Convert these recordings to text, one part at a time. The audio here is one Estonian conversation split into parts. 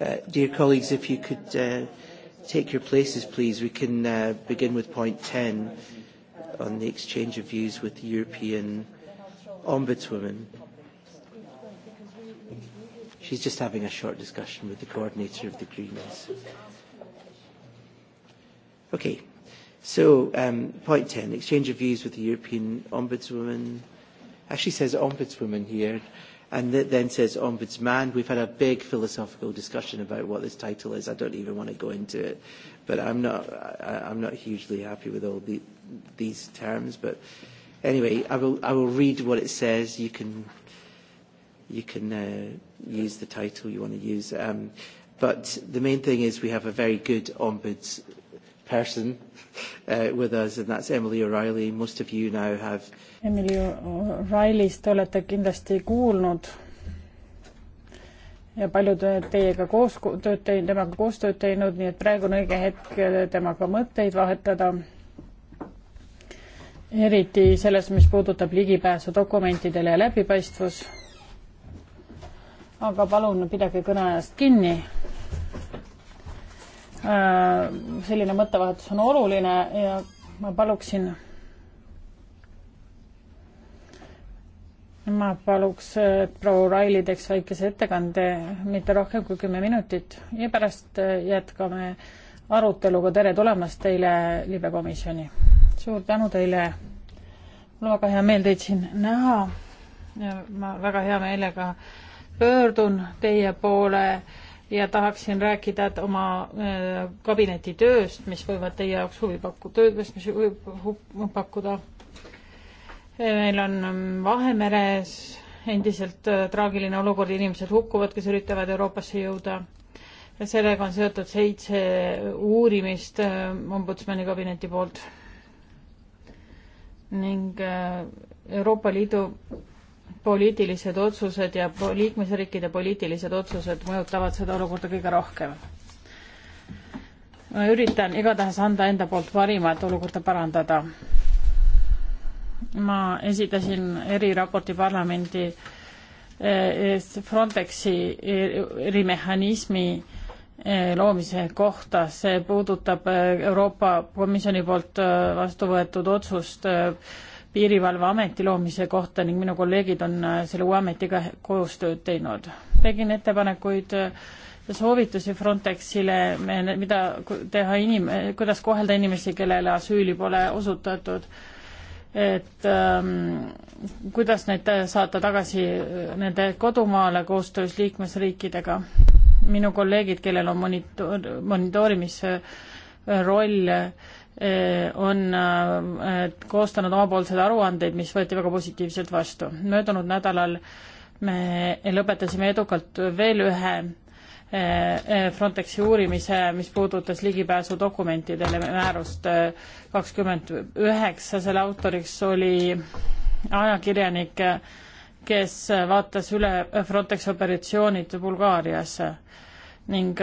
Uh, dear colleagues, if you could uh, take your places, please, we can uh, begin with point 10 on the exchange of views with the European Ombudswoman. She's just having a short discussion with the coordinator of the Greens. Okay, so um, point 10, exchange of views with the European Ombudswoman. Actually says Ombudswoman here and that then says ombudsman. We've had a big philosophical discussion about what this title is. I don't even want to go into it, but I'm not. I, I'm not hugely happy with all the, these terms. But anyway, I will. I will read what it says. You can. You can uh, use the title you want to use. Um, but the main thing is we have a very good ombuds person uh, with us and that's Emily O'Reilly. Most of you now have Emily O'Reillyst olete kindlasti kuulnud ja paljud teiega koos tööd teinud, temaga koostööd teinud, nii et praegu on õige hetk temaga mõtteid vahetada. eriti selles, mis puudutab ligipääsu dokumentidele ja läbipaistvus. aga palun pidage kõne ajast kinni Äh, selline mõttevahetus on oluline ja ma paluksin, ma paluks, et proua Raili teeks väikese ettekande, mitte rohkem kui kümme minutit ja pärast äh, jätkame aruteluga. tere tulemast teile libekomisjoni. suur tänu teile. mul on väga hea meel teid siin näha. ma väga hea meelega pöördun teie poole ja tahaksin rääkida oma äh, kabineti tööst, mis võivad teie jaoks huvi pakkuda, töödest, mis võib huvi pakkuda. meil on ähm, Vahemeres endiselt äh, traagiline olukord, inimesed hukkuvad, kes üritavad Euroopasse jõuda. sellega on seotud seitse uurimist äh, ombudsmani kabineti poolt. ning Euroopa Liidu poliitilised otsused ja liikmesriikide poliitilised otsused mõjutavad seda olukorda kõige rohkem. ma üritan igatahes anda enda poolt parima, et olukorda parandada. ma esitasin eriraporti parlamendi e, Frontexi erimehhanismi e, loomise kohta, see puudutab Euroopa Komisjoni poolt e, vastu võetud otsust piirivalveameti loomise kohta ning minu kolleegid on äh, selle uue ametiga koostööd teinud. tegin ettepanekuid ja äh, soovitusi Frontexile, mida teha inim-, kuidas kohelda inimesi, kellele asüüli pole osutatud, et ähm, kuidas neid saata tagasi äh, nende kodumaale koostöös liikmesriikidega. minu kolleegid, kellel on monitor-, monitoorimise roll äh, Äh, on äh, koostanud omapoolseid aruandeid, mis võeti väga positiivselt vastu. möödunud nädalal me lõpetasime edukalt veel ühe äh, Frontexi uurimise, mis puudutas ligipääsu dokumentidele määrust kakskümmend üheksa, selle autoriks oli ajakirjanik, kes vaatas üle Frontex operatsioonid Bulgaarias ning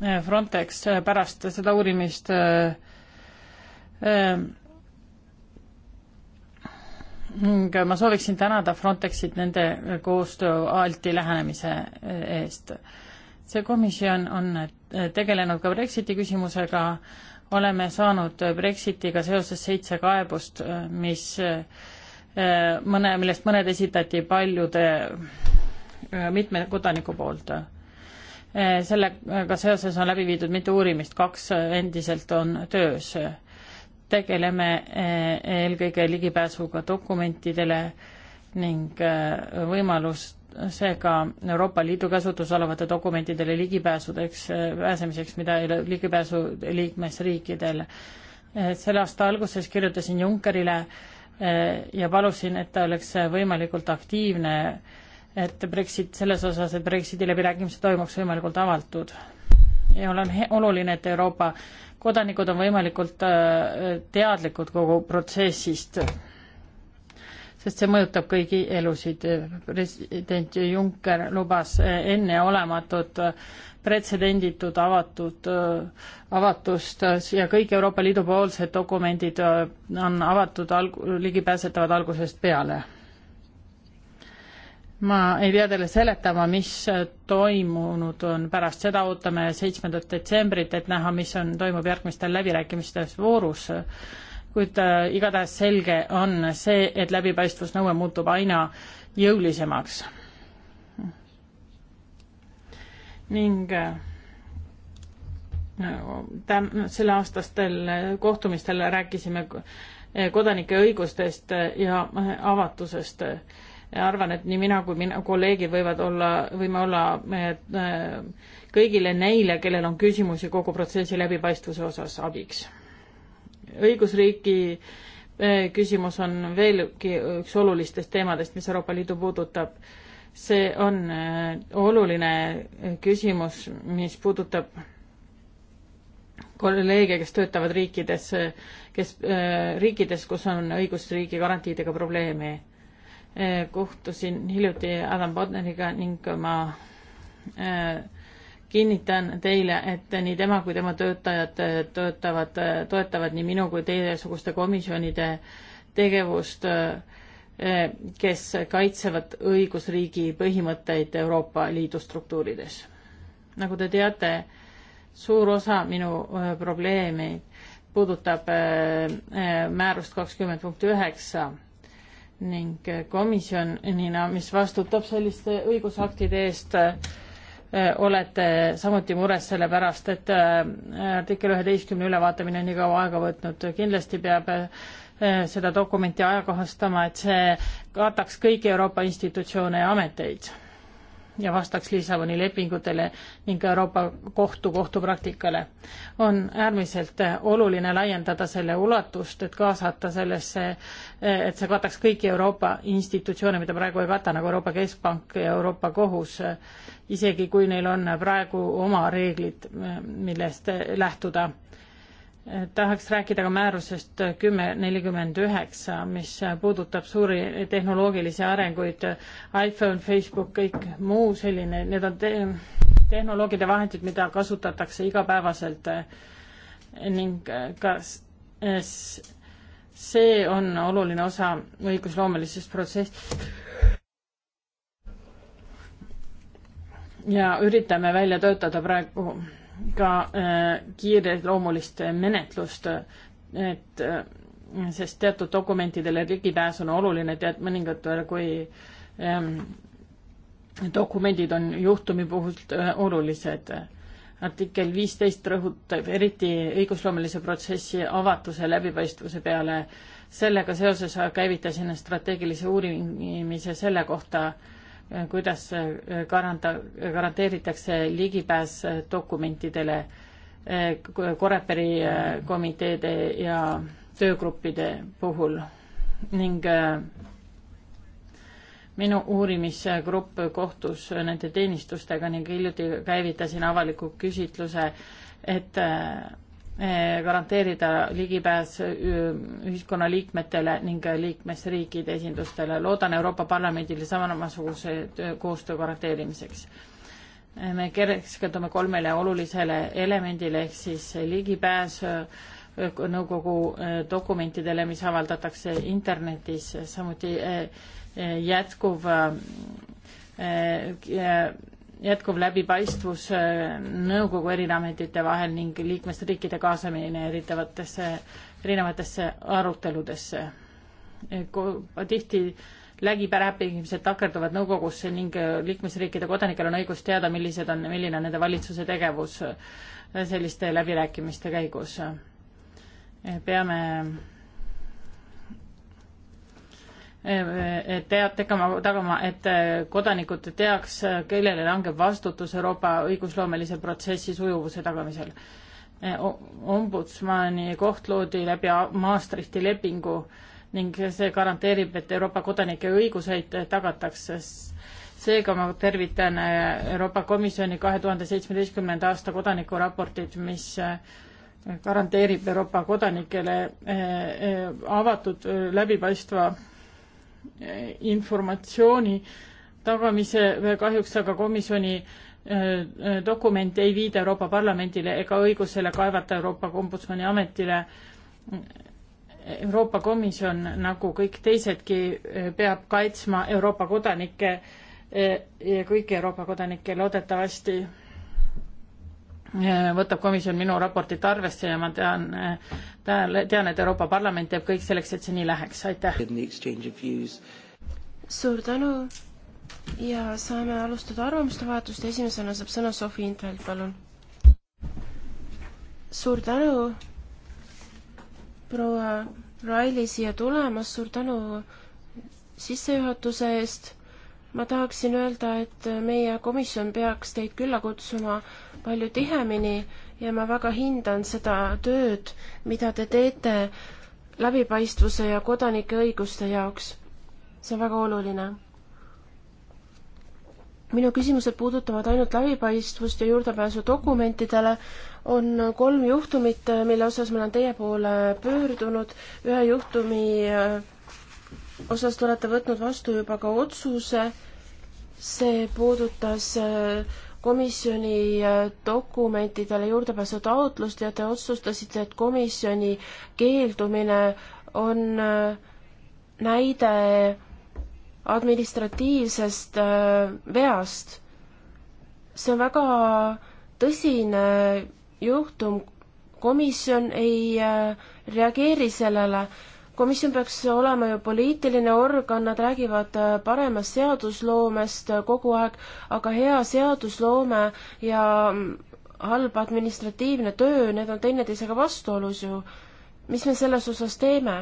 Äh, Frontex äh, pärast seda uurimist äh, ma sooviksin tänada Frontexit nende koostöö alti lähenemise eest. see komisjon on tegelenud ka Brexiti küsimusega, oleme saanud Brexitiga seoses seitse kaebust, mis mõne, millest mõned esitati paljude mitme kodaniku poolt. Eh, sellega seoses on läbi viidud mitu uurimist, kaks eh, endiselt on töös. tegeleme eh, eelkõige ligipääsuga dokumentidele ning võimalusega Euroopa Liidu käsutuses olevate dokumentidele ligipääsudeks, pääsemiseks, mida ei ole ligipääsu liikmesriikidel. selle aasta alguses kirjutasin Junckerile ja palusin, et ta oleks võimalikult aktiivne et Brexit selles osas, et Brexiti läbirääkimised toimuks võimalikult avatud. ja olen oluline, et Euroopa kodanikud on võimalikult äh, teadlikud kogu protsessist, sest see mõjutab kõigi elusid. president Juncker lubas äh, enneolematut äh, pretsedenditud avatud, avatust ja kõik Euroopa Liidu poolsed dokumendid on avatud alg-, ligipääsetavad algusest peale ma ei pea teile seletama, mis toimunud on, pärast seda ootame seitsmendat detsembrit, et näha, mis on, toimub järgmistel läbirääkimistes voorus. kuid äh, igatahes selge on see, et läbipaistvusnõue muutub aina jõulisemaks. ning äh, täm-, selleaastastel kohtumistel rääkisime äh, kodanike õigustest ja äh, avatusest äh, arvan, et nii mina kui mina, kolleegid võivad olla, võime olla me, eh, eh, kõigile neile, kellel on küsimusi kogu protsessi läbipaistvuse osas abiks. õigusriigi eh, küsimus on veelgi üks olulistest teemadest, mis Euroopa Liidu puudutab. see on oluline küsimus, mis puudutab kolleege, kes töötavad riikides, kes, riikides, kus on õigusriigi garantiidega probleeme Eh, kohtusin hiljuti Adam Bodneriga ning ma eh, kinnitan teile, et nii tema kui tema töötajad eh, töötavad, toetavad nii minu kui teiesuguste komisjonide tegevust, kes kaitsevad õigusriigi põhimõtteid Euroopa Liidu struktuurides. nagu te teate, suur osa minu probleemi puudutab määrust kakskümmend punkt üheksa ning komisjonina, mis vastutab selliste õigusaktide eest, äh, olete samuti mures selle pärast, et äh, artikkel üheteistkümne ülevaatamine on nii kaua aega võtnud, kindlasti peab äh, seda dokumenti ajakohastama, et see kataks kõiki Euroopa institutsioone ja ameteid ja vastaks Lissaboni lepingutele ning Euroopa Kohtu kohtupraktikale. on äärmiselt oluline laiendada selle ulatust, et kaasata sellesse, et see kataks kõiki Euroopa institutsioone, mida praegu ei kata, nagu Euroopa Keskpank ja Euroopa Kohus, isegi kui neil on praegu oma reeglid, millest lähtuda tahaks rääkida ka määrusest kümme nelikümmend üheksa, mis puudutab suuri tehnoloogilisi arenguid, iPhone, Facebook, kõik muu selline, need on te tehnoloogide vahendid, mida kasutatakse igapäevaselt ning kas see on oluline osa õigusloomelisest protsessist. ja üritame välja töötada praegu ka äh, kiireloomulist menetlust, et äh, sest teatud dokumentidele ligipääs on oluline tead mõningatel äh, kui ähm, dokumendid on juhtumi puhul äh, olulised. artikkel viisteist rõhutab eriti õigusloomelise protsessi avatuse läbipaistvuse peale. sellega seoses käivitasin strateegilise uurimise selle kohta äh,, Äh, kuidas äh, garanta-, garanteeritakse ligipääs äh, dokumentidele Koreperi komiteede ja töögruppide puhul ning minu uurimisgrupp kohtus nende teenistustega ning hiljuti käivitasin avaliku küsitluse, et Eh, garanteerida ligipääs eh, ühiskonnaliikmetele ning liikmesriikide esindustele. loodan Euroopa Parlamendile samasuguse koostöö garanteerimiseks. Eh, me keskendume kolmele olulisele elemendile ehk siis ligipääs nõukogu dokumentidele, mis avaldatakse internetis, samuti jätkuv jätkuv läbipaistvus äh, nõukogu erinevametite vahel ning liikmesriikide kaasamine eritavatesse, erinevatesse aruteludesse. Äh, tihti lägipärapingimised takerduvad nõukogusse ning äh, liikmesriikide kodanikel on õigus teada, millised on, milline on nende valitsuse tegevus selliste läbirääkimiste käigus. peame teab tegema, tagama, et äh, kodanikud teaks, kellele langeb vastutus Euroopa õigusloomelise protsessi sujuvuse tagamisel. Äh, ombudsmani koht loodi läbi Maastrichti lepingu ning see garanteerib, et Euroopa kodanike õiguseid tagatakse. seega ma tervitan äh, Euroopa Komisjoni kahe tuhande seitsmeteistkümnenda aasta kodanikuraportit, mis garanteerib Euroopa kodanikele avatud läbipaistva Eh, informatsiooni tagamise kahjuks aga komisjoni eh, eh, dokument ei viida Euroopa Parlamendile ega õigusele kaevata Euroopa Ombudsmani ametile. Euroopa Komisjon, nagu kõik teisedki, peab kaitsma Euroopa kodanikke ja kõiki Euroopa kodanikke loodetavasti Äh, võtab komisjon minu raportit arvesse ja ma äh, tean, tean, et Euroopa Parlament teeb kõik selleks, et see nii läheks, aitäh. suur tänu ja saame alustada arvamuste vahetust, esimesena saab sõna Sofi Intvelt, palun. suur tänu, proua Raili siia tulemast, suur tänu sissejuhatuse eest. ma tahaksin öelda, et meie komisjon peaks teid külla kutsuma äh, palju tihemini ja ma väga hindan seda tööd, mida te teete läbipaistvuse ja kodanike õiguste jaoks. see on väga oluline. minu küsimused puudutavad ainult läbipaistvust ja juurdepääsu dokumentidele. on kolm juhtumit, mille osas ma olen teie poole pöördunud. ühe juhtumi äh, osas te olete võtnud vastu juba ka otsuse. see puudutas äh, komisjoni äh, dokumentidele juurdepääsu taotlust ja te otsustasite, et komisjoni keeldumine on äh, näide administratiivsest äh, veast. see on väga tõsine juhtum, komisjon ei reageeri sellele komisjon peaks olema ju poliitiline organ, nad räägivad äh, paremast seadusloomest äh, kogu aeg, aga hea seadusloome ja mm, halb administratiivne töö, need on teineteisega vastuolus ju. mis me selles osas teeme?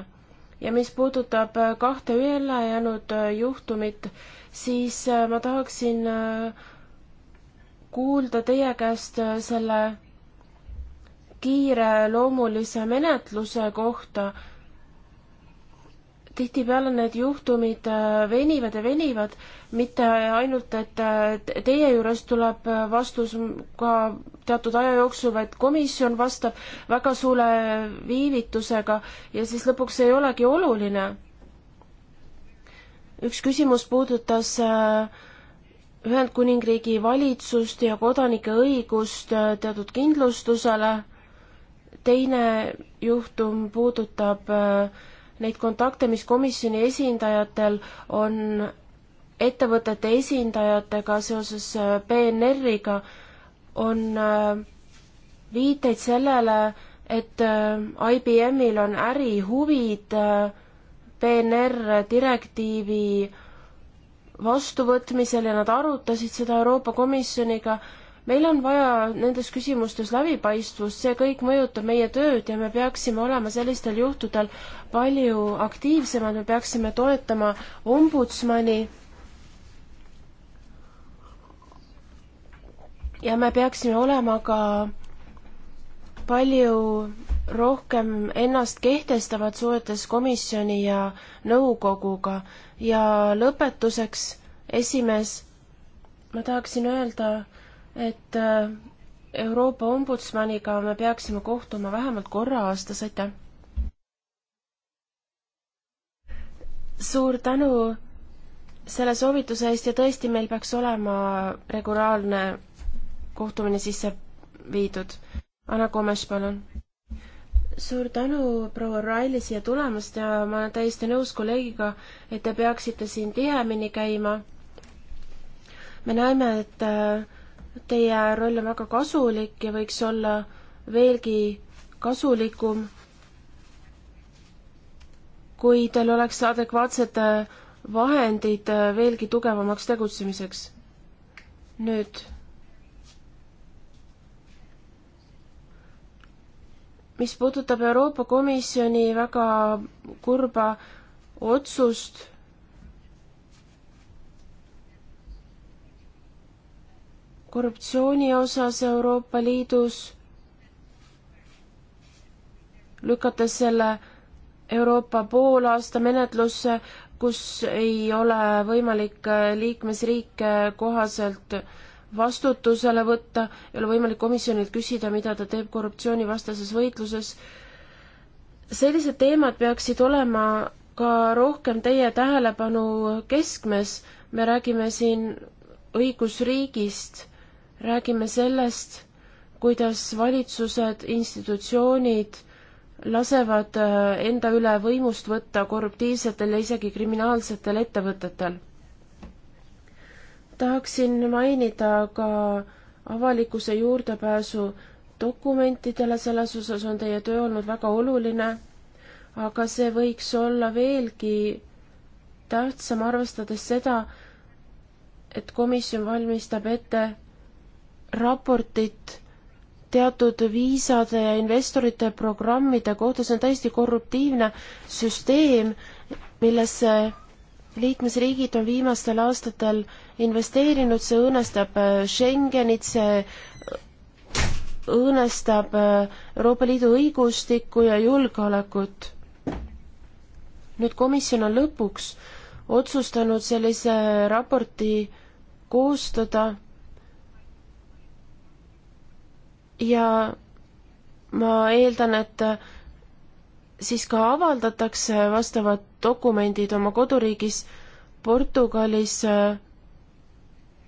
ja mis puudutab äh, kahte ülejäänud juhtumit, siis ma tahaksin kuulda teie käest selle kiireloomulise menetluse kohta tihtipeale need juhtumid äh, venivad ja venivad, mitte ainult, et äh, teie juures tuleb äh, vastus ka teatud aja jooksul, vaid komisjon vastab väga suure viivitusega ja siis lõpuks ei olegi oluline. üks küsimus puudutas Ühendkuningriigi valitsust ja kodanike õigust teatud kindlustusele, teine juhtum puudutab äh, neid kontakte, mis komisjoni esindajatel on ettevõtete esindajatega seoses PNR-iga, äh, on äh, viiteid sellele, et äh, IBM-il on ärihuvid PNR-direktiivi vastuvõtmisel ja nad arutasid seda Euroopa Komisjoniga meil on vaja nendes küsimustes läbipaistvust, see kõik mõjutab meie tööd ja me peaksime olema sellistel juhtudel palju aktiivsemad, me peaksime toetama ombudsmani. ja me peaksime olema ka palju rohkem ennast kehtestavad suhetes komisjoni ja nõukoguga ja lõpetuseks, esimees, ma tahaksin öelda, et äh, Euroopa ombudsmaniga me peaksime kohtuma vähemalt korra aastas, aitäh! suur tänu selle soovituse eest ja tõesti, meil peaks olema regulaarne kohtumine sisse viidud. Anna Komes, palun! suur tänu, proua Raili, siia tulemast ja ma olen täiesti nõus kolleegiga, et te peaksite siin tihemini käima. me näeme, et äh, Teie roll on väga kasulik ja võiks olla veelgi kasulikum, kui teil oleks adekvaatsed äh, vahendid äh, veelgi tugevamaks tegutsemiseks. nüüd. mis puudutab Euroopa Komisjoni väga kurba otsust korruptsiooni osas Euroopa Liidus, lükates selle Euroopa poolaasta menetlusse, kus ei ole võimalik äh, liikmesriike kohaselt vastutusele võtta, ei ole võimalik komisjonilt küsida, mida ta teeb korruptsioonivastases võitluses. sellised teemad peaksid olema ka rohkem teie tähelepanu keskmes, me räägime siin õigusriigist räägime sellest, kuidas valitsused, institutsioonid lasevad äh, enda üle võimust võtta korruptiivsetel ja isegi kriminaalsetel ettevõtetel. tahaksin mainida ka avalikkuse juurdepääsu dokumentidele, selles osas on teie töö olnud väga oluline, aga see võiks olla veelgi tähtsam, arvestades seda, et komisjon valmistab ette raportit teatud viisade ja investorite programmide kohta, see on täiesti korruptiivne süsteem, millesse liikmesriigid on viimastel aastatel investeerinud, see õõnestab äh, Schengenit, see äh, õõnestab äh, Euroopa Liidu õigustikku ja julgeolekut. nüüd komisjon on lõpuks otsustanud sellise raporti koostada ja ma eeldan, et siis ka avaldatakse vastavad dokumendid oma koduriigis Portugalis äh,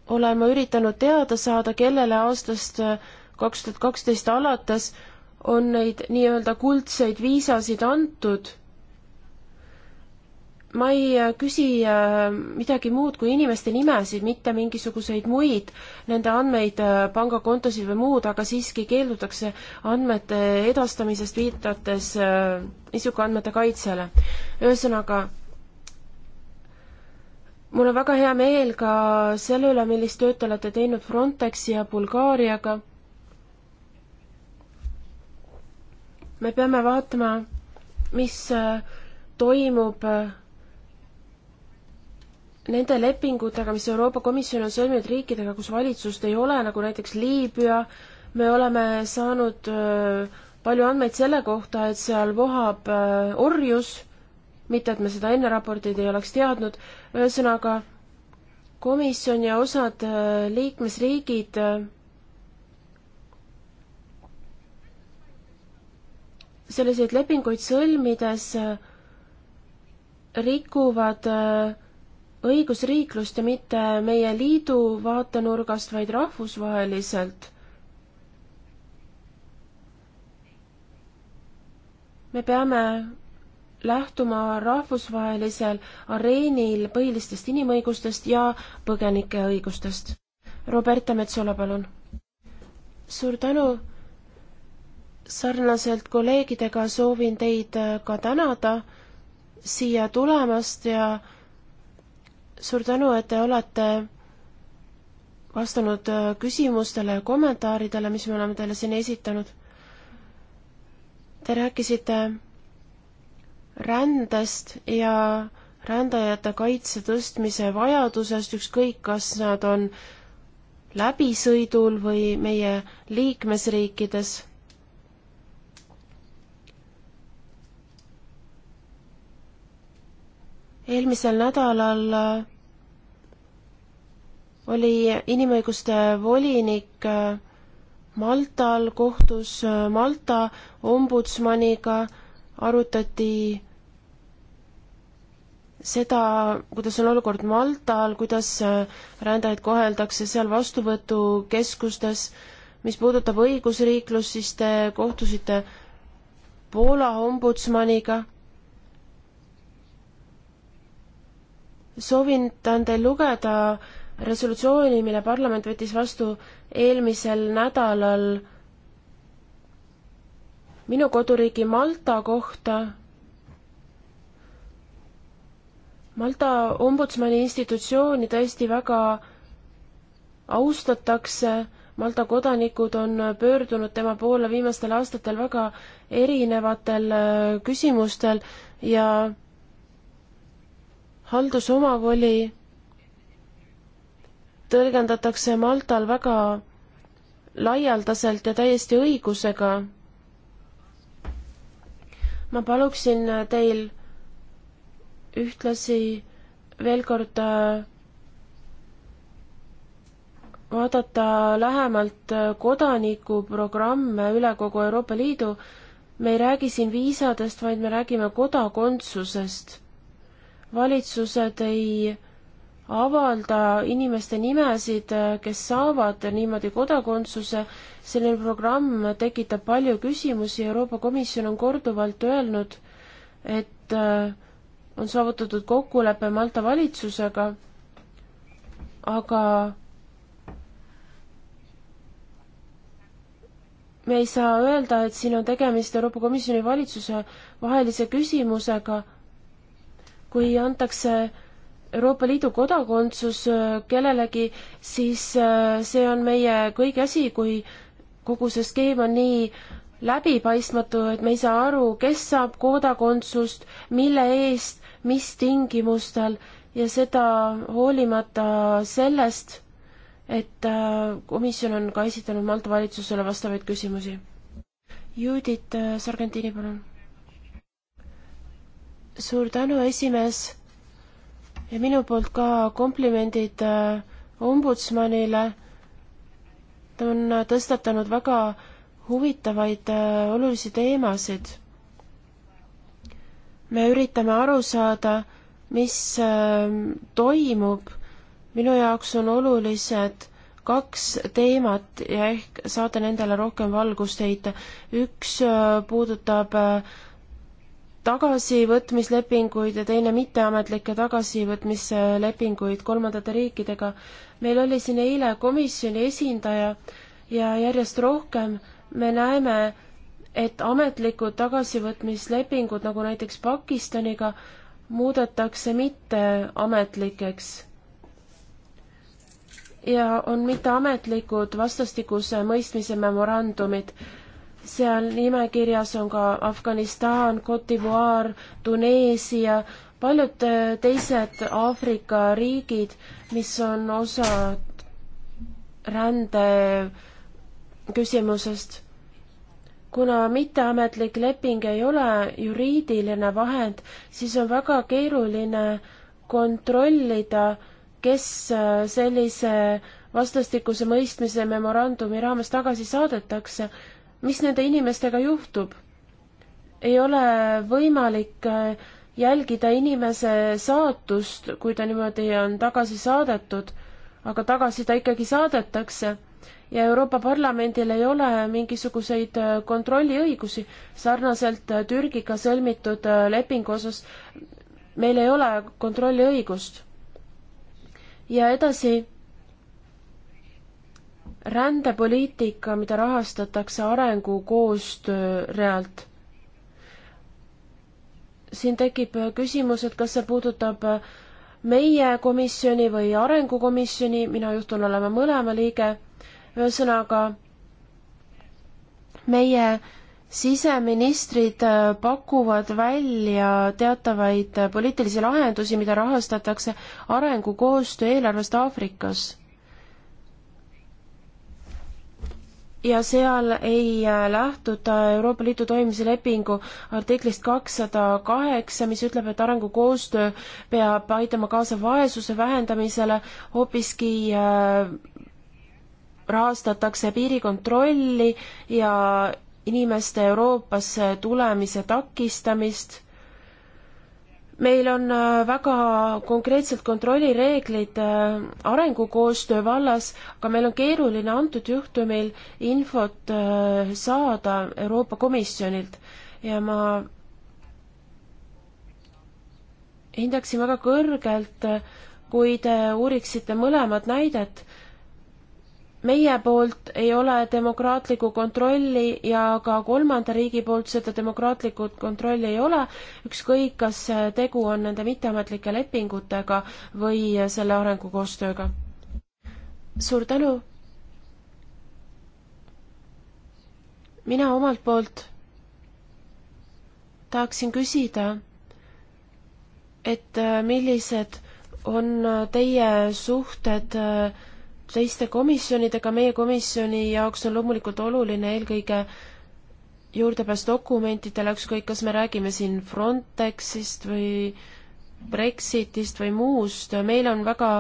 olen ma üritanud teada saada, kellele aastast äh, kaks tuhat kaksteist alates on neid nii-öelda kuldseid viisasid antud ma ei äh, küsi äh, midagi muud kui inimeste nimesid, mitte mingisuguseid muid nende andmeid, äh, pangakontosid või muud, aga siiski keeldutakse andmete edastamisest, viidates isikuandmete kaitsele. ühesõnaga, mul on väga hea meel ka selle üle, millist tööd te olete teinud Frontexi ja Bulgaariaga. me peame vaatama, mis toimub nende lepingutega, mis Euroopa Komisjon on sõlminud riikidega, kus valitsust ei ole, nagu näiteks Liibüa, me oleme saanud äh, palju andmeid selle kohta, et seal vohab äh, orjus, mitte et me seda enne raporteid ei oleks teadnud, ühesõnaga komisjon ja osad äh, liikmesriigid selliseid lepinguid sõlmides rikuvad äh, õigusriiklust ja mitte meie liidu vaatenurgast, vaid rahvusvaheliselt. me peame lähtuma rahvusvahelisel areenil põhilistest inimõigustest ja põgenike õigustest. Roberta Metsola, palun. suur tänu. sarnaselt kolleegidega soovin teid ka tänada siia tulemast ja suur tänu, et te olete vastanud äh, küsimustele ja kommentaaridele, mis me oleme teile siin esitanud. Te rääkisite rändest ja rändajate kaitse tõstmise vajadusest, ükskõik, kas nad on läbisõidul või meie liikmesriikides eelmisel nädalal oli inimõiguste volinik äh, Maltal, kohtus äh, Malta ombudsmaniga, arutati seda, kuidas on olukord Maltal, kuidas äh, rändajaid koheldakse seal vastuvõtukeskustes. mis puudutab õigusriiklust, siis te kohtusite Poola ombudsmaniga soovitan teil lugeda resolutsiooni, mille parlament võttis vastu eelmisel nädalal minu koduriigi Malta kohta. Malta ombudsmani institutsiooni tõesti väga austatakse, Malta kodanikud on pöördunud tema poole viimastel aastatel väga erinevatel äh, küsimustel ja haldusomavoli tõlgendatakse Maltal väga laialdaselt ja täiesti õigusega. ma paluksin teil ühtlasi veel kord äh, vaadata lähemalt kodanikuprogramme üle kogu Euroopa Liidu. me ei räägi siin viisadest, vaid me räägime kodakondsusest valitsused ei avalda inimeste nimesid, kes saavad niimoodi kodakondsuse. selline programm tekitab palju küsimusi, Euroopa Komisjon on korduvalt öelnud, et äh, on saavutatud kokkulepe Malta valitsusega, aga me ei saa öelda, et siin on tegemist Euroopa Komisjoni valitsuse vahelise küsimusega kui antakse Euroopa Liidu kodakondsus äh, kellelegi, siis äh, see on meie kõigi asi, kui kogu see skeem on nii läbipaistmatu, et me ei saa aru, kes saab kodakondsust, mille eest, mis tingimustel ja seda hoolimata sellest, et äh, komisjon on ka esitanud Malta valitsusele vastavaid küsimusi. Judith Sargentini, palun suur tänu, esimees. ja minu poolt ka komplimendid äh, ombudsmanile. ta on äh, tõstatanud väga huvitavaid äh, olulisi teemasid. me üritame aru saada, mis toimub. minu jaoks on olulised kaks teemat ja ehk saate nendele rohkem valgust heita. üks puudutab äh, tagasivõtmislepinguid ja teine mitteametlikke tagasivõtmislepinguid kolmandate riikidega. meil oli siin eile komisjoni esindaja ja järjest rohkem me näeme, et ametlikud tagasivõtmislepingud, nagu näiteks Pakistaniga, muudetakse mitteametlikeks. ja on mitteametlikud vastastikuse mõistmise memorandumid seal nimekirjas on ka Afganistan, Cote d'Ivoire, Tuneesia, paljud äh, teised Aafrika riigid, mis on osa rände küsimusest. kuna mitteametlik leping ei ole juriidiline vahend, siis on väga keeruline kontrollida, kes äh, sellise vastastikuse mõistmise memorandumi raames tagasi saadetakse mis nende inimestega juhtub? ei ole võimalik äh, jälgida inimese saatust, kui ta niimoodi on tagasi saadetud, aga tagasi ta ikkagi saadetakse ja Euroopa Parlamendil ei ole mingisuguseid äh, kontrolliõigusi sarnaselt äh, Türgiga sõlmitud lepingu osas. meil ei ole kontrolliõigust. ja edasi rändepoliitika, mida rahastatakse arengukoostöö realt. siin tekib küsimus, et kas see puudutab meie komisjoni või arengukomisjoni, mina juhtun olema mõlema liige, ühesõnaga meie siseministrid pakuvad välja teatavaid poliitilisi lahendusi, mida rahastatakse arengukoostöö eelarvest Aafrikas ja seal ei äh, lähtuta Euroopa Liidu toimimise lepingu artiklist kakssada kaheksa, mis ütleb, et arengukoostöö peab aitama kaasa vaesuse vähendamisele, hoopiski äh, rahastatakse piirikontrolli ja inimeste Euroopasse tulemise takistamist meil on äh, väga konkreetsed kontrollireeglid äh, arengukoostöö vallas, aga meil on keeruline antud juhtumil infot äh, saada Euroopa Komisjonilt ja ma hindaksin väga kõrgelt, kui te uuriksite mõlemat näidet meie poolt ei ole demokraatlikku kontrolli ja ka kolmanda riigi poolt seda demokraatlikku kontrolli ei ole, ükskõik, kas tegu on nende mitteametlike lepingutega või selle arengukoostööga. suur tänu! mina omalt poolt tahaksin küsida, et millised on teie suhted äh, teiste komisjonidega, meie komisjoni jaoks on loomulikult oluline eelkõige juurdepääs dokumentidele, ükskõik, kas me räägime siin Frontexist või Brexitist või muust, meil on väga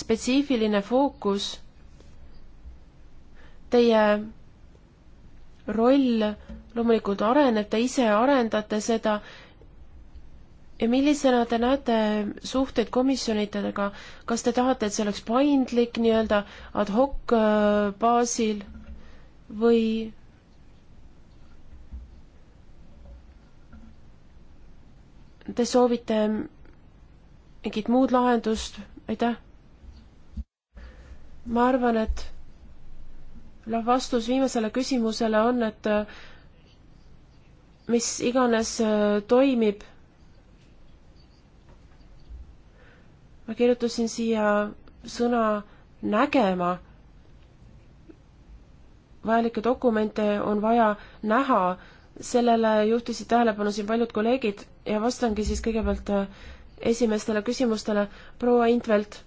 spetsiifiline fookus. Teie roll loomulikult areneb, te ise arendate seda ja millisena te näete suhteid komisjonidega, kas te tahate, et see oleks paindlik nii-öelda ad hoc äh, baasil või te soovite mingit muud lahendust, aitäh? ma arvan, et noh, vastus viimasele küsimusele on, et äh, mis iganes äh, toimib ma kirjutasin siia sõna nägema. vajalikke dokumente on vaja näha, sellele juhtisid tähelepanu siin paljud kolleegid ja vastangi siis kõigepealt äh, esimestele küsimustele. proua Intvelt.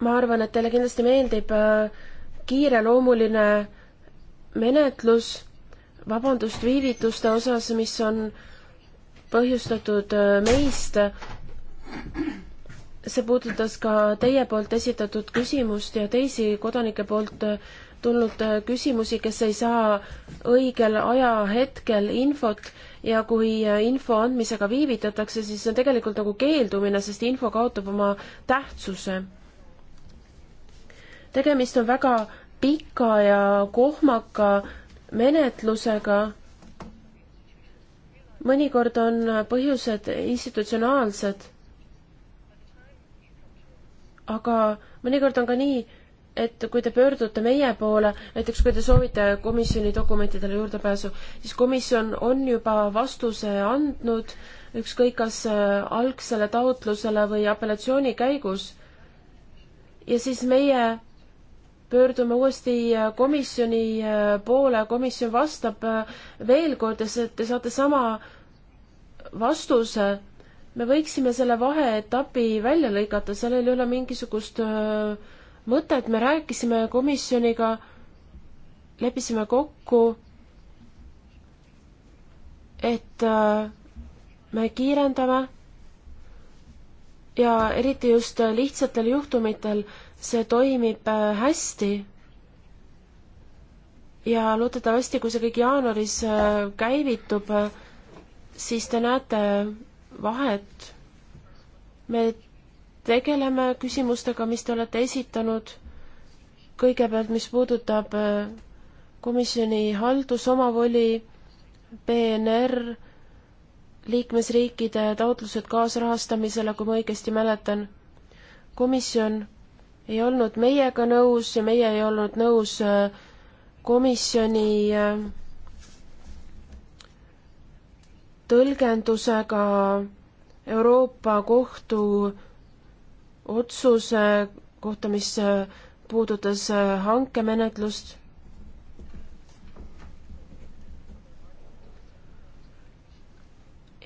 ma arvan, et teile kindlasti meeldib äh, kiireloomuline menetlus vabandust viivituste osas, mis on põhjustatud äh, meist. see puudutas ka teie poolt esitatud küsimust ja teisi kodanike poolt äh, tulnud äh, küsimusi, kes ei saa õigel ajahetkel infot ja kui info andmisega viivitatakse, siis see on tegelikult nagu keeldumine, sest info kaotab oma tähtsuse. tegemist on väga pika ja kohmaka menetlusega mõnikord on põhjused institutsionaalsed, aga mõnikord on ka nii, et kui te pöördute meie poole, näiteks kui te soovite komisjoni dokumentidele juurdepääsu, siis komisjon on juba vastuse andnud, ükskõik kas äh, algsele taotlusele või apellatsiooni käigus. ja siis meie pöördume uuesti äh, komisjoni äh, poole, komisjon vastab äh, veel kord ja te saate sama vastuse. me võiksime selle vaheetapi välja lõigata, sellel ei ole mingisugust mõtet, me rääkisime komisjoniga, leppisime kokku, et me kiirendame ja eriti just lihtsatel juhtumitel see toimib äh, hästi. ja loodetavasti, kui see kõik jaanuaris äh, käivitub, äh, siis te näete vahet. me tegeleme küsimustega, mis te olete esitanud. kõigepealt, mis puudutab komisjoni haldusomavoli, PNR, liikmesriikide taotlused kaasrahastamisele, kui ma õigesti mäletan. komisjon ei olnud meiega nõus ja meie ei olnud nõus äh, komisjoni äh, tõlgendusega Euroopa Kohtu otsuse kohta, mis äh, puudutas hankemenetlust.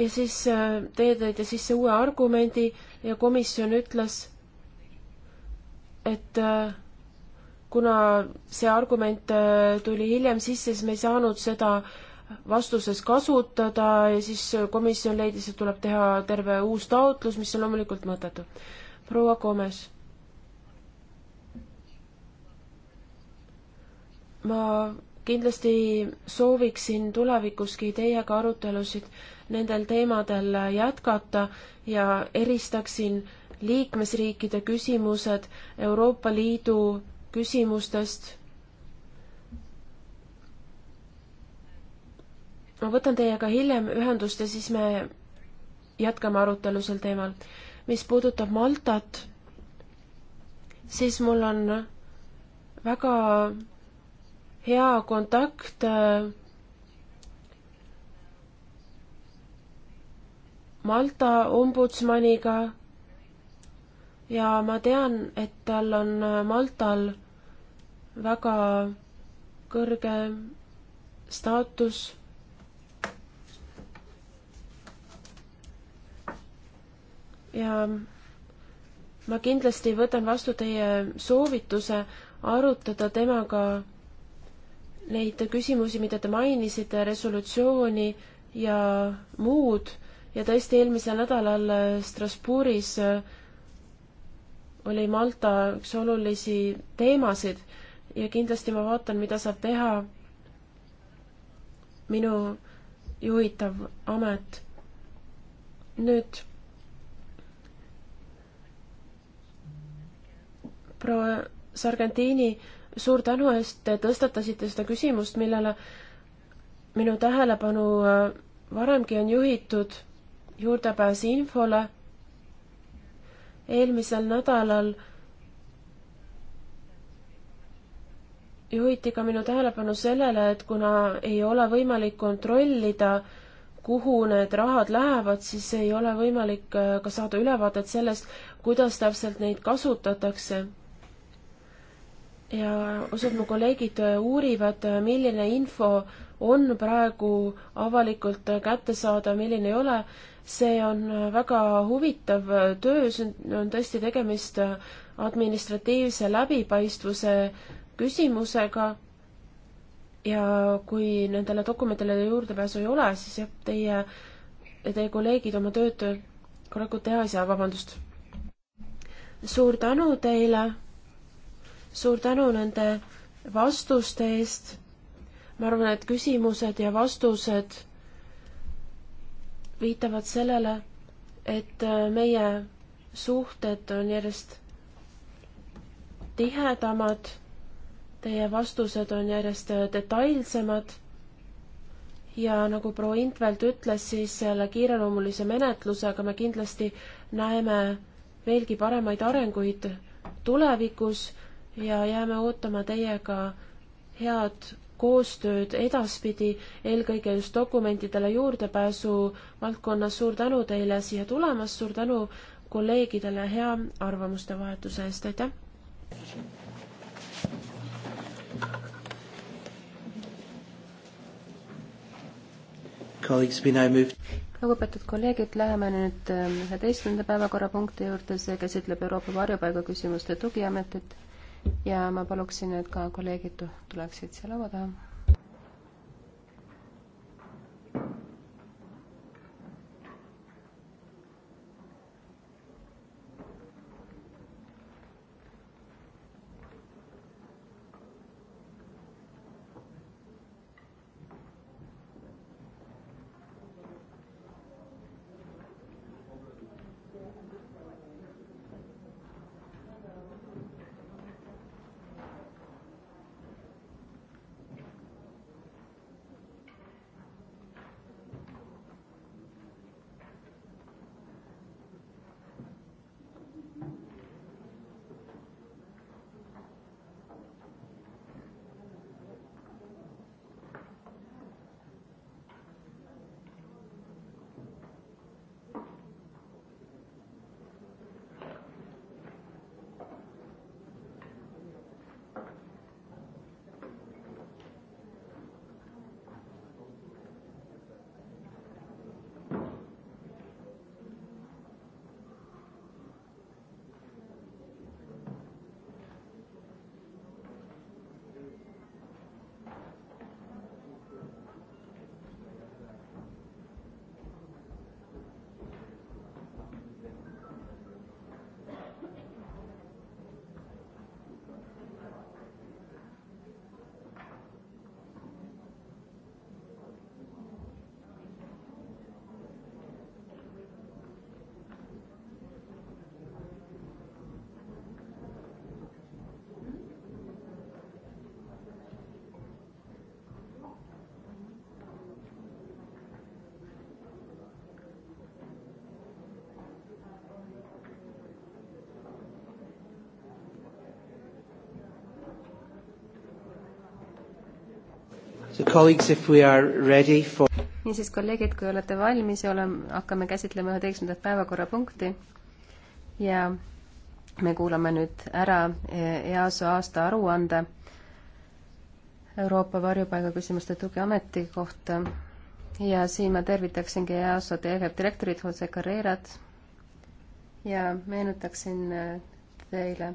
ja siis teie tõite sisse uue argumendi ja komisjon ütles et äh, kuna see argument äh, tuli hiljem sisse, siis me ei saanud seda vastuses kasutada ja siis komisjon leidis, et tuleb teha terve uus taotlus, mis on loomulikult mõttetu. proua Komes. ma kindlasti sooviksin tulevikuski teiega arutelusid nendel teemadel jätkata ja eristaksin äh, liikmesriikide küsimused Euroopa Liidu küsimustest. ma võtan teiega hiljem ühendust ja siis me jätkame arutelu sel teemal. mis puudutab Maltat, siis mul on väga hea kontakt Malta ombudsmaniga ja ma tean, et tal on äh, Maltal väga kõrge staatus. ja ma kindlasti võtan vastu teie soovituse arutada temaga neid küsimusi, mida te mainisite, resolutsiooni ja muud ja tõesti eelmisel nädalal äh, Strasbourgis äh, oli Malta üks olulisi teemasid ja kindlasti ma vaatan, mida saab teha minu juhitav amet. nüüd proua Sargentini, suur tänu eest, te tõstatasite seda küsimust, millele minu tähelepanu äh, varemgi on juhitud, juurdepääs infole eelmisel nädalal juhiti ka minu tähelepanu sellele, et kuna ei ole võimalik kontrollida, kuhu need rahad lähevad, siis ei ole võimalik äh, ka saada ülevaadet sellest, kuidas täpselt neid kasutatakse. ja osad mu kolleegid äh, uurivad, äh, milline info on praegu avalikult kättesaadav, milline ei ole see on väga huvitav töö, siin on tõesti tegemist administratiivse läbipaistvuse küsimusega ja kui nendele dokumentidele juurdepääsu ei ole, siis jah, teie ja teie kolleegid oma tööd korralikult teha ei saa, vabandust. suur tänu teile, suur tänu nende vastuste eest, ma arvan, et küsimused ja vastused viitavad sellele, et äh, meie suhted on järjest tihedamad, teie vastused on järjest äh, detailsemad ja nagu proua Intvelt ütles, siis selle kiireloomulise menetlusega me kindlasti näeme veelgi paremaid arenguid tulevikus ja jääme ootama teiega head koostööd edaspidi, eelkõige just dokumentidele juurdepääsu valdkonnas. suur tänu teile siia tulemast, suur tänu kolleegidele hea arvamuste vahetuse eest, aitäh! lugupeetud kolleegid, läheme nüüd üheteistkümnenda päevakorrapunkti juurde, see käsitleb Euroopa varjupaiga küsimuste tugiametit ja ma paluksin, et ka kolleegid tuleksid siia laua taha. For... niisiis, kolleegid, kui olete valmis ja oleme, hakkame käsitlema üheteistkümnendat päevakorrapunkti ja me kuulame nüüd ära eh, EASO aasta aruande Euroopa Varjupaigaküsimuste Tugiameti kohta ja siin ma tervitaksingi EASO tegevdirektorit Jose Carrerat ja meenutaksin eh, teile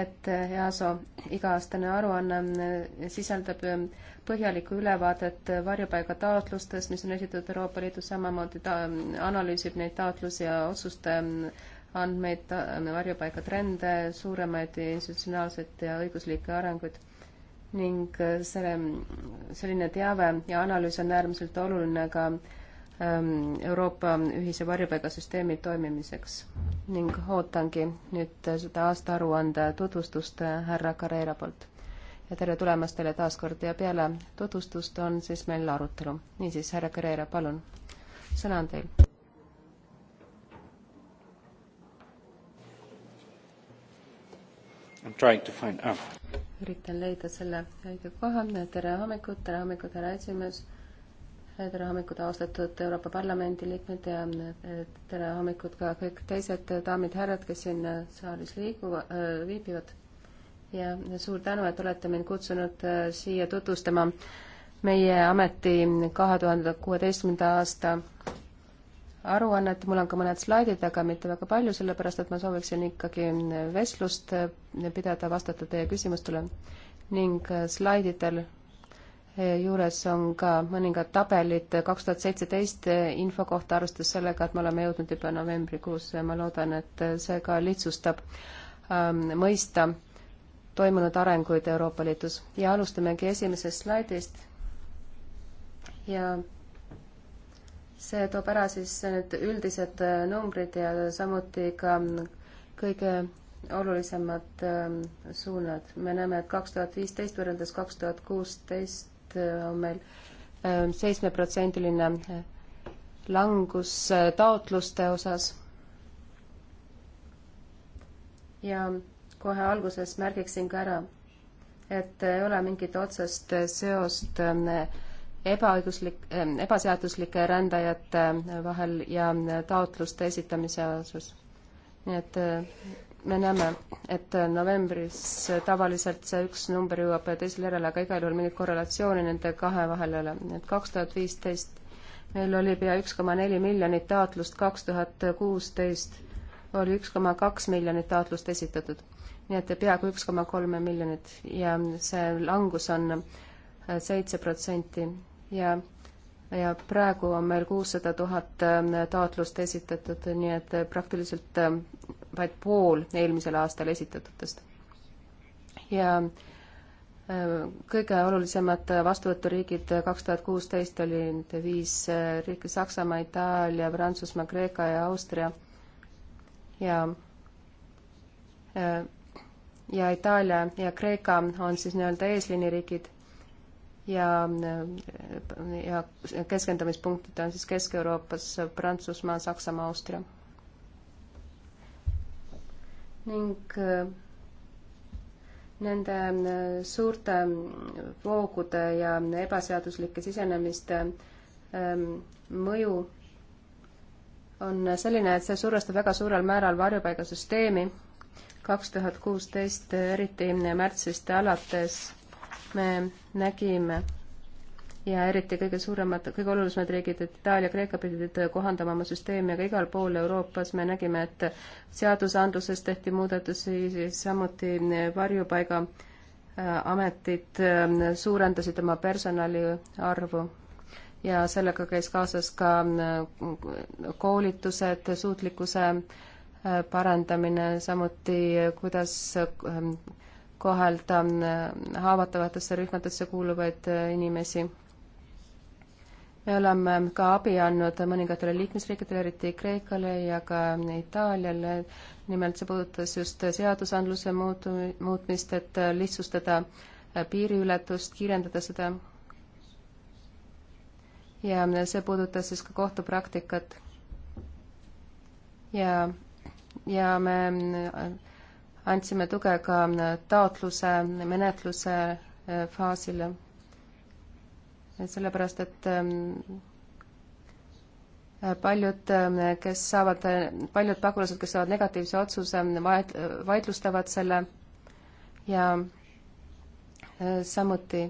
et EASO iga-aastane aruanne äh, sisaldab äh, põhjalikku ülevaadet varjupaigataotlustest, mis on esitatud Euroopa Liidus, samamoodi ta analüüsib neid taotlusi ja otsuste äh, andmeid, varjupaigatrende, suuremaid institutsionaalseid ja õiguslikke arenguid ning selle, selline teave ja analüüs on äärmiselt oluline ka äh, Ähm, Euroopa ühise varjupaigasüsteemi toimimiseks ning ootangi nüüd seda aastaaruande tutvustust äh, härra Carreira poolt. ja tere tulemast teile taas kord ja peale tutvustust on siis meil arutelu. niisiis, härra Carreira, palun, sõna on teil. üritan leida selle õige koha, tere hommikut, tere hommikut, härra esimees tere hommikut, austatud Euroopa Parlamendi liikmed ja eh, tere hommikut ka kõik teised daamid-härrad, kes siin saalis liiguvad, eh, viibivad. ja suur tänu, et olete mind kutsunud eh, siia tutvustama meie ameti kahe tuhande kuueteistkümnenda aasta aruannet, mul on ka mõned slaidid, aga mitte väga palju, sellepärast et ma sooviksin ikkagi vestlust pidada, vastata teie küsimustele ning slaididel juures on ka mõningad tabelid kaks tuhat seitseteist info kohta, arvestades sellega, et me oleme jõudnud juba novembrikuusse ja ma loodan, et see ka lihtsustab ähm, mõista toimunud arenguid Euroopa Liidus ja alustamegi esimesest slaidist. ja see toob ära siis need üldised äh, numbrid ja samuti ka kõige olulisemad ähm, suunad. me näeme, et kaks tuhat viisteist võrreldes kaks tuhat kuusteist et äh, on meil ähm, seitsmeprotsendiline äh, langus äh, taotluste osas. ja kohe alguses märgiksin ka ära, et ei ole mingit otsest seost ähm, ebaõiguslik, ähm, ebaseaduslike rändajate vahel ja taotluste esitamise osas. nii et me näeme, et novembris tavaliselt see üks number jõuab teisele järele, aga igal juhul mingit korrelatsiooni nende kahe vahel ei ole. et kaks tuhat viisteist meil oli pea üks koma neli miljonit taotlust, kaks tuhat kuusteist oli üks koma kaks miljonit taotlust esitatud. nii et peaaegu üks koma kolme miljonit ja see langus on seitse protsenti ja ja praegu on meil kuussada tuhat taotlust esitatud, nii et praktiliselt vaid pool eelmisel aastal esitatutest. ja äh, kõige olulisemad vastuvõturiigid kaks tuhat kuusteist olid viis äh, riiki Saksamaa, Itaalia, Prantsusmaa, Kreeka ja Austria. ja äh, ja Itaalia ja Kreeka on siis nii-öelda eesliiniriigid ja, ja keskendumispunktid on siis Kesk-Euroopas Prantsusmaa, Saksamaa, Austria ning äh, nende äh, suurte voogude ja ebaseaduslike sisenemiste ähm, mõju on selline, et see survestab väga suurel määral varjupaigasüsteemi. kaks tuhat kuusteist, eriti märtsist alates me nägime ja eriti kõige suuremad, kõige olulisemad riigid, et Itaalia, Kreeka pidid kohandama oma süsteemi, aga igal pool Euroopas me nägime, et seadusandluses tehti muudatusi, siis samuti varjupaiga äh, ametid äh, suurendasid oma personali arvu ja sellega käis kaasas ka äh, koolitused, suutlikkuse parandamine, samuti kuidas kohelda haavatavatesse rühmadesse kuuluvaid inimesi me oleme ka abi andnud mõningatele liikmesriikidele, eriti Kreekale ja ka Itaaliale. nimelt see puudutas just seadusandluse muutu-, muutmist, et lihtsustada piiriületust, kiirendada seda. ja see puudutas siis ka kohtupraktikat. ja, ja me andsime tuge ka taotluse menetluse faasile sellepärast et ähm, paljud, ähm, kes saavad, paljud pagulased, kes saavad negatiivse otsuse, ähm, vaid-, vaidlustavad selle ja äh, samuti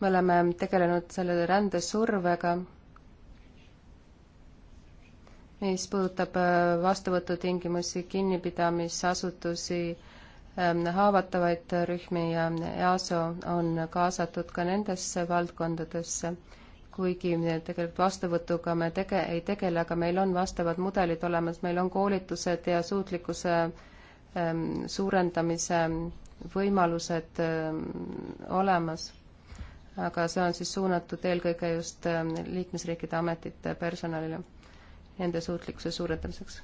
me oleme tegelenud selle rändesurvega, mis puudutab äh, vastuvõtutingimusi, kinnipidamisasutusi, Ähm, haavatavaid rühmi ja EASO on kaasatud ka nendesse valdkondadesse, kuigi tegelikult vastuvõtuga me tege-, ei tegele, aga meil on vastavad mudelid olemas, meil on koolitused ja suutlikkuse ähm, suurendamise võimalused ähm, olemas. aga see on siis suunatud eelkõige just ähm, liikmesriikide ametite personalile, nende suutlikkuse suurendamiseks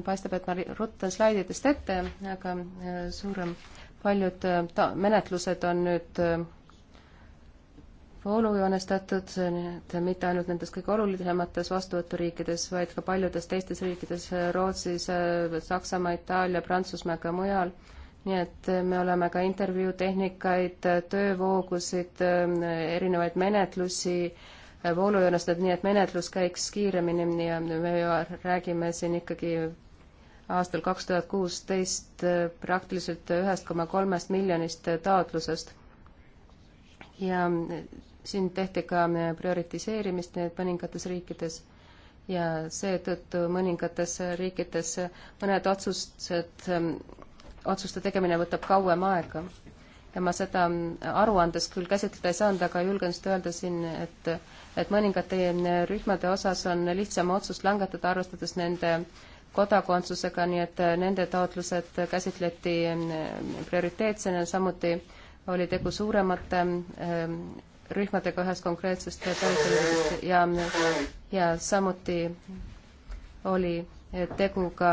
paistab, et ma ruttan slaididest ette, aga äh, suurem, paljud äh, ta-, menetlused on nüüd äh, voolujoonestatud, et mitte ainult nendes kõige olulisemates vastuvõturiikides, vaid ka paljudes teistes riikides, Rootsis, Saksamaa, Itaalia, Prantsusmaa, ka mujal. nii et me oleme ka intervjuutehnikaid, töövoogusid, erinevaid menetlusi äh, voolujoonustada nii, et menetlus käiks kiiremini ja me ju räägime siin ikkagi aastal kaks tuhat kuusteist äh, praktiliselt ühest koma kolmest miljonist äh, taotlusest. ja äh, siin tehti ka prioritiseerimist mõningates riikides ja seetõttu mõningates riikides mõned otsused, otsuste tegemine võtab kauem aega ma seda mm, aruandes küll käsitleda ei saanud, aga julgen seda öelda siin, et, et mõningate mm, rühmade osas on lihtsam otsust langetada, arvestades nende kodakondsusega, nii et mm, nende taotlused käsitleti prioriteetsena, samuti oli tegu suuremate rühmadega ühest konkreetsest päritoluriigist ja, ja samuti oli tegu ka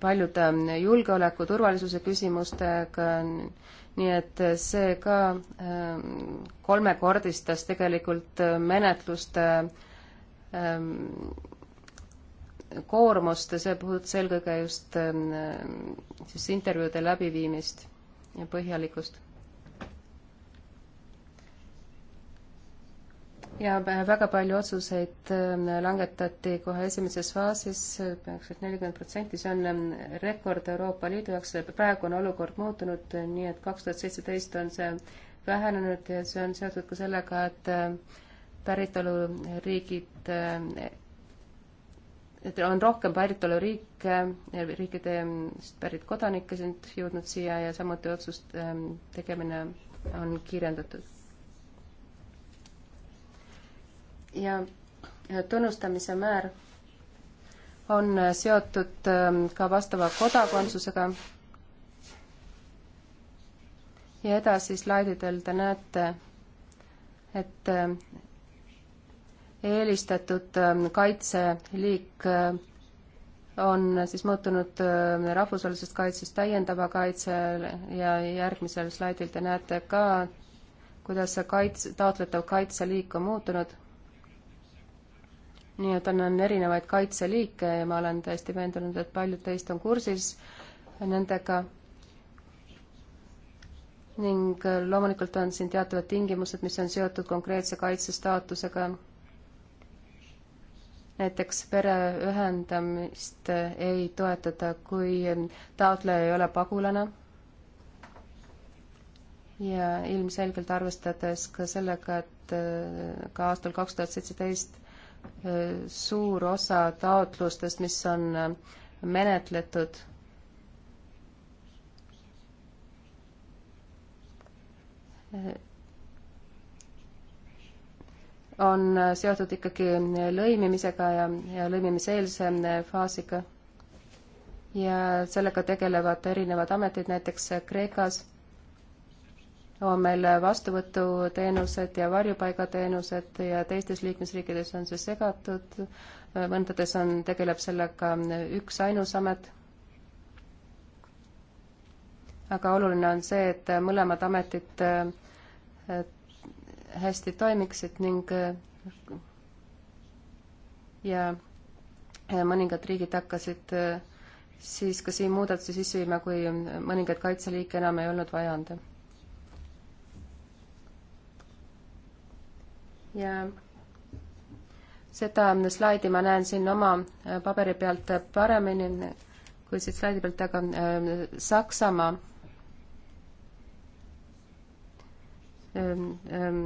paljude julgeoleku, turvalisuse küsimustega, nii et see ka ähm, kolmekordistas tegelikult menetluste ähm, koormust ja see puudutas eelkõige just ähm, siis intervjuude läbiviimist ja põhjalikkust ja äh, väga palju otsuseid ähm, langetati kohe esimeses faasis, äh, peaaegu nelikümmend protsenti, see on ähm, rekord Euroopa Liidu jaoks, praegu on olukord muutunud, äh, nii et kaks tuhat seitseteist on see vähenenud ja see on seotud ka sellega, et päritoluriigid, et on rohkem päritoluriike, riikidest ähm, pärit kodanikke sind jõudnud siia ja samuti otsuste tegemine on kiirendatud ja tunnustamise määr on seotud ähm, ka vastava kodakondsusega. ja edasi slaididel te näete, et ähm, eelistatud ähm, kaitseliik äh, on siis muutunud rahvusvahelisest kaitsest täiendava kaitsele ja järgmisel slaidil te näete ka, kuidas see kaits-, taotletav kaitseliik on muutunud nii et on, on erinevaid kaitseliike ja ma olen täiesti veendunud, et paljud teist on kursis nendega. ning loomulikult on siin teatavad tingimused, mis on seotud konkreetse kaitsestaatusega. näiteks pere ühendamist ei toetata, kui taotleja ei ole pagulane. ja ilmselgelt arvestades ka sellega, et ka aastal kaks tuhat seitseteist suur osa taotlustest, mis on äh, menetletud on äh, seotud ikkagi äh, lõimimisega ja, ja lõimimiseelse faasiga. ja sellega tegelevad erinevad ametid, näiteks Kreekas on meil vastuvõtuteenused ja varjupaigateenused ja teistes liikmesriikides on see segatud, mõndades on, tegeleb sellega üksainus amet. aga oluline on see, et mõlemad ametid äh, hästi toimiksid ning äh, ja äh, mõningad riigid hakkasid siis ka siin muudatusi sisse viima, kui mõningaid kaitseliike enam ei olnud vaja anda ja seda slaidi ma näen siin oma äh, paberi pealt paremini kui siit slaidi pealt, aga äh, Saksamaa ähm, ähm,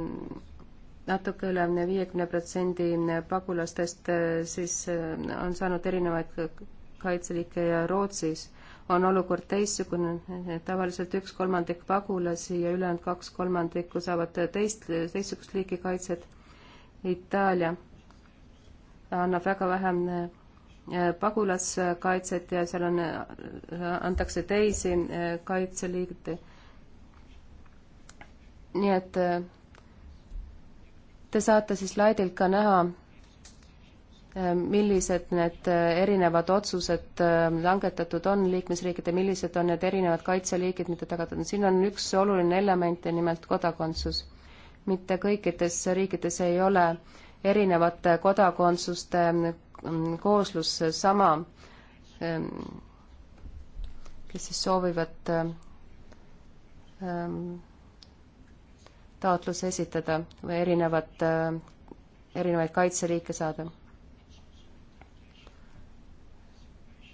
natuke üle viiekümne protsendi äh, pagulastest siis on saanud erinevaid kaitseliike ja Rootsis on olukord teistsugune, tavaliselt üks kolmandik pagulasi ja ülejäänud kaks kolmandikku saavad teist, teistsugust liiki kaitset Itaalia annab väga vähe äh, pagulaskaitset ja seal on, äh, antakse teisi äh, kaitseliigide. nii et te saate siis slaidilt ka näha, millised need erinevad otsused langetatud on liikmesriikide, millised on need erinevad kaitseliigid, mida tagatud on. siin on üks oluline element ja nimelt kodakondsus mitte kõikides riikides ei ole erinevate kodakondsuste mm, kooslus sama, mm, kes siis soovivad mm, taotluse esitada või erinevat, erinevaid kaitseriike saada.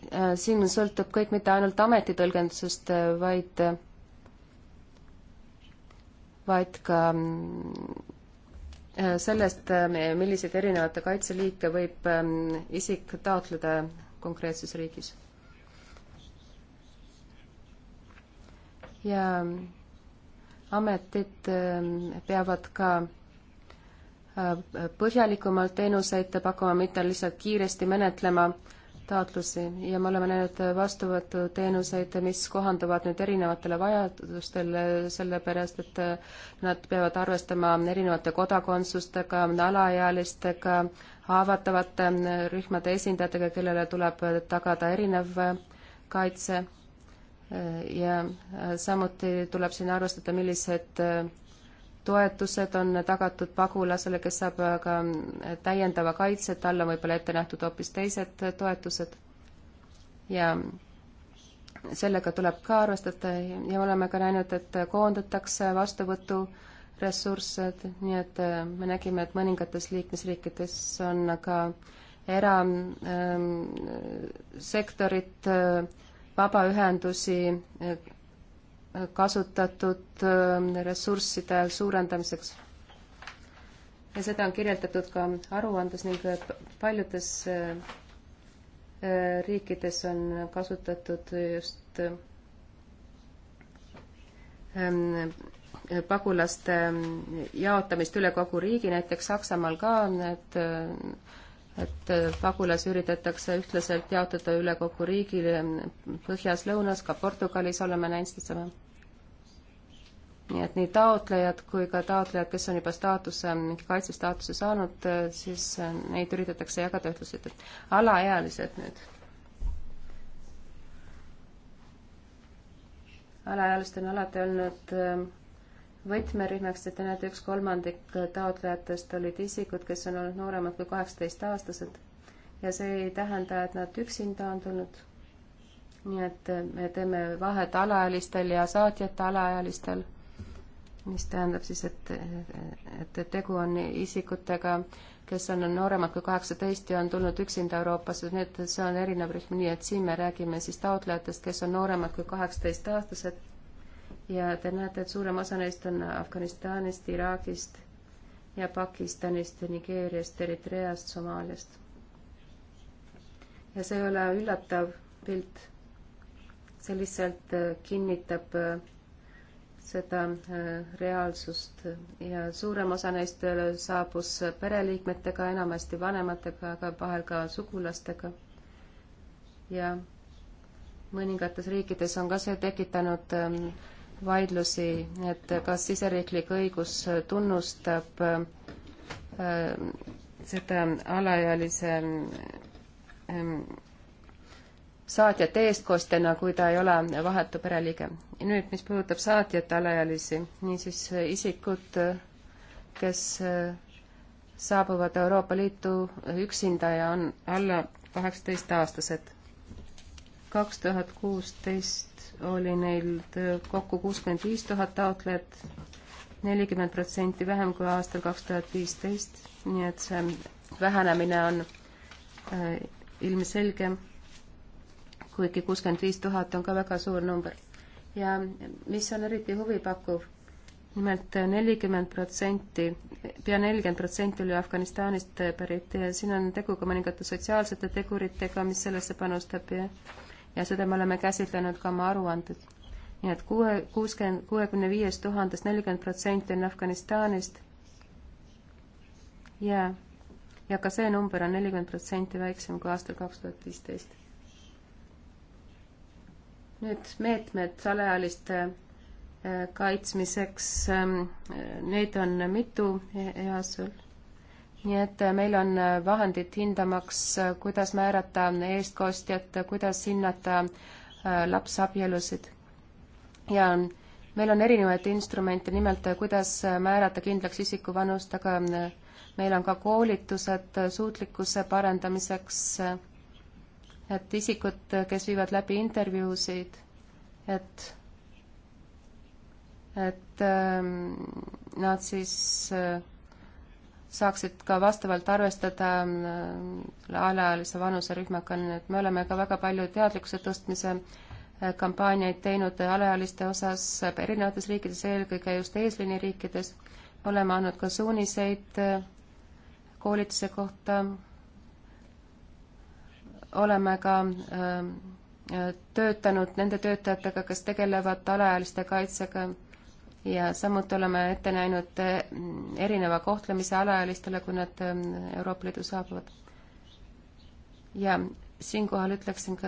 Äh, siin sõltub kõik mitte ainult ametitõlgendusest, vaid vaid ka mm, äh, sellest, äh, milliseid erinevate kaitseliike võib ähm, isik taotleda konkreetses riigis. ja mm, ametid ähm, peavad ka äh, põhjalikumalt teenuseid pakkuma, mitte lihtsalt kiiresti menetlema äh, taotlusi ja me oleme näinud vastuvõtuteenuseid, mis kohanduvad nüüd erinevatele vajadustele, sellepärast et nad peavad arvestama erinevate kodakondsustega, alaealistega, haavatavate rühmade esindajatega, kellele tuleb tagada erinev kaitse ja samuti tuleb siin arvestada, millised toetused on tagatud pagulasele, kes saab ka täiendava kaitse, tal on võib-olla ette nähtud hoopis teised toetused. ja sellega tuleb ka arvestada ja oleme ka näinud, et koondatakse vastuvõturessursse, nii et äh, me nägime, et mõningates liikmesriikides on ka erasektorit ähm,, äh, vabaühendusi äh, kasutatud äh, ressursside suurendamiseks. ja seda on kirjeldatud ka aruandes ning paljudes äh, äh, riikides on kasutatud just ähm, pagulaste jaotamist üle kogu riigi, näiteks Saksamaal ka on need et pagulasi üritatakse ühtlaselt jaotada üle kogu riigi, põhjas, lõunas, ka Portugalis oleme näinud seda nii et nii taotlejad kui ka taotlejad, kes on juba staatuse, mingi kaitsestaatuse saanud, äh, siis äh, neid üritatakse jagada ühtluselt, et alaealised nüüd. alaealised on alati olnud äh, võtmerühmaks, et näete, üks kolmandik taotlejatest olid isikud, kes on olnud nooremad kui kaheksateistaastased ja see ei tähenda, et nad üksinda on tulnud. nii et me teeme vahet alaealistel ja saatjate alaealistel mis tähendab siis, et, et tegu on isikutega, kes on nooremad kui kaheksateist ja on tulnud üksinda Euroopasse, need, see on erinev rühm, nii et siin me räägime siis taotlejatest, kes on nooremad kui kaheksateist aastased ja te näete, et suurem osa neist on Afganistanist, Iraagist ja Pakistanist, Nigeeriast, Eritreast, Somaaliast. ja see ei ole üllatav pilt, see lihtsalt kinnitab äh, seda äh, reaalsust ja suurem osa neist saabus pereliikmetega, enamasti vanematega, aga vahel ka sugulastega. ja mõningates riikides on ka see tekitanud ähm, vaidlusi, et kas siseriiklik õigus tunnustab äh, seda alaealise ähm, saatjate eestkostjana, kui ta ei ole vahetu pereliige. nüüd, mis puudutab saatjate alaealisi, niisiis äh, isikud, äh, kes äh, saabuvad Euroopa Liitu üksinda ja on alla kaheksateistaastased. kaks tuhat kuusteist oli neil kokku kuuskümmend viis tuhat taotlejat, nelikümmend protsenti vähem kui aastal kaks tuhat viisteist, nii et see vähenemine on äh, ilmselge kuigi kuuskümmend viis tuhat on ka väga suur number. ja mis on eriti huvipakkuv nimelt, nimelt nelikümmend protsenti, pea nelikümmend protsenti oli Afganistanist pärit ja siin on tegu ka mõningate sotsiaalsete teguritega, mis sellesse panustab ja ja seda me oleme käsitlenud ka oma aruanded. nii et kuue, kuuskümmend, kuuekümne viiest tuhandest nelikümmend protsenti on Afganistanist ja, ja ka see number on nelikümmend protsenti väiksem kui aastal kaks tuhat viisteist nüüd meetmed alaealiste äh, kaitsmiseks, ähm, neid on mitu heas sul. nii et äh, meil on äh, vahendid hindamaks, kuidas määrata eestkostjat, kuidas hinnata lapsabielusid. ja meil on erinevaid instrumente, nimelt kuidas määrata kindlaks isiku vanust, aga meil on ka koolitused suutlikkuse parendamiseks et isikud, kes viivad läbi intervjuusid, et, et ähm, nad siis äh, saaksid ka vastavalt arvestada äh, alaealise vanuserühmaga, nii et me oleme ka väga palju teadlikkuse tõstmise äh, kampaaniaid teinud alaealiste osas äh, erinevates riikides, eelkõige just eesliiniriikides, oleme andnud ka suuniseid äh, koolituse kohta oleme ka äh, töötanud nende töötajatega, kes tegelevad alaealiste kaitsega ja samuti oleme ette näinud äh, erineva kohtlemise alaealistele, kui nad ähm, Euroopa Liidu saabuvad. ja siinkohal ütleksin ka,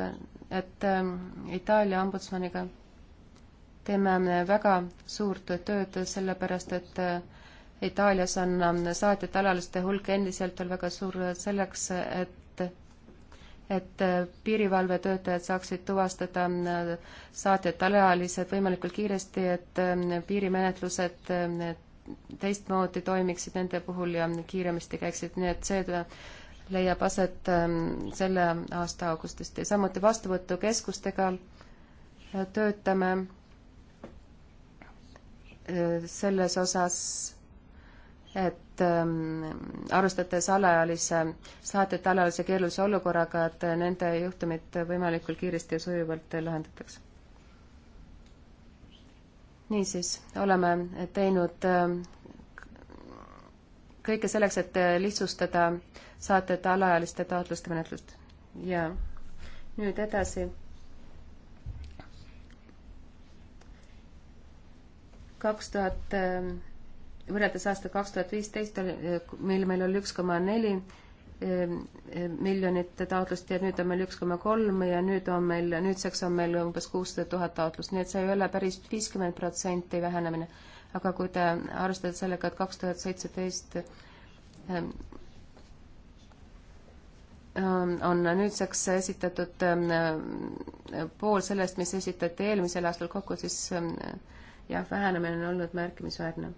et ähm, Itaalia ombudsmaniga teeme me väga suurt tööd, sellepärast et äh, Itaalias on ähm, saatjate alaliste hulk endiselt veel väga suur selleks, et et äh, piirivalvetöötajad saaksid tuvastada äh, saatjad alaealised võimalikult kiiresti, et äh, piirimenetlused teistmoodi toimiksid nende puhul ja kiiremini käiksid, nii et see leiab aset ähm, selle aasta augustist ja samuti vastuvõtukeskustega töötame selles osas et ähm, arvestades alaealise, saatjate alaealise keerulise olukorraga, et nende juhtumid võimalikult kiiresti ja sujuvalt lahendatakse. niisiis, oleme teinud ähm, kõike selleks, et lihtsustada saatjate alaealiste taotluste menetlust. ja nüüd edasi kaks tuhat ähm, võrreldes aastaga kaks tuhat viisteist, mil meil oli üks koma neli ehm, ehm, miljonit taotlust ja nüüd on meil üks koma kolm ja nüüd on meil, nüüdseks on meil umbes kuussada tuhat taotlust, nii et see ei ole päris viiskümmend protsenti vähenemine. aga kui te arvestate sellega, et kaks tuhat seitseteist ehm, on nüüdseks esitatud pool sellest, mis esitati eelmisel aastal kokku, siis jah, vähenemine on olnud märkimisväärne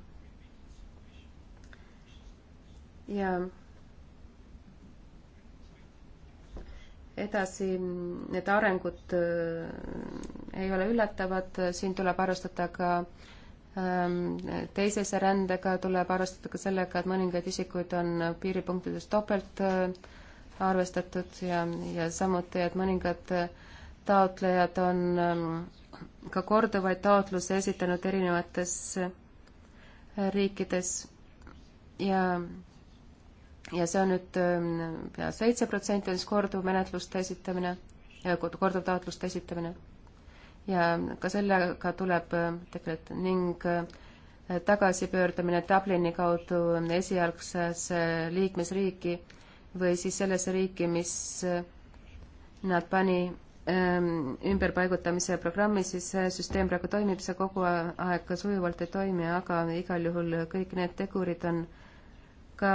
ja edasi need arengud äh, ei ole üllatavad, siin tuleb arvestada ka ähm, teisese rändega, tuleb arvestada ka sellega, et mõningaid isikuid on piiripunktides topelt äh, arvestatud ja, ja samuti, et mõningad äh, taotlejad on ähm, ka korduvaid taotlusi esitanud erinevates riikides ja ja see on nüüd ähm, pea seitse protsenti on siis korduvmenetluste esitamine, äh, korduvtaotluste esitamine. ja ka sellega tuleb ähm, tegeleda ning äh, tagasipöördumine Dublini kaudu ähm, esialgsesse äh, liikmesriiki või siis sellesse riiki, mis nad pani ümberpaigutamise programmi, siis see süsteem praegu toimib, see kogu aeg sujuvalt ei toimi, aga igal juhul kõik need tegurid on äh, ka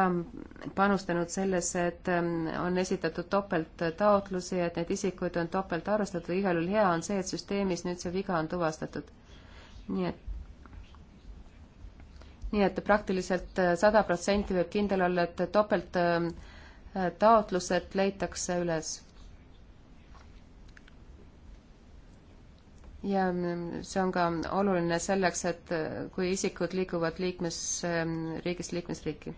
panustanud sellesse, et ähm, on esitatud topelttaotlusi, et neid isikuid on topelt arvestatud, igal juhul hea on see, et süsteemis nüüd see viga on tuvastatud. nii et, nii et praktiliselt äh, sada protsenti võib kindel olla, et topelttaotlused ähm, äh, leitakse üles. ja mm, see on ka oluline selleks, et äh, kui isikud liiguvad liikmesriigist ähm, liikmesriiki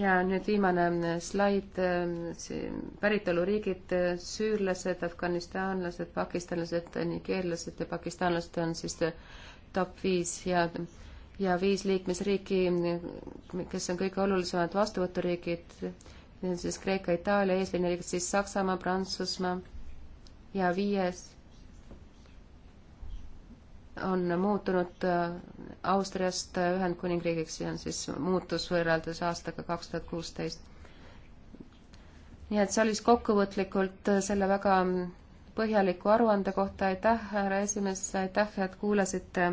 ja nüüd viimane mm, slaid, mm, päritoluriigid, mm, süürlased, afganistanlased, pakistanlased, nigeerlased ja pakistanlased on siis top viis ja, ja viis liikmesriiki, kes on kõige olulisemad vastuvõturiigid, siis Kreeka, Itaalia, eesliiniriigid, siis Saksamaa, Prantsusmaa ja viies on muutunud äh, Austriast Ühendkuningriigiks, see on siis muutus võrreldes aastaga kaks tuhat kuusteist. nii et see oli siis kokkuvõtlikult äh, selle väga põhjaliku aruande kohta, aitäh, härra esimees, aitäh, et kuulasite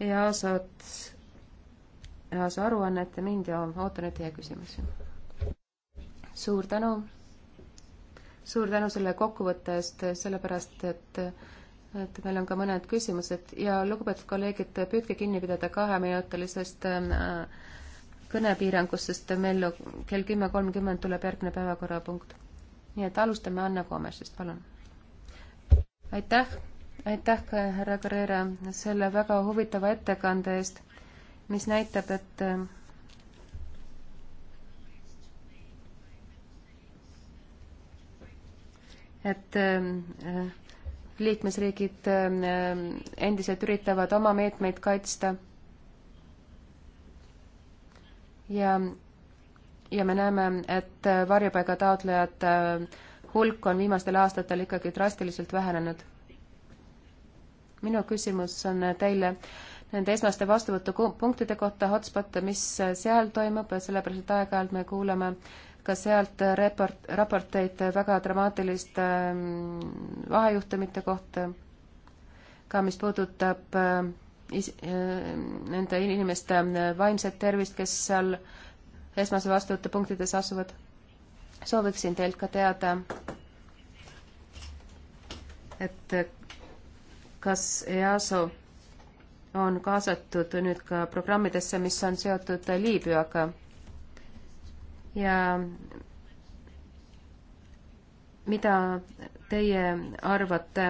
EASO-t, EASO aruannet ja mind ja ootan nüüd teie küsimusi. suur tänu, suur tänu selle kokkuvõtte eest, sellepärast et et meil on ka mõned küsimused ja lugupeetud kolleegid, püüdke kinni pidada kaheminutilisest äh, kõnepiirangust, sest meil kell kümme kolmkümmend tuleb järgmine päevakorrapunkt. nii et alustame Anna Koomestist, palun. aitäh, aitäh, härra Carrera, selle väga huvitava ettekande eest, mis näitab, et äh, et äh, liikmesriigid ähm, äh, endiselt üritavad oma meetmeid kaitsta. ja, ja me näeme, et äh, varjupaiga taotlejate äh, hulk on viimastel aastatel ikkagi drastiliselt vähenenud. minu küsimus on teile nende esmaste vastuvõtupunktide kohta, hotspot'e, mis seal toimub, sellepärast et aeg-ajalt me kuuleme äh, ka sealt report, raporteid väga dramaatiliste ähm, vahejuhtumite kohta, ka mis puudutab äh, is-, äh, nende inimeste äh, vaimset tervist, kes seal esmase vastuvõtu punktides asuvad. sooviksin teilt ka teada, et kas EASO on kaasatud nüüd ka programmidesse, mis on seotud Liibüaga ja mida teie arvate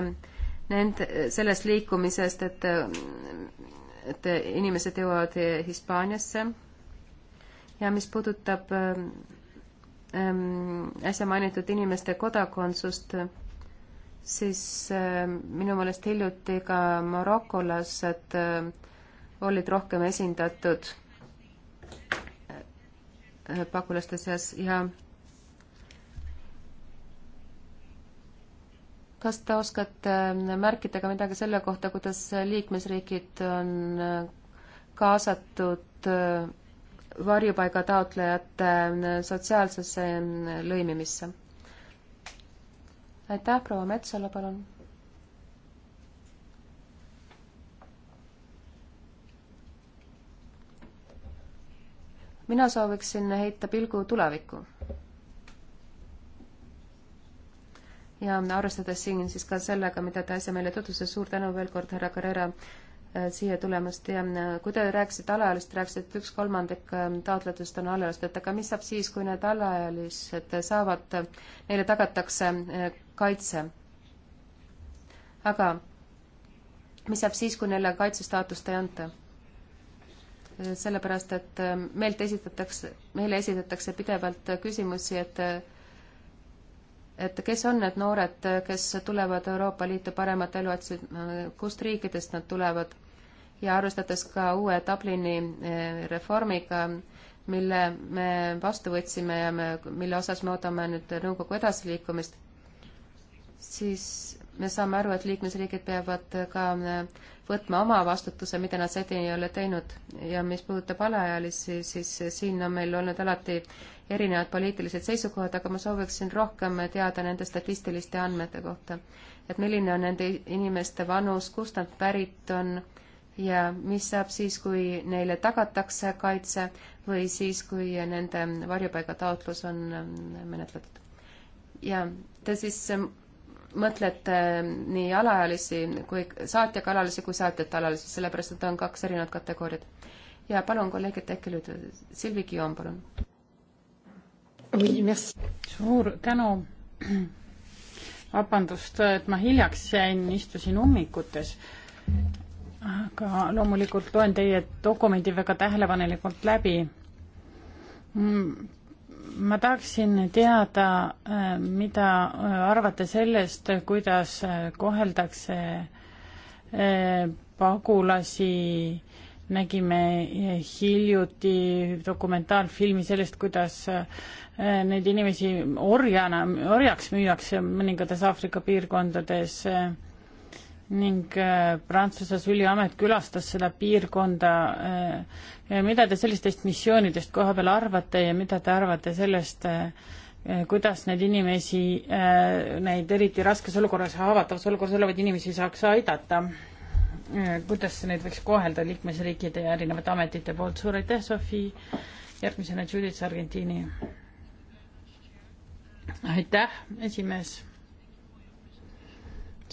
nend-, sellest liikumisest, et, et inimesed jõuavad Hispaaniasse ja mis puudutab ähm, äsja mainitud inimeste kodakondsust, siis äh, minu meelest hiljuti ka marokolased äh, olid rohkem esindatud pagulaste seas ja kas te oskate äh, märkida ka midagi selle kohta, kuidas liikmesriigid on äh, kaasatud äh, varjupaiga taotlejate sotsiaalsesse lõimimisse? aitäh, proua Metsola, palun mina sooviksin heita pilgu tulevikku. ja arvestades siin siis ka sellega, mida ta äsja meile tutvustas, suur tänu veel kord, härra Carrera, äh, siia tulemast ja äh, kui te rääkisite alaealist, rääkisite, et üks kolmandik äh, taotlejatest on alaealised, aga mis saab siis, kui need alaealised saavad, neile tagatakse kaitse? aga mis saab siis, kui neile kaitsestaatust ei anta? sellepärast et äh, meilt esitatakse, meile esitatakse pidevalt küsimusi, et et kes on need noored, kes tulevad Euroopa Liitu paremat elu otsima, äh, kust riikidest nad tulevad ja arvestades ka uue Dublini äh, reformiga, mille me vastu võtsime ja me, mille osas me ootame nüüd nõukogu edasiliikumist, siis me saame aru, et liikmesriigid peavad ka võtma oma vastutuse, mida nad seni ei ole teinud. ja mis puudutab alaealisi, siis siin on meil olnud alati erinevad poliitilised seisukohad, aga ma sooviksin rohkem teada nende statistiliste andmete kohta. et milline on nende inimeste vanus, kust nad pärit on ja mis saab siis, kui neile tagatakse kaitse või siis, kui nende varjupaigataotlus on ähm, menetletud. ja te siis mõtlete nii alaealisi kui saatjaga alalisi kui saatjata alalisi, sellepärast et on kaks erinevat kategooriat. ja palun, kolleegid, tehke nüüd, Silvi Kiom, palun. suur tänu. vabandust, et ma hiljaks jäin, istusin ummikutes. aga loomulikult loen teie dokumendi väga tähelepanelikult läbi mm ma tahaksin teada, äh, mida äh, arvate sellest, kuidas äh, koheldakse pagulasi, nägime hiljuti dokumentaalfilmi sellest, kuidas neid inimesi orjana, orjaks müüakse mõningates Aafrika piirkondades ning äh, Prantsuse süliamet külastas seda piirkonda. Äh, mida te sellistest missioonidest koha peal arvate ja mida te arvate sellest, äh, kuidas neid inimesi, neid eriti raskes olukorras ja haavatavas olukorras olevaid inimesi saaks aidata? kuidas neid võiks kohelda liikmesriikide ja erinevate ametite poolt? suur aitäh, Sofi. järgmisena Judith Sargentini. aitäh, esimees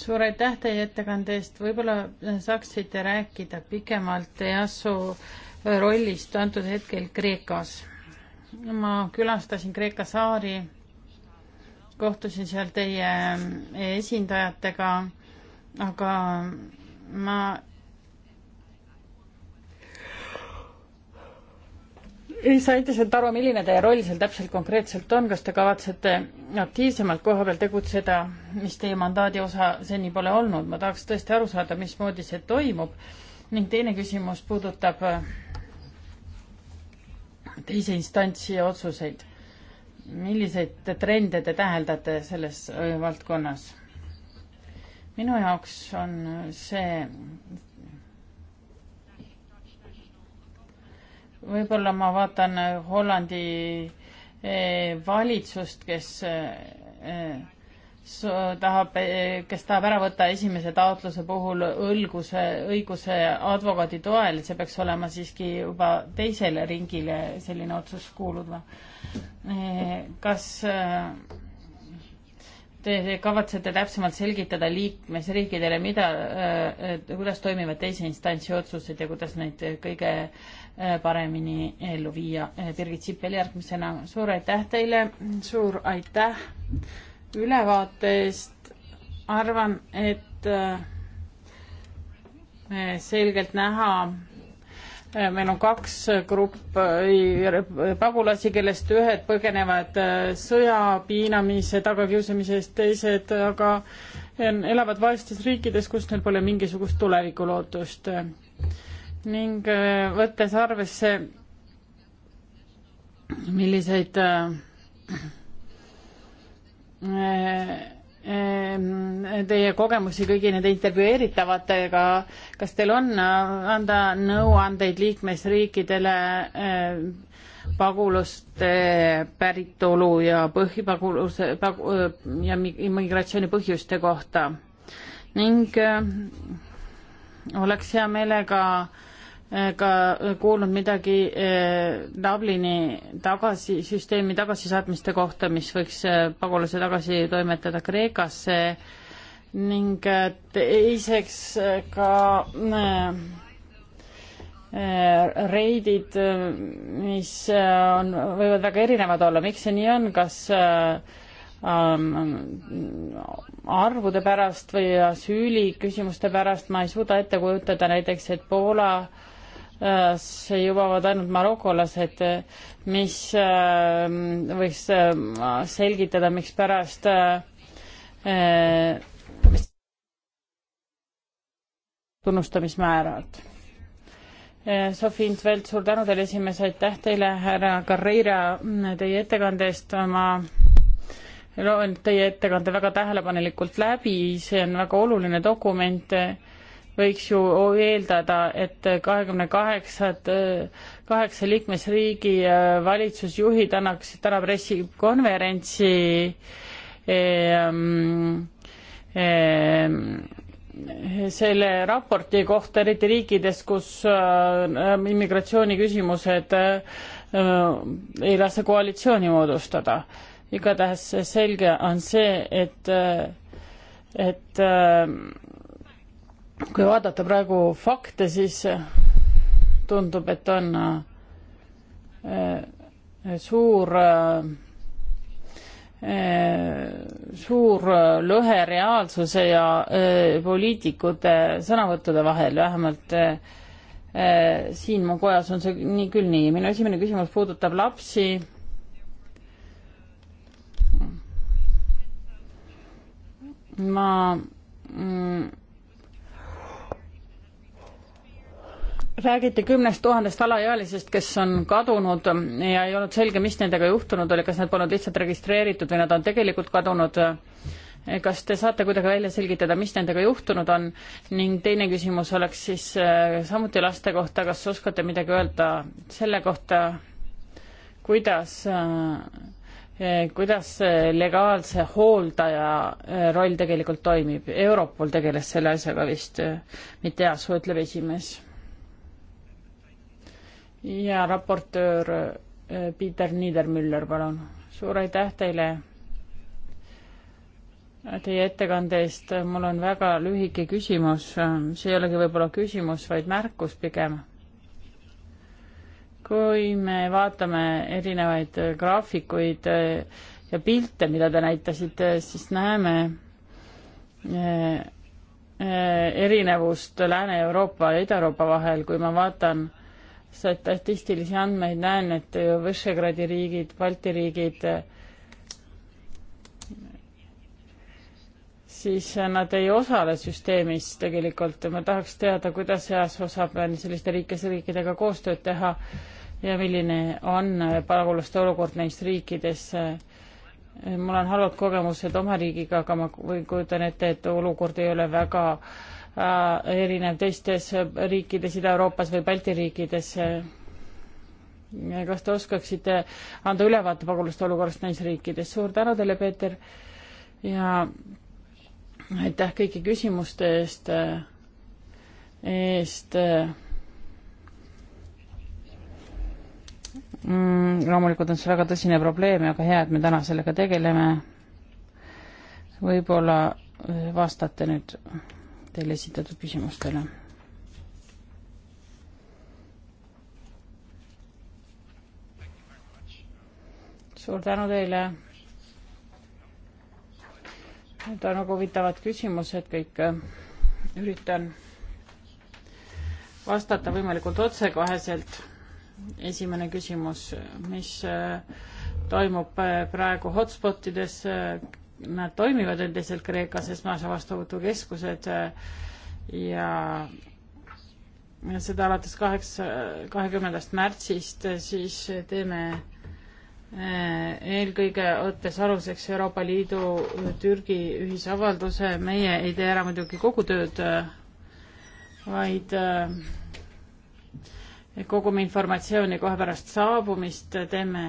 suur aitäh teie ettekande eest, võib-olla saaksite rääkida pikemalt EASO rollist antud hetkel Kreekas. ma külastasin Kreeka saari, kohtusin seal teie esindajatega, aga ma ei saa endiselt aru, milline teie roll seal täpselt konkreetselt on, kas te kavatsete aktiivsemalt koha peal tegutseda, mis teie mandaadi osa seni pole olnud, ma tahaks tõesti aru saada, mismoodi see toimub. ning teine küsimus puudutab äh, teise instantsi otsuseid. milliseid trende te täheldate selles äh, valdkonnas? minu jaoks on see võib-olla ma vaatan äh, Hollandi äh, valitsust, kes äh, tahab, kes tahab ära võtta esimese taotluse puhul õlguse, õiguse advokaadi toel, see peaks olema siiski juba teisele ringile selline otsus kuuluda. kas te kavatsete täpsemalt selgitada liikmesriikidele, mida, kuidas toimivad teise instantsi otsused ja kuidas neid kõige äh, Eh, paremini ellu viia. Eh, Birgit Sippel järgmisena, suur aitäh teile, suur aitäh ülevaate eest. arvan, et eh, selgelt näha, meil on kaks gruppi pagulasi, kellest ühed põgenevad sõja, piinamise, tagakiusamise eest, teised aga elavad vaestes riikides, kus neil pole mingisugust tulevikulootust ning äh, võttes arvesse, milliseid äh, äh, teie kogemusi kõigi nende intervjueeritavatega, kas teil on anda nõuandeid liikmesriikidele pagulaste päritolu ja põhipaguluse pagu, ja migratsiooni põhjuste kohta ning oleks hea meelega äh, ka kuulnud midagi eh, Dublini tagasi, süsteemi tagasisaatmiste kohta, mis võiks eh, pagulase tagasi toimetada Kreekasse ning eh, teiseks ka reidid, mis on, võivad väga erinevad olla, miks see nii on, kas ähm, arvude pärast või asüüli küsimuste pärast ma ei suuda ette kujutada näiteks, et Poola äh, Äh, jõuavad ainult marokolased, äh, mis äh, võiks selgitada, mikspärast tunnustamismäärad. Sofi Intvelt, suur tänu teile, esimees, aitäh teile, härra Carreira, teie ettekande eest, ma loen teie ettekande väga tähelepanelikult läbi, see on väga oluline dokument võiks ju eeldada, et kahekümne kaheksad, kaheksa liikmesriigi äh, valitsusjuhid annaksid täna pressikonverentsi ehm, ehm, selle raporti kohta, eriti riikides, kus äh, immigratsiooniküsimused äh, ei lase koalitsiooni moodustada. igatahes selge on see, et, et kui vaadata praegu fakte, siis äh, tundub, et on äh, äh, suur suur lõhe reaalsuse ja poliitikute sõnavõttude vahel, vähemalt siin mu kojas on see nii küll nii. minu esimene küsimus puudutab lapsi. ma mm, räägiti kümnest tuhandest alaealisest, kes on kadunud ja ei olnud selge, mis nendega juhtunud oli, kas nad polnud lihtsalt registreeritud või nad on tegelikult kadunud. kas te saate kuidagi välja selgitada, mis nendega juhtunud on ning teine küsimus oleks siis äh, samuti laste kohta, kas oskate midagi öelda selle kohta, kuidas, äh, äh, kuidas legaalse hooldaja roll tegelikult toimib? Europol tegeles selle asjaga vist, mitte EASO, ütleb esimees ja raportöör eh, Peter Niedermüller, palun. suur aitäh teile teie ettekande eest. mul on väga lühike küsimus, mis ei olegi võib-olla küsimus, vaid märkus pigem. kui me vaatame erinevaid graafikuid eh, ja pilte, mida te näitasite, siis näeme eh, erinevust Lääne-Euroopa ja Ida-Euroopa vahel, kui ma vaatan statistilisi andmeid näen, et Võšegradi riigid, Balti riigid, siis nad ei osale süsteemis tegelikult ja ma tahaks teada, kuidas EAS osab selliste riikides riikidega koostööd teha ja milline on pagulaste olukord neis riikides. mul on halvad kogemused oma riigiga, aga ma võin kujutan ette, et olukord ei ole väga äh, Äh, erinev teistes riikides Ida-Euroopas või Balti riikides. kas te oskaksite anda ülevaate pagulaste olukorrast neis riikides? suur tänu teile, Peeter, ja aitäh kõigi küsimuste eest, eest mm,. loomulikult on see väga tõsine probleem ja väga hea, et me täna sellega tegeleme. võib-olla vastate nüüd teile esitatud küsimustele. suur tänu teile. Need on nagu huvitavad küsimused kõik. Äh, üritan vastata võimalikult otsekoheselt. esimene küsimus, mis äh, toimub äh, praegu hotspotides nad toimivad endiselt Kreekas, esmase vastuvõtukeskused äh, ja seda alates kaheksa, kahekümnendast märtsist, äh, siis teeme äh, eelkõige võttes aluseks Euroopa Liidu Türgi ühisavalduse, meie ei tee ära muidugi kogu tööd, vaid kogume informatsiooni kohe pärast saabumist, teeme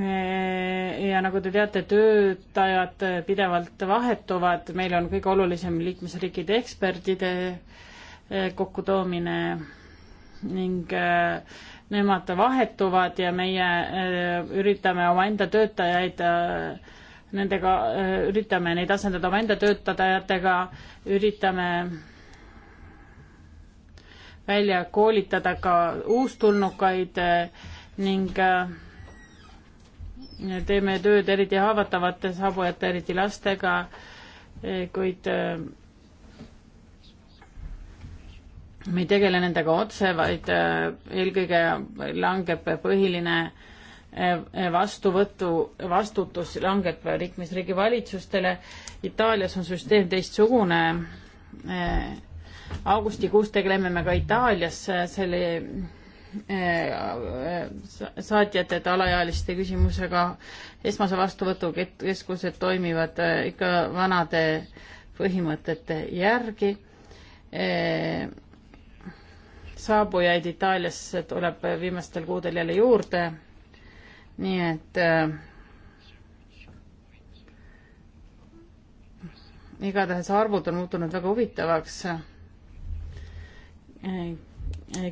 Äh, ja nagu te teate, töötajad pidevalt vahetuvad, meil on kõige olulisem liikmesriikide ekspertide äh, kokkutoomine ning äh, nemad vahetuvad ja meie üritame omaenda töötajaid nendega, üritame neid asendada omaenda töötajatega, üritame välja koolitada ka uustulnukaid ning äh, teeme tööd eriti haavatavate saabujate, eriti lastega, kuid äh, me ei tegele nendega otse, vaid äh, eelkõige langeb põhiline äh, vastuvõtu, vastutus langeb liikmesriigi valitsustele. Itaalias on süsteem teistsugune. augustikuus tegeleme me ka Itaalias selle Äh, äh, saatjate, et alaealiste küsimusega esmase vastuvõtukeskused toimivad äh, ikka vanade põhimõtete järgi. saabujaid Itaaliasse tuleb viimastel kuudel jälle juurde. nii et igatahes arvud on muutunud väga huvitavaks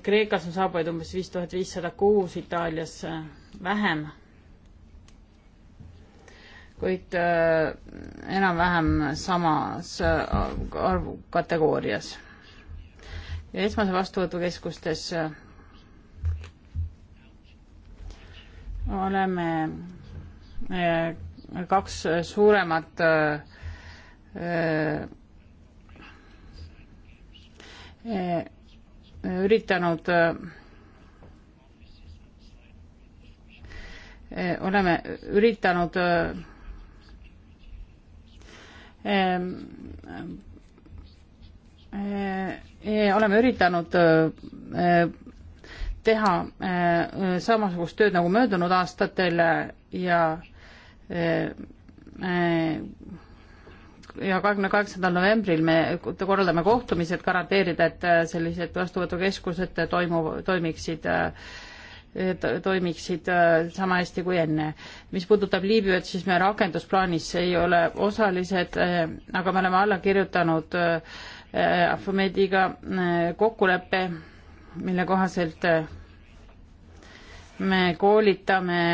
Kreekas on saabujaid umbes viis tuhat viissada kuus, Itaalias äh, vähem. kuid äh, enam-vähem samas äh, arvu kategoorias. ja esmase vastuvõtukeskustes oleme kaks suuremat äh, äh, üritanud, äh, oleme üritanud äh, äh, oleme üritanud teha samasugust tööd nagu möödunud aastatel ja ja kahekümne kaheksandal novembril me korraldame kohtumised, garanteerida, et äh, sellised vastuvõtukeskused toimu, toimiksid äh, toimiksid äh, sama hästi kui enne. mis puudutab Liibüat, siis me rakendusplaanis ei ole osalised, aga me oleme alla kirjutanud Afomediga kokkuleppe, mille kohaselt me koolitame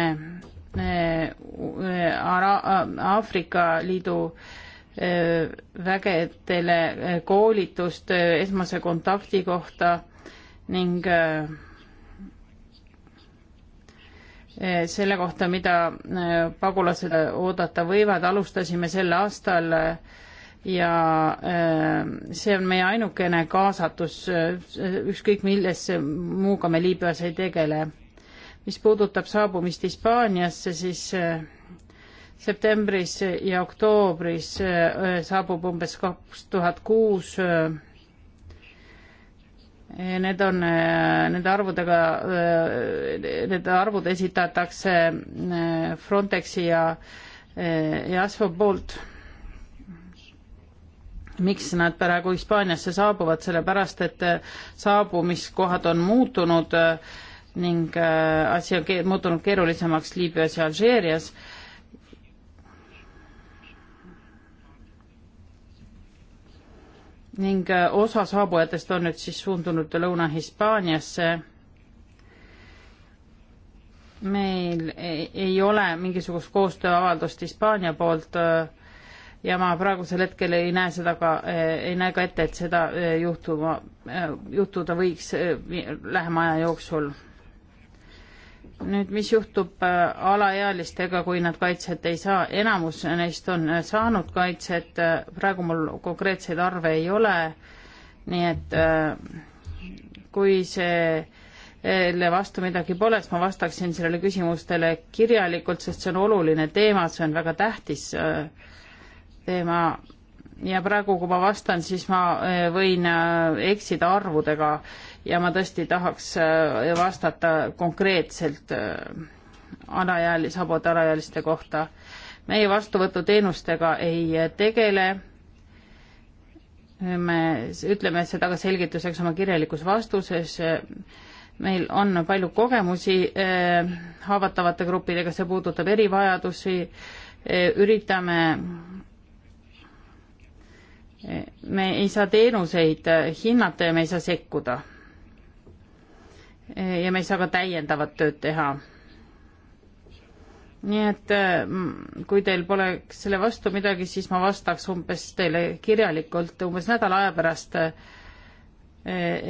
Aafrika Liidu äh, vägedele eh, koolitust eh, esmase kontakti kohta ning eh, selle kohta, mida pagulased oodata võivad, alustasime sel aastal ja see on meie ainukene kaasatus, ükskõik millesse muuga me Liibüas ei tegele. mis puudutab saabumist Hispaaniasse, siis septembris ja oktoobris äh, saabub umbes kaks tuhat kuus äh, Need on, äh, nende arvudega, need arvud esitatakse Frontexi ja EASFO poolt. miks nad praegu Hispaaniasse saabuvad, sellepärast et saabumiskohad on muutunud ning asi on ke muutunud keerulisemaks Liibüas ja Alžeerias ning äh, osa saabujatest on nüüd siis suundunud Lõuna-Hispaaniasse. meil ei ole mingisugust koostööavaldust Hispaania poolt äh, ja ma praegusel hetkel ei näe seda ka, äh, ei näe ka ette, et seda juhtuma, juhtuda võiks lähima aja jooksul nüüd, mis juhtub äh, alaealistega, kui nad kaitset ei saa, enamus neist on äh, saanud kaitset, äh, praegu mul konkreetseid arve ei ole, nii et kui selle vastu midagi pole, siis ma vastaksin sellele küsimustele kirjalikult, sest see on oluline teema, see on väga tähtis teema ja praegu, kui ma vastan, siis ma võin eksida arvudega ja ma tõesti tahaks äh, vastata konkreetselt alaealise, äh, saabuvate alaealiste kohta. meie vastuvõtuteenustega ei tegele. me ütleme seda ka selgituseks oma kirjalikus vastuses. meil on palju kogemusi äh, haavatavate gruppidega, see puudutab erivajadusi, üritame me ei saa teenuseid hinnata ja me ei saa sekkuda ja me ei saa ka täiendavat tööd teha. nii et mm, kui teil poleks selle vastu midagi, siis ma vastaks umbes teile kirjalikult umbes nädala aja pärast, e,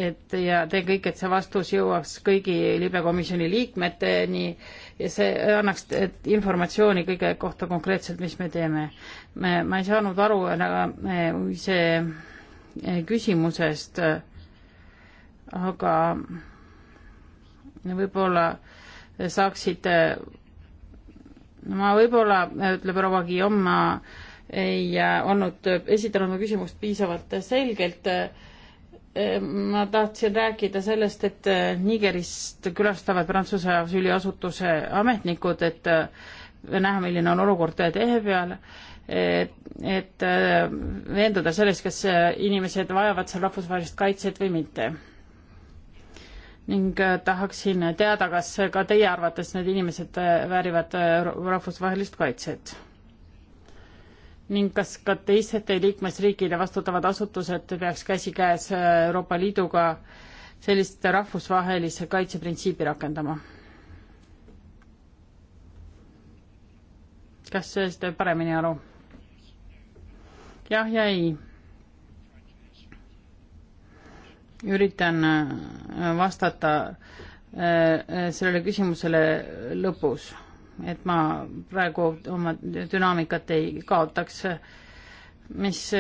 et ja teen kõik, et see vastus jõuaks kõigi libekomisjoni liikmeteni ja see annaks informatsiooni kõige kohta konkreetselt, mis me teeme. me, ma ei saanud aru aga e, see e, küsimusest, aga võib-olla saaksite, ma võib-olla, ütleb proua Guillaume, ma ei äh, olnud äh, esitanud oma küsimust piisavalt äh, selgelt. ma tahtsin rääkida sellest, et Nigerist külastavad Prantsuse asüüliasutuse ametnikud, et näha, milline on olukord tehe peal, et, et veenduda selles, kas inimesed vajavad seal rahvusvahelist kaitset või mitte ning äh, tahaksin teada, kas ka teie arvates need inimesed äh, väärivad äh, rahvusvahelist kaitset? ning kas ka teiste liikmesriigile vastutavad asutused peaks käsikäes Euroopa Liiduga sellist rahvusvahelise kaitse printsiibi rakendama? kas sellest paremini aru? jah ja ei üritan äh, vastata äh, äh, sellele küsimusele lõpus, et ma praegu oma dünaamikat ei kaotaks. mis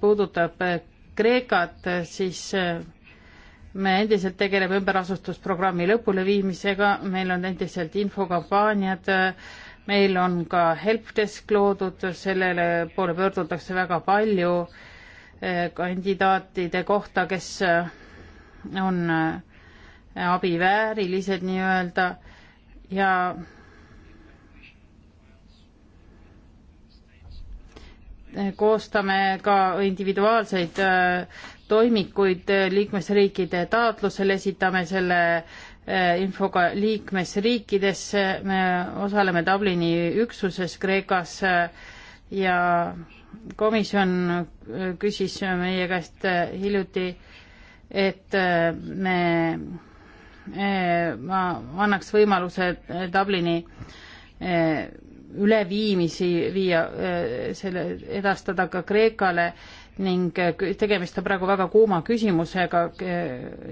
puudutab Kreekat, siis me endiselt tegeleme ümberasustusprogrammi lõpuleviimisega, meil on endiselt infokampaaniad, meil on ka helpdesk loodud, sellele poole pöördutakse väga palju kandidaatide kohta, kes äh, on äh, abiväärilised nii-öelda ja koostame ka individuaalseid äh, toimikuid liikmesriikide taotlusel, esitame selle infoga liikmesriikidesse, me osaleme Dublini üksuses Kreekas ja komisjon küsis meie käest hiljuti, et äh, me, äh, ma annaks võimaluse Dublini äh, üleviimisi viia, selle edastada ka Kreekale ning tegemist on praegu väga kuuma küsimusega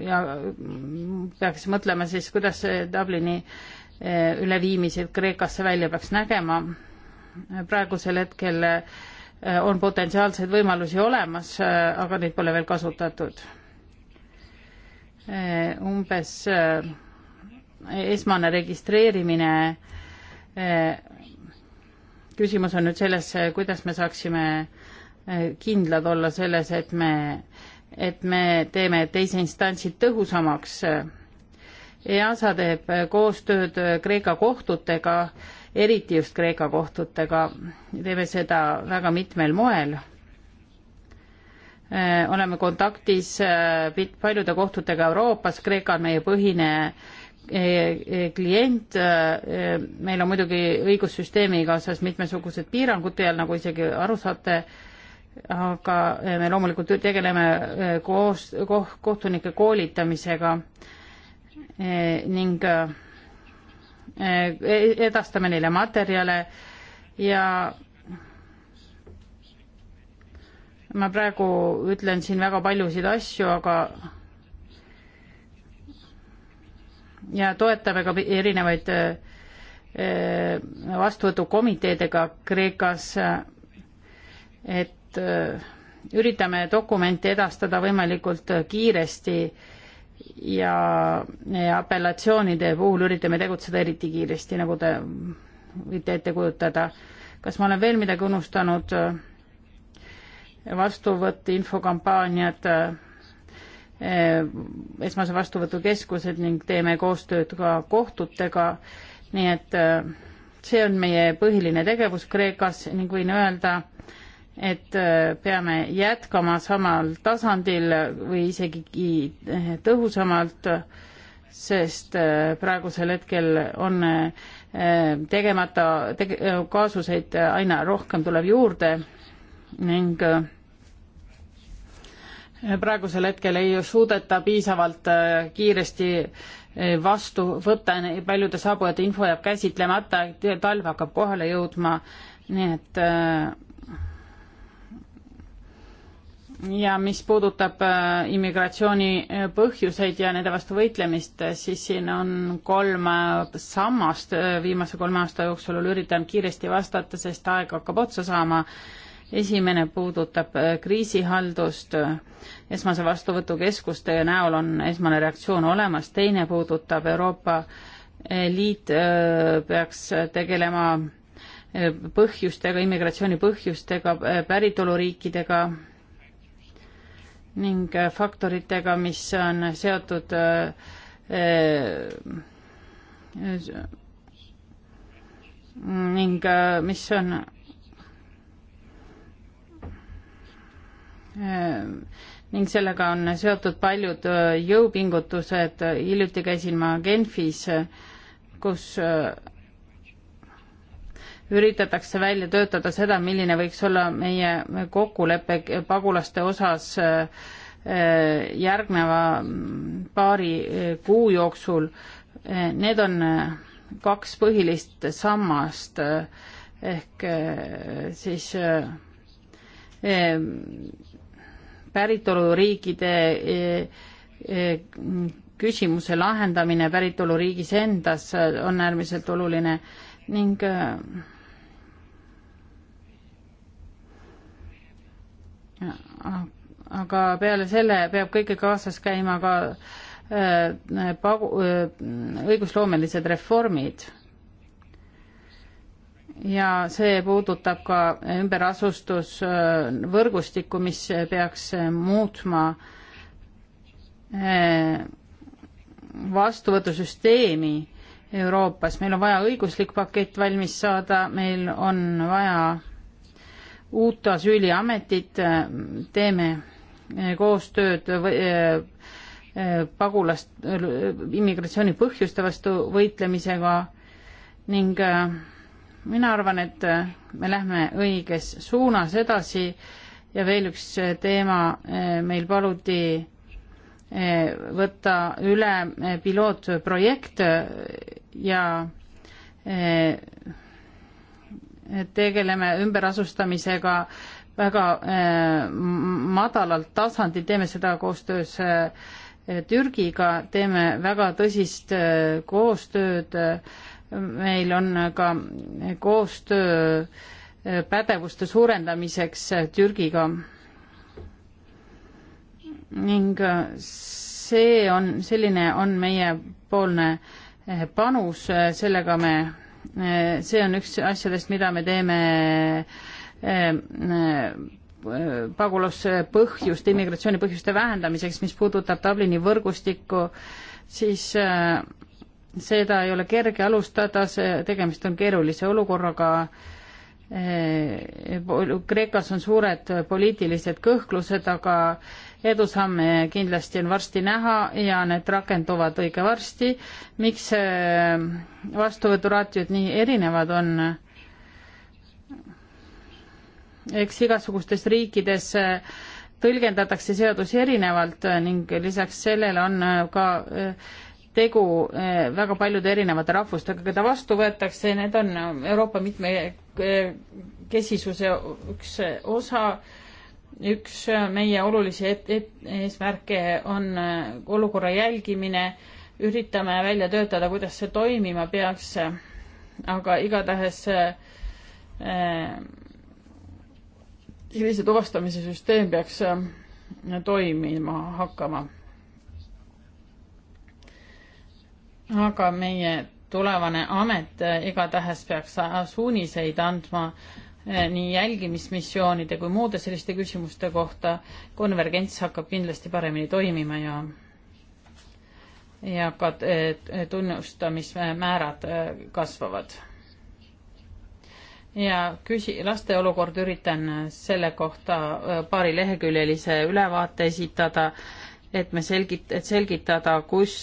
ja peaks mõtlema siis, kuidas see Dublini üleviimised Kreekasse välja peaks nägema. praegusel hetkel äh, Äh, on potentsiaalseid võimalusi olemas, äh, aga neid pole veel kasutatud. Äh, umbes esmane registreerimine. küsimus on nüüd selles, kuidas me saaksime kindlad olla selles, et me, et me teeme teise instantsi tõhusamaks. EASA teeb koostööd Kreeka kohtutega eriti just Kreeka kohtutega, teeme seda väga mitmel moel. Äh, oleme kontaktis äh, paljude kohtutega Euroopas, Kreeka on meie põhine äh, klient, meil on muidugi õigussüsteemiga osas mitmesugused piirangud peal, nagu isegi aru saate, aga me loomulikult tegeleme koos, kohtunike koolitamisega ning Eh, edastame neile materjale ja ma praegu ütlen siin väga paljusid asju, aga ja toetame ka erinevaid eh, vastuvõtukomiteedega Kreekas, et eh, üritame dokumente edastada võimalikult kiiresti ja, ja apellatsioonide puhul üritame tegutseda eriti kiiresti, nagu te võite ette kujutada. kas ma olen veel midagi unustanud? vastuvõtt, infokampaaniad, eh, esmase vastuvõtukeskused ning teeme koostööd ka kohtutega, nii et eh, see on meie põhiline tegevus Kreekas ning võin öelda, et äh, peame jätkama samal tasandil või isegi äh, tõhusamalt, sest äh, praegusel hetkel on tegemata tege, kaasuseid aina rohkem tuleb juurde ning praegusel hetkel ei suudeta piisavalt kiiresti vastu võtta, paljude saabujate info jääb käsitlemata, talv hakkab kohale jõudma, nii et äh, ja mis puudutab äh, immigratsiooni äh, põhjuseid ja nende vastu võitlemist, äh, siis siin on kolm sammast viimase kolme aasta jooksul üritan kiiresti vastata, sest aeg hakkab otsa saama. esimene puudutab kriisihaldust, esmase vastuvõtukeskuste näol on esmane reaktsioon olemas, teine puudutab Euroopa Liit peaks tegelema põhjustega, immigratsiooni põhjustega, päritoluriikidega ning äh, faktoritega, mis on seotud äh, äh, ning mis on ning sellega on seotud paljud jõupingutused, hiljuti käisin ma Genfis, kus üritatakse välja töötada seda, milline võiks olla meie kokkulepe pagulaste osas äh, järgneva mm, paari äh, kuu jooksul. Äh, need on kaks põhilist sammast ehk siis päritoluriikide küsimuse lahendamine päritoluriigis endas on äärmiselt oluline ning aga peale selle peab kõike kaasas käima ka äh, pagu- äh,, õigusloomelised reformid. ja see puudutab ka ümberasustusvõrgustikku äh,, mis peaks äh, muutma äh, vastuvõtusüsteemi Euroopas, meil on vaja õiguslik pakett valmis saada, meil on vaja uut asüüliametit, äh, teeme äh, koostööd äh, pagulast, immigratsiooni põhjuste vastu võitlemisega ning mina arvan, et me lähme õiges suunas edasi ja veel üks teema, meil paluti võtta üle pilootprojekt ja tegeleme ümberasustamisega väga äh, madalalt tasandil, teeme seda koostöös äh, Türgiga, teeme väga tõsist äh, koostööd. meil on ka koostöö pädevuste suurendamiseks Türgiga. ning see on, selline on meiepoolne panus, sellega me Eh, see on üks asjadest, mida me teeme eh, eh, pagulaspõhjuste, immigratsiooni põhjuste vähendamiseks, mis puudutab Dublini võrgustikku, siis seda ei ole kerge alustada, see, tegemist on keerulise olukorraga. Kreekas on suured poliitilised kõhklused, aga edusamme kindlasti on varsti näha ja need rakenduvad õige varsti. miks äh, vastuvõturaatiod nii erinevad on? eks igasugustes riikides äh, tõlgendatakse seadusi erinevalt äh, ning lisaks sellele on ka tegu väga paljude erinevate rahvustega, keda vastu võetakse, need on Euroopa mitmekesisuse üks osa üks meie olulisi et, et, eesmärke on äh, olukorra jälgimine, üritame välja töötada, kuidas see toimima peaks, aga igatahes hilise äh, tuvastamise süsteem peaks äh, toimima hakkama. aga meie tulevane amet äh, igatahes peaks suuniseid andma äh, Eh, nii jälgimismissioonide kui muude selliste küsimuste kohta konvergents hakkab kindlasti paremini toimima ja ja ka eh, tunnustamismäärad eh, kasvavad. ja küsi-, laste olukord üritan selle kohta paarileheküljelise ülevaate esitada, et me selgit-, et selgitada, kus,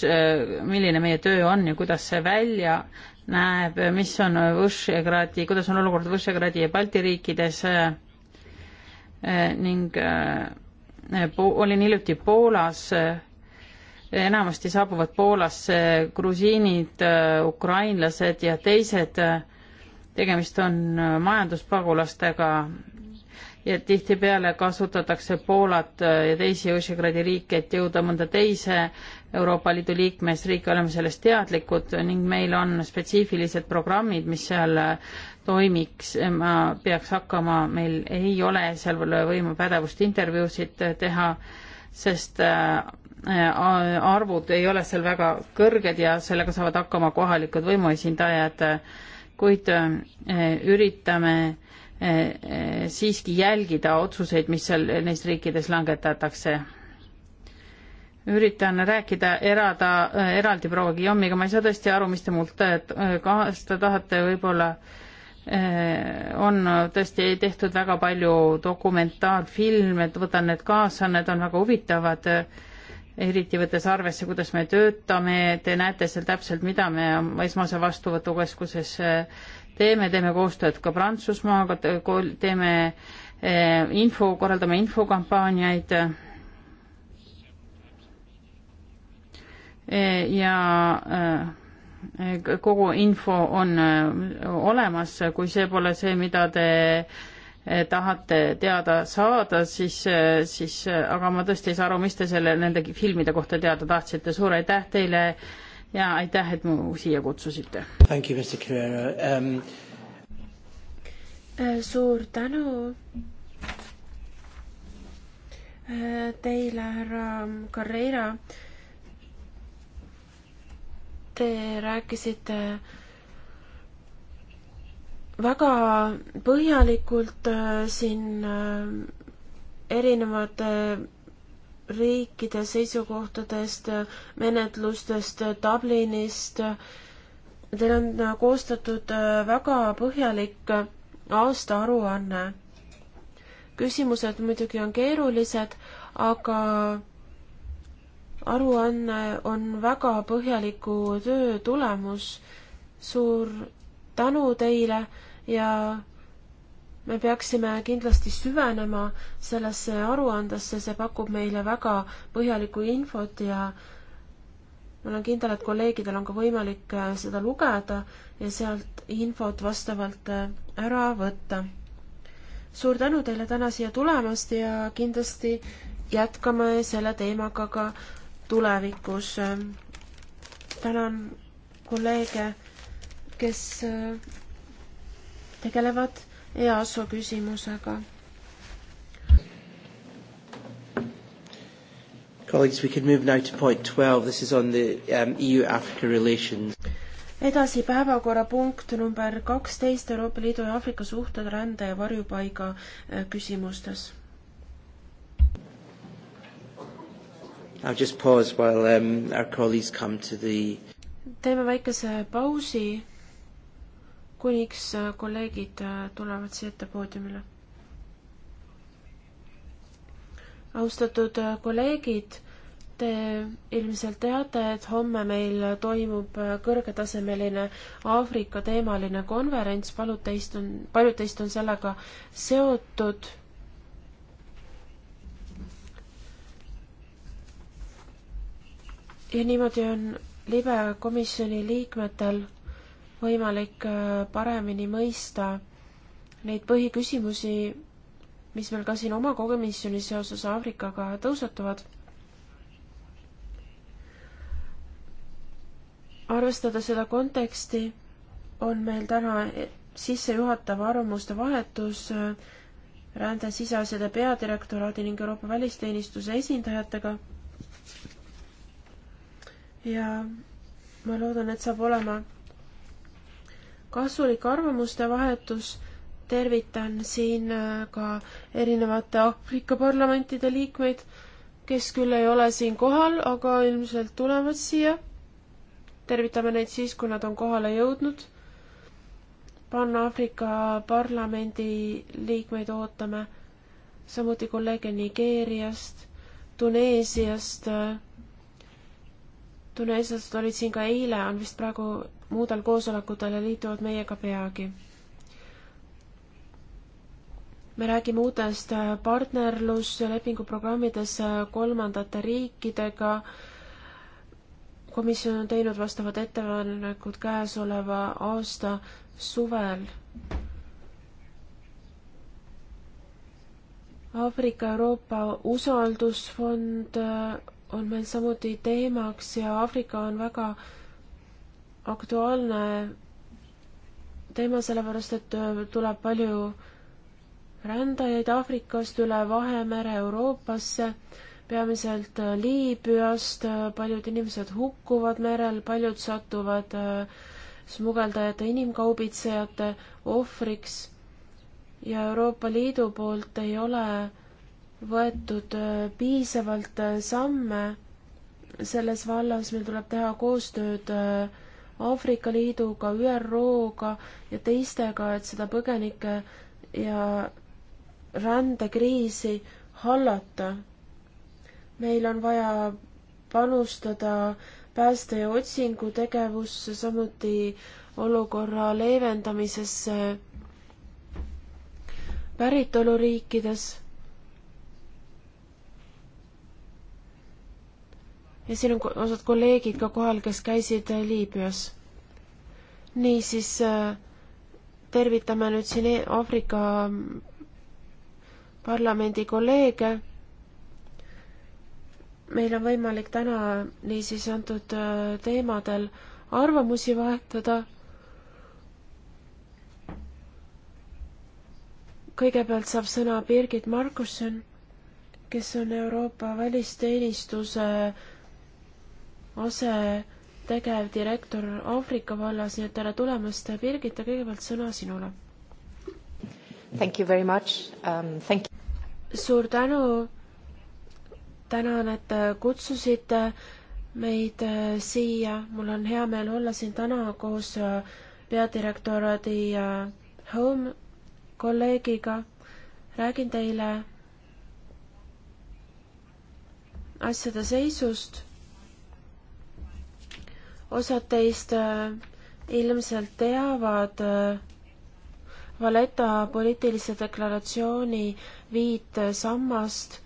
milline meie töö on ja kuidas see välja näeb, mis on Võšegradi, kuidas on olukord Võšegradi ja Balti riikides ning eh, olin hiljuti Poolas, enamasti saabuvad Poolasse grusiinid, eh, ukrainlased ja teised, tegemist on eh, majanduspagulastega ja tihtipeale kasutatakse Poolat ja teisi Võšegradi riike, et jõuda mõnda teise Euroopa Liidu liikmesriike, oleme sellest teadlikud ning meil on spetsiifilised programmid, mis seal toimiks, ma peaks hakkama, meil ei ole seal võimu pädevust intervjuusid teha, sest äh, arvud ei ole seal väga kõrged ja sellega saavad hakkama kohalikud võimuesindajad, kuid äh, üritame äh, siiski jälgida otsuseid, mis seal neis riikides langetatakse üritan rääkida, erada äh, eraldi proua Guillaume'iga, ma ei saa tõesti aru, mis te mult äh, äh, kaasa tahate, võib-olla on tõesti tehtud väga palju dokumentaalfilme, võtan need kaasa, need on väga huvitavad, eriti võttes arvesse, kuidas me töötame, te näete seal täpselt, mida me esmase vastuvõtukeskuses teeme, teeme koostööd ka Prantsusmaaga, teeme info, korraldame infokampaaniaid E, ja e, kogu info on e, olemas, kui see pole see, mida te tahate teada saada, siis, siis aga ma tõesti ei saa aru, mis te selle, nende filmide kohta teada tahtsite, suur aitäh teile ja aitäh, et mu siia kutsusite. Um... suur tänu teile, härra Carreira Te rääkisite väga põhjalikult äh, siin äh, erinevate riikide seisukohtadest, menetlustest, äh, Dublinist. Teil on koostatud väga põhjalik aastaaruanne. küsimused muidugi on keerulised, aga aruanne on väga põhjaliku töö tulemus. suur tänu teile ja me peaksime kindlasti süvenema sellesse aruandesse, see pakub meile väga põhjalikku infot ja ma olen kindel, et kolleegidel on ka võimalik äh, seda lugeda ja sealt infot vastavalt äh, ära võtta. suur tänu teile täna siia tulemast ja kindlasti jätkame selle teemaga ka tulevikus. tänan kolleege, kes tegelevad EASO küsimusega. Colleagues, we can move now to point 12. This is on the um, EU-Africa relations. edasi päevakorrapunkt number kaksteist Euroopa Liidu ja Aafrika suhted rände ja varjupaiga äh, küsimustes I'll just pause while um, our colleagues come to the teeme väikese pausi, kuniks äh, kolleegid äh, tulevad siia ette poodiumile. austatud äh, kolleegid, te ilmselt teate, et homme meil toimub kõrgetasemeline Aafrika teemaline konverents, palud teist on, paljud teist on sellega seotud ja niimoodi on libe komisjoni liikmetel võimalik äh, paremini mõista neid põhiküsimusi, mis meil ka siin oma komisjonis seoses Aafrikaga tõusetuvad. arvestades seda konteksti, on meil täna sissejuhatav arvamuste vahetus äh, rände siseasjade peadirektoraadi ning Euroopa välisteenistuse esindajatega ja ma loodan, et saab olema kasulik arvamuste vahetus. tervitan siin äh, ka erinevate Aafrika parlamentide liikmeid, kes küll ei ole siin kohal, aga ilmselt tulevad siia. tervitame neid siis, kui nad on kohale jõudnud. Pan-Aafrika parlamendi liikmeid ootame, samuti kolleege Nigeeriast, Tuneesiast äh, tuneeslased olid siin ka eile, on vist praegu muudel koosolekutel ja liituvad meiega peagi. me räägime uutest äh, partnerluslepingu programmides äh, kolmandate riikidega. komisjon on teinud vastavad ettepanekud käesoleva aasta suvel. Aafrika Euroopa usaldusfond äh, on meil samuti teemaks ja Aafrika on väga aktuaalne teema, sellepärast et äh, tuleb palju rändajaid Aafrikast üle Vahemere Euroopasse, peamiselt äh, Liibüast, äh, paljud inimesed hukkuvad merel, paljud satuvad smugeldajate, inimkaubitsejate ohvriks ja Euroopa Liidu poolt ei ole võetud äh, piisavalt äh, samme selles vallas, meil tuleb teha koostööd äh, Aafrika Liiduga, ÜRO-ga ja teistega, et seda põgenike ja rändekriisi hallata. meil on vaja panustada pääste- ja otsingutegevusse, samuti olukorra leevendamisesse päritoluriikides ja siin on osad kolleegid ka kohal, kes käisid äh, Liibüas. niisiis äh, tervitame nüüd siin e-, Aafrika mm, parlamendi kolleege. meil on võimalik täna niisiis antud äh, teemadel arvamusi vahetada. kõigepealt saab sõna Birgit Markusson, kes on Euroopa Välisteenistuse asetegevdirektor Aafrika vallas, nii et tere tulemast, Birgit, ja kõigepealt sõna sinule. Thank you very much um,, thank you. suur tänu, tänan, et äh, kutsusite meid äh, siia, mul on hea meel olla siin täna koos äh, peadirektoraadi Home kolleegiga, räägin teile asjade seisust osad teist äh, ilmselt teavad äh, Valeta poliitilise deklaratsiooni viit äh, sammast.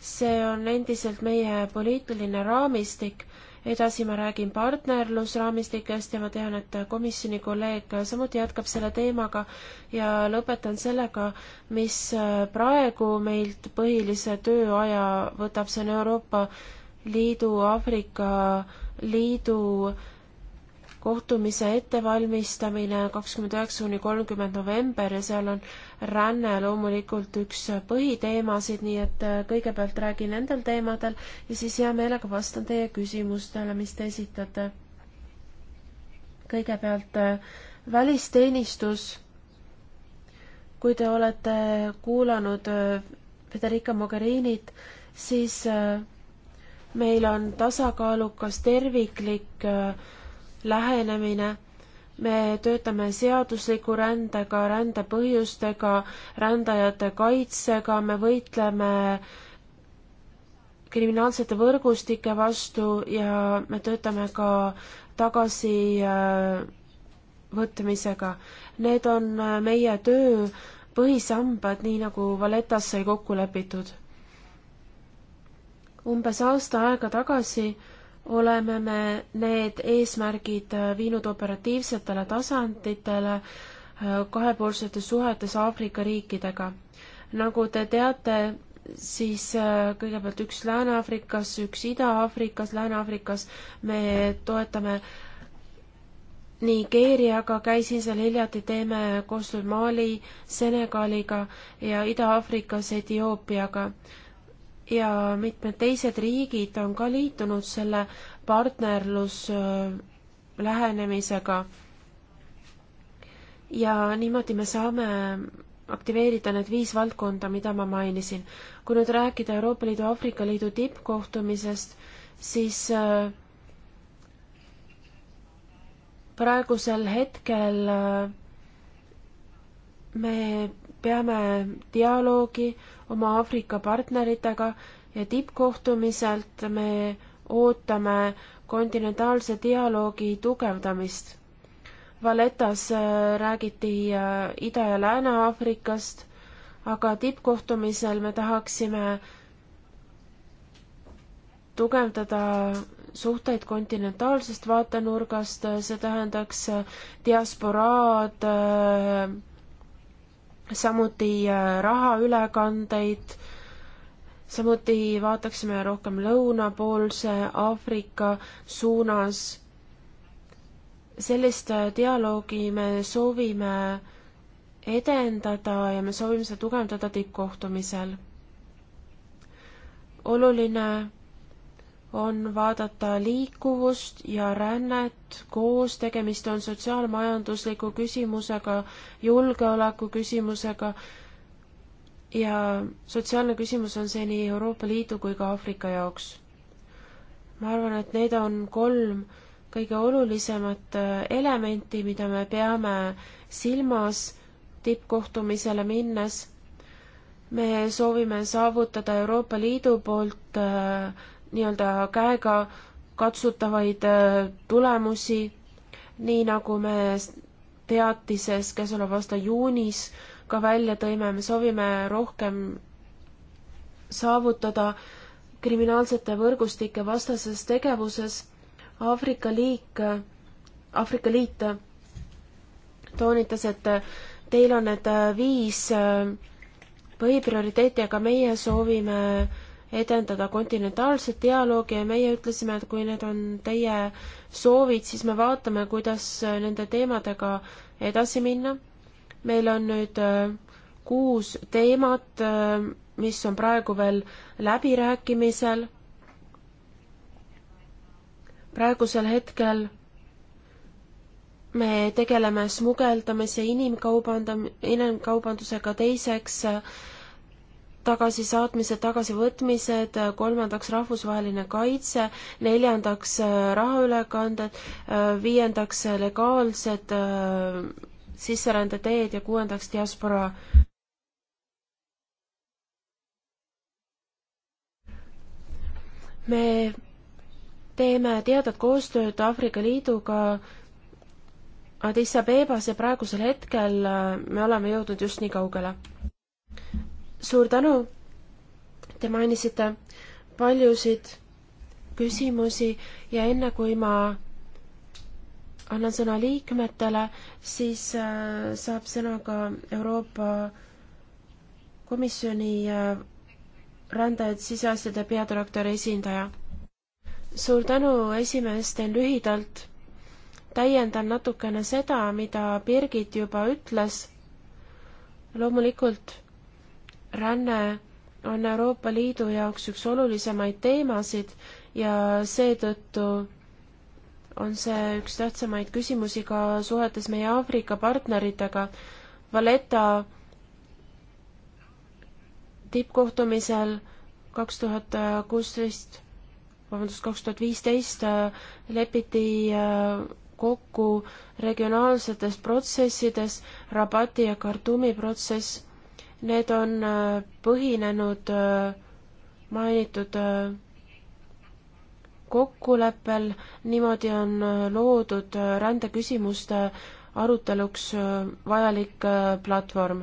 see on endiselt meie poliitiline raamistik. edasi ma räägin partnerlusraamistikest ja ma tean, et komisjoni kolleeg samuti jätkab selle teemaga ja lõpetan sellega, mis praegu meilt põhilise tööaja võtab, see on Euroopa Liidu Aafrika Liidu kohtumise ettevalmistamine kakskümmend üheksa kuni kolmkümmend november ja seal on ränne loomulikult üks põhiteemasid, nii et äh, kõigepealt räägin nendel teemadel ja siis hea meelega vastan teie küsimustele, mis te esitate. kõigepealt äh, välisteenistus. kui te olete kuulanud äh, Federica Mogherinit, siis meil on tasakaalukas terviklik äh, lähenemine, me töötame seadusliku rändega, rände põhjustega, rändajate kaitsega, me võitleme kriminaalsete võrgustike vastu ja me töötame ka tagasivõtmisega. Äh, Need on äh, meie töö põhisambad, nii nagu Valettas sai kokku lepitud umbes aasta aega tagasi oleme me need eesmärgid viinud operatiivsetele tasanditele äh, kahepoolsetes suhetes Aafrika riikidega. nagu te teate, siis äh, kõigepealt üks Lääne-Aafrikas, üks Ida-Aafrikas, Lääne-Aafrikas me toetame Nigeeriaga, käisin seal hiljuti, teeme koostööd Mali, Senegaliga ja Ida-Aafrikas Etioopiaga ja mitmed teised riigid on ka liitunud selle partnerluslähenemisega. ja niimoodi me saame aktiveerida need viis valdkonda, mida ma mainisin. kui nüüd rääkida Euroopa Liidu, Aafrika Liidu tippkohtumisest, siis praegusel hetkel me peame dialoogi oma Aafrika partneritega ja tippkohtumiselt me ootame kontinentaalse dialoogi tugevdamist. Valletas äh, räägiti äh, Ida- ja Lääne-Aafrikast, aga tippkohtumisel me tahaksime tugevdada suhteid kontinentaalsest vaatenurgast, äh, see tähendaks diasporaad, samuti äh, rahaülekandeid, samuti vaataksime rohkem lõunapoolse Aafrika suunas. sellist äh, dialoogi me soovime edendada ja me soovime seda tugevdada tippkohtumisel. oluline on vaadata liikuvust ja rännet koos, tegemist on sotsiaalmajandusliku küsimusega, julgeoleku küsimusega ja sotsiaalne küsimus on see nii Euroopa Liidu kui ka Aafrika jaoks. ma arvan, et need on kolm kõige olulisemat äh, elementi, mida me peame silmas tippkohtumisele minnes. me soovime saavutada Euroopa Liidu poolt äh, nii-öelda käega katsutavaid äh, tulemusi, nii nagu me teatises käesoleva aasta juunis ka välja tõime, me soovime rohkem saavutada kriminaalsete võrgustike vastases tegevuses Aafrika liik, Aafrika Liit toonitas, et teil on need äh, viis äh, põhiprioriteeti, aga meie soovime äh, edendada kontinentaalset dialoogi ja meie ütlesime, et kui need on teie soovid, siis me vaatame, kuidas äh, nende teemadega edasi minna. meil on nüüd äh, kuus teemat, äh, mis on praegu veel läbirääkimisel. praegusel hetkel me tegeleme smugeldamise, inimkaubandam-, inimkaubandusega, teiseks äh, tagasisaatmised, tagasivõtmised, kolmandaks rahvusvaheline kaitse, neljandaks äh, rahaülekanded, äh, viiendaks äh, legaalsed sisserändeteed ja kuuendaks diaspora. me teeme teadet koostööd Aafrika Liiduga Addis Abebas ja praegusel hetkel me oleme jõudnud just nii kaugele suur tänu. Te mainisite paljusid küsimusi ja enne kui ma annan sõna liikmetele, siis äh, saab sõna ka Euroopa Komisjoni äh, rändajad siseasjade peadirektori esindaja. suur tänu, esimees, teen lühidalt. täiendan natukene seda, mida Birgit juba ütles. loomulikult ränne on Euroopa Liidu jaoks üks olulisemaid teemasid ja seetõttu on see üks tähtsamaid küsimusi ka suhetes meie Aafrika partneritega. Valeta tippkohtumisel kaks tuhat kuusteist, vabandust, kaks tuhat viisteist äh, lepiti äh, kokku regionaalsetes protsessides, Rabati ja Khartoumi protsess Need on äh, põhinenud äh, mainitud äh, kokkuleppel, niimoodi on loodud rändeküsimuste aruteluks vajalik platvorm.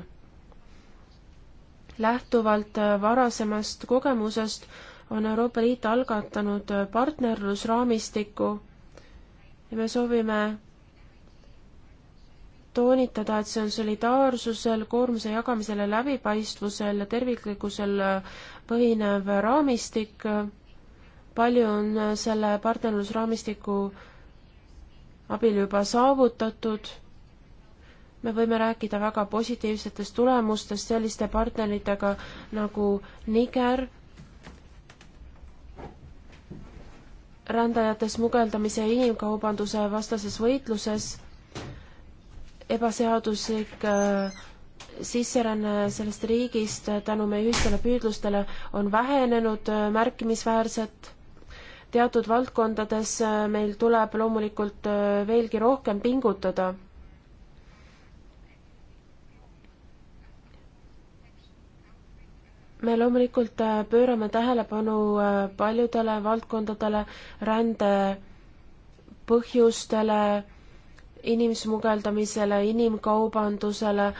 lähtuvalt varasemast kogemusest on Euroopa Liit algatanud partnerlusraamistiku ja me soovime toonitada, et see on solidaarsusel, koormuse jagamisel ja läbipaistvusel ja terviklikkusel põhinev raamistik. palju on selle partnerlusraamistiku abil juba saavutatud. me võime rääkida väga positiivsetest tulemustest selliste partneritega nagu Niger, rändajate smugeldamise ja inimkaubanduse vastases võitluses ebaseaduslik äh, sisseränne sellest riigist tänu meie ühistele püüdlustele on vähenenud äh, märkimisväärselt. teatud valdkondades äh, meil tuleb loomulikult veelgi rohkem pingutada me loomulikult pöörame tähelepanu paljudele valdkondadele, rände põhjustele, inimsmugeldamisele, inimkaubandusele,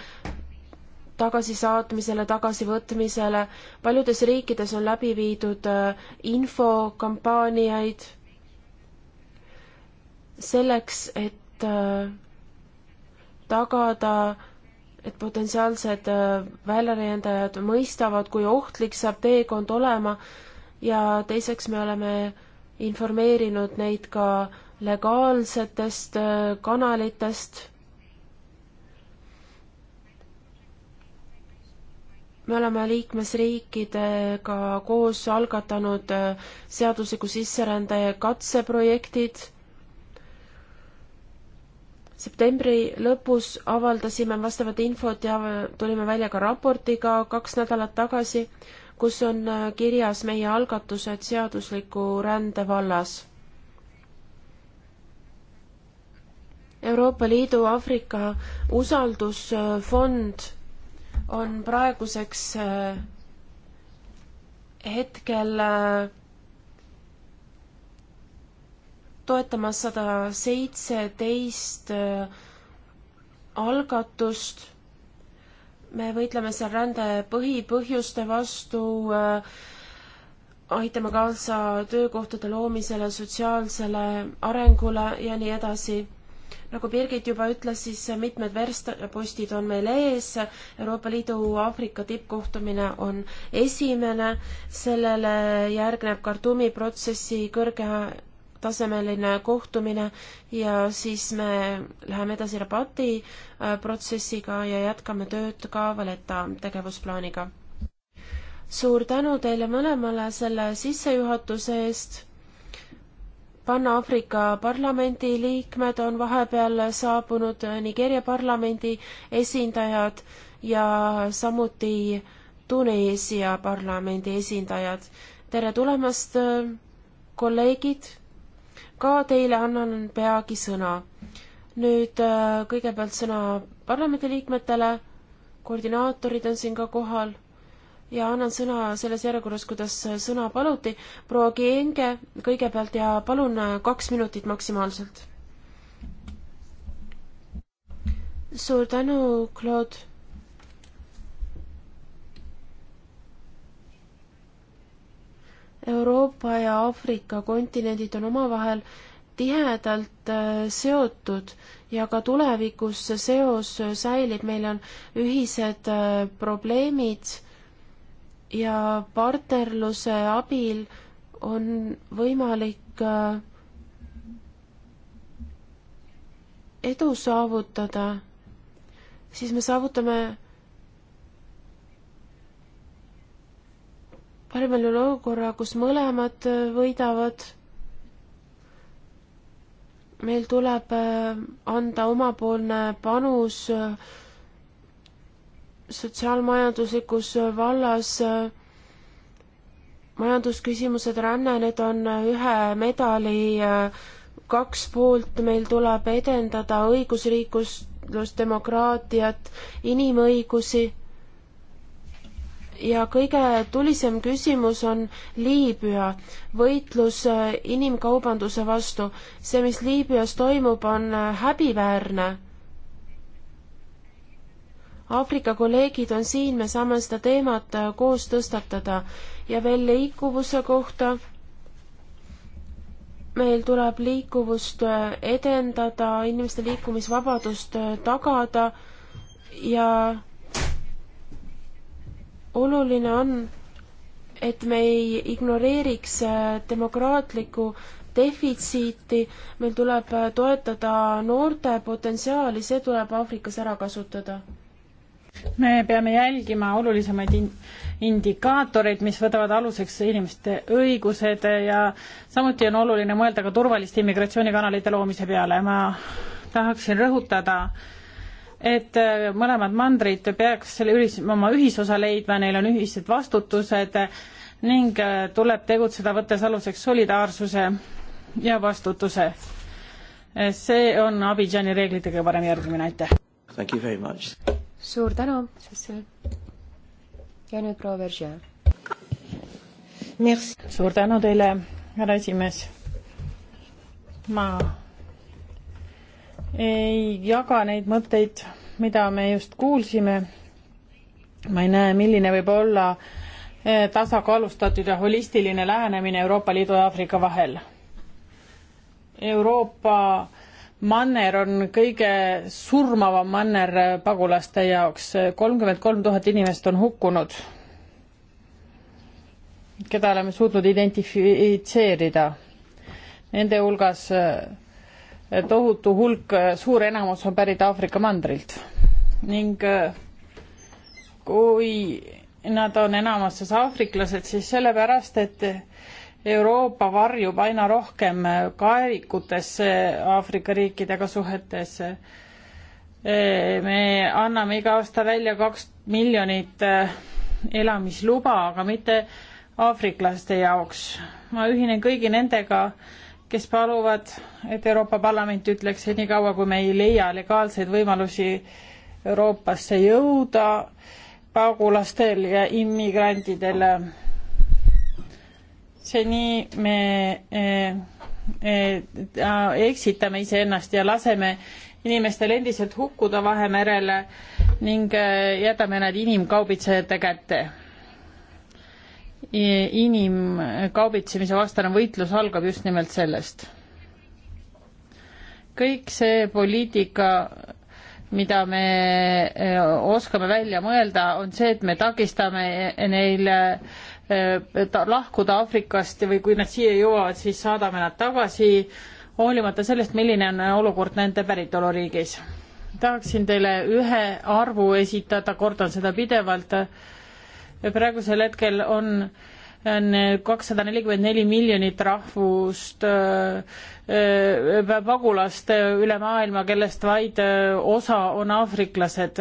tagasisaatmisele, tagasivõtmisele. paljudes riikides on läbi viidud äh, infokampaaniaid selleks, et äh, tagada, et potentsiaalsed äh, väljarändajad mõistavad, kui ohtlik saab teekond olema ja teiseks me oleme informeerinud neid ka legaalsetest äh, kanalitest. me oleme liikmesriikidega koos algatanud äh, seadusliku sisserände katseprojektid. septembri lõpus avaldasime vastavat infot ja tulime välja ka raportiga kaks nädalat tagasi, kus on äh, kirjas meie algatused seadusliku rände vallas Euroopa Liidu Aafrika usaldusfond on praeguseks äh, hetkel äh, toetamas sada seitseteist äh, algatust. me võitleme seal rände põhipõhjuste vastu äh,, aitame kaasa töökohtade loomisele, sotsiaalsele arengule ja nii edasi nagu Birgit juba ütles, siis mitmed verstapostid on meil ees, Euroopa Liidu Aafrika tippkohtumine on esimene, sellele järgneb Khartoumi protsessi kõrge tasemeline kohtumine ja siis me läheme edasi rabati äh, protsessiga ja jätkame tööd ka Valeta tegevusplaaniga. suur tänu teile mõlemale selle sissejuhatuse eest Pan-Aafrika parlamendi liikmed on vahepeal saabunud äh, Nigeeria parlamendi esindajad ja samuti Tuneesia parlamendi esindajad. tere tulemast, äh, kolleegid! ka teile annan peagi sõna. nüüd äh, kõigepealt sõna parlamendiliikmetele, koordinaatorid on siin ka kohal ja annan sõna selles järjekorras, kuidas sõna paluti. proua Kienge kõigepealt ja palun äh, kaks minutit maksimaalselt. suur tänu, Claude. Euroopa ja Aafrika kontinendid on omavahel tihedalt äh, seotud ja ka tulevikus see seos äh, säilib, meil on ühised probleemid ja partnerluse abil on võimalik äh, edu saavutada, siis me saavutame parimal juhul olukorra, kus mõlemad äh, võidavad. meil tuleb äh, anda omapoolne panus äh, sotsiaalmajanduslikus vallas äh, majandusküsimused, ränne, need on äh, ühe medali äh, kaks poolt, meil tuleb edendada õigusriiklust, demokraatiat, inimõigusi. ja kõige tulisem küsimus on Liibüa, võitlus inimkaubanduse vastu. see, mis Liibüas toimub, on häbiväärne Aafrika kolleegid on siin, me saame seda teemat äh, koos tõstatada ja veel liikuvuse kohta. meil tuleb liikuvust äh, edendada, inimeste liikumisvabadust äh, tagada ja oluline on, et me ei ignoreeriks demokraatlikku defitsiiti, meil tuleb toetada noorte potentsiaali, see tuleb Aafrikas ära kasutada me peame jälgima olulisemaid in-, indikaatoreid, mis võtavad aluseks inimeste õigused ja samuti on oluline mõelda ka turvaliste immigratsioonikanalite loomise peale. ma tahaksin rõhutada, et mõlemad mandrid peaks selle ühis-, oma ühisosa leidma, neil on ühised vastutused ning tuleb tegutseda, võttes aluseks solidaarsuse ja vastutuse. see on Abidžani reeglitega parem järgimine, aitäh! Thank you very much suur tänu, Cecil. ja nüüd proua Veržia. suur tänu teile, härra esimees. ma ei jaga neid mõtteid, mida me just kuulsime. ma ei näe, milline võib olla eh, tasakaalustatud ja holistiline lähenemine Euroopa Liidu ja Aafrika vahel. Euroopa manner on kõige surmavam manner pagulaste jaoks. kolmkümmend kolm tuhat inimest on hukkunud, keda oleme suutnud identifitseerida. Nende hulgas eh, tohutu hulk, eh, suur enamus on pärit Aafrika mandrilt ning eh, kui nad on enamuses aafriklased, siis sellepärast, et Euroopa varjub aina rohkem kaerikutesse Aafrika riikidega suhetes. me anname iga aasta välja kaks miljonit eh, elamisluba, aga mitte aafriklaste jaoks. ma ühinen kõigi nendega, kes paluvad, et Euroopa Parlament ütleks, et niikaua kui me ei leia legaalseid võimalusi Euroopasse jõuda, pagulastel ja immigrantidel seni me eh, eh, eksitame iseennast ja laseme inimestel endiselt hukkuda Vahemerele ning eh, jätame nad inimkaubitsejate kätte. inimkaubitsemise vastane võitlus algab just nimelt sellest. kõik see poliitika, mida me oskame välja mõelda, on see, et me takistame neil Eh, lahkuda Aafrikast või kui nad siia jõuavad, siis saadame nad tagasi, hoolimata sellest, milline on olukord nende päritoluriigis. tahaksin teile ühe arvu esitada, kordan seda pidevalt. praegusel hetkel on on kakssada nelikümmend neli miljonit rahvust eh, eh, pagulast üle maailma, kellest vaid osa on aafriklased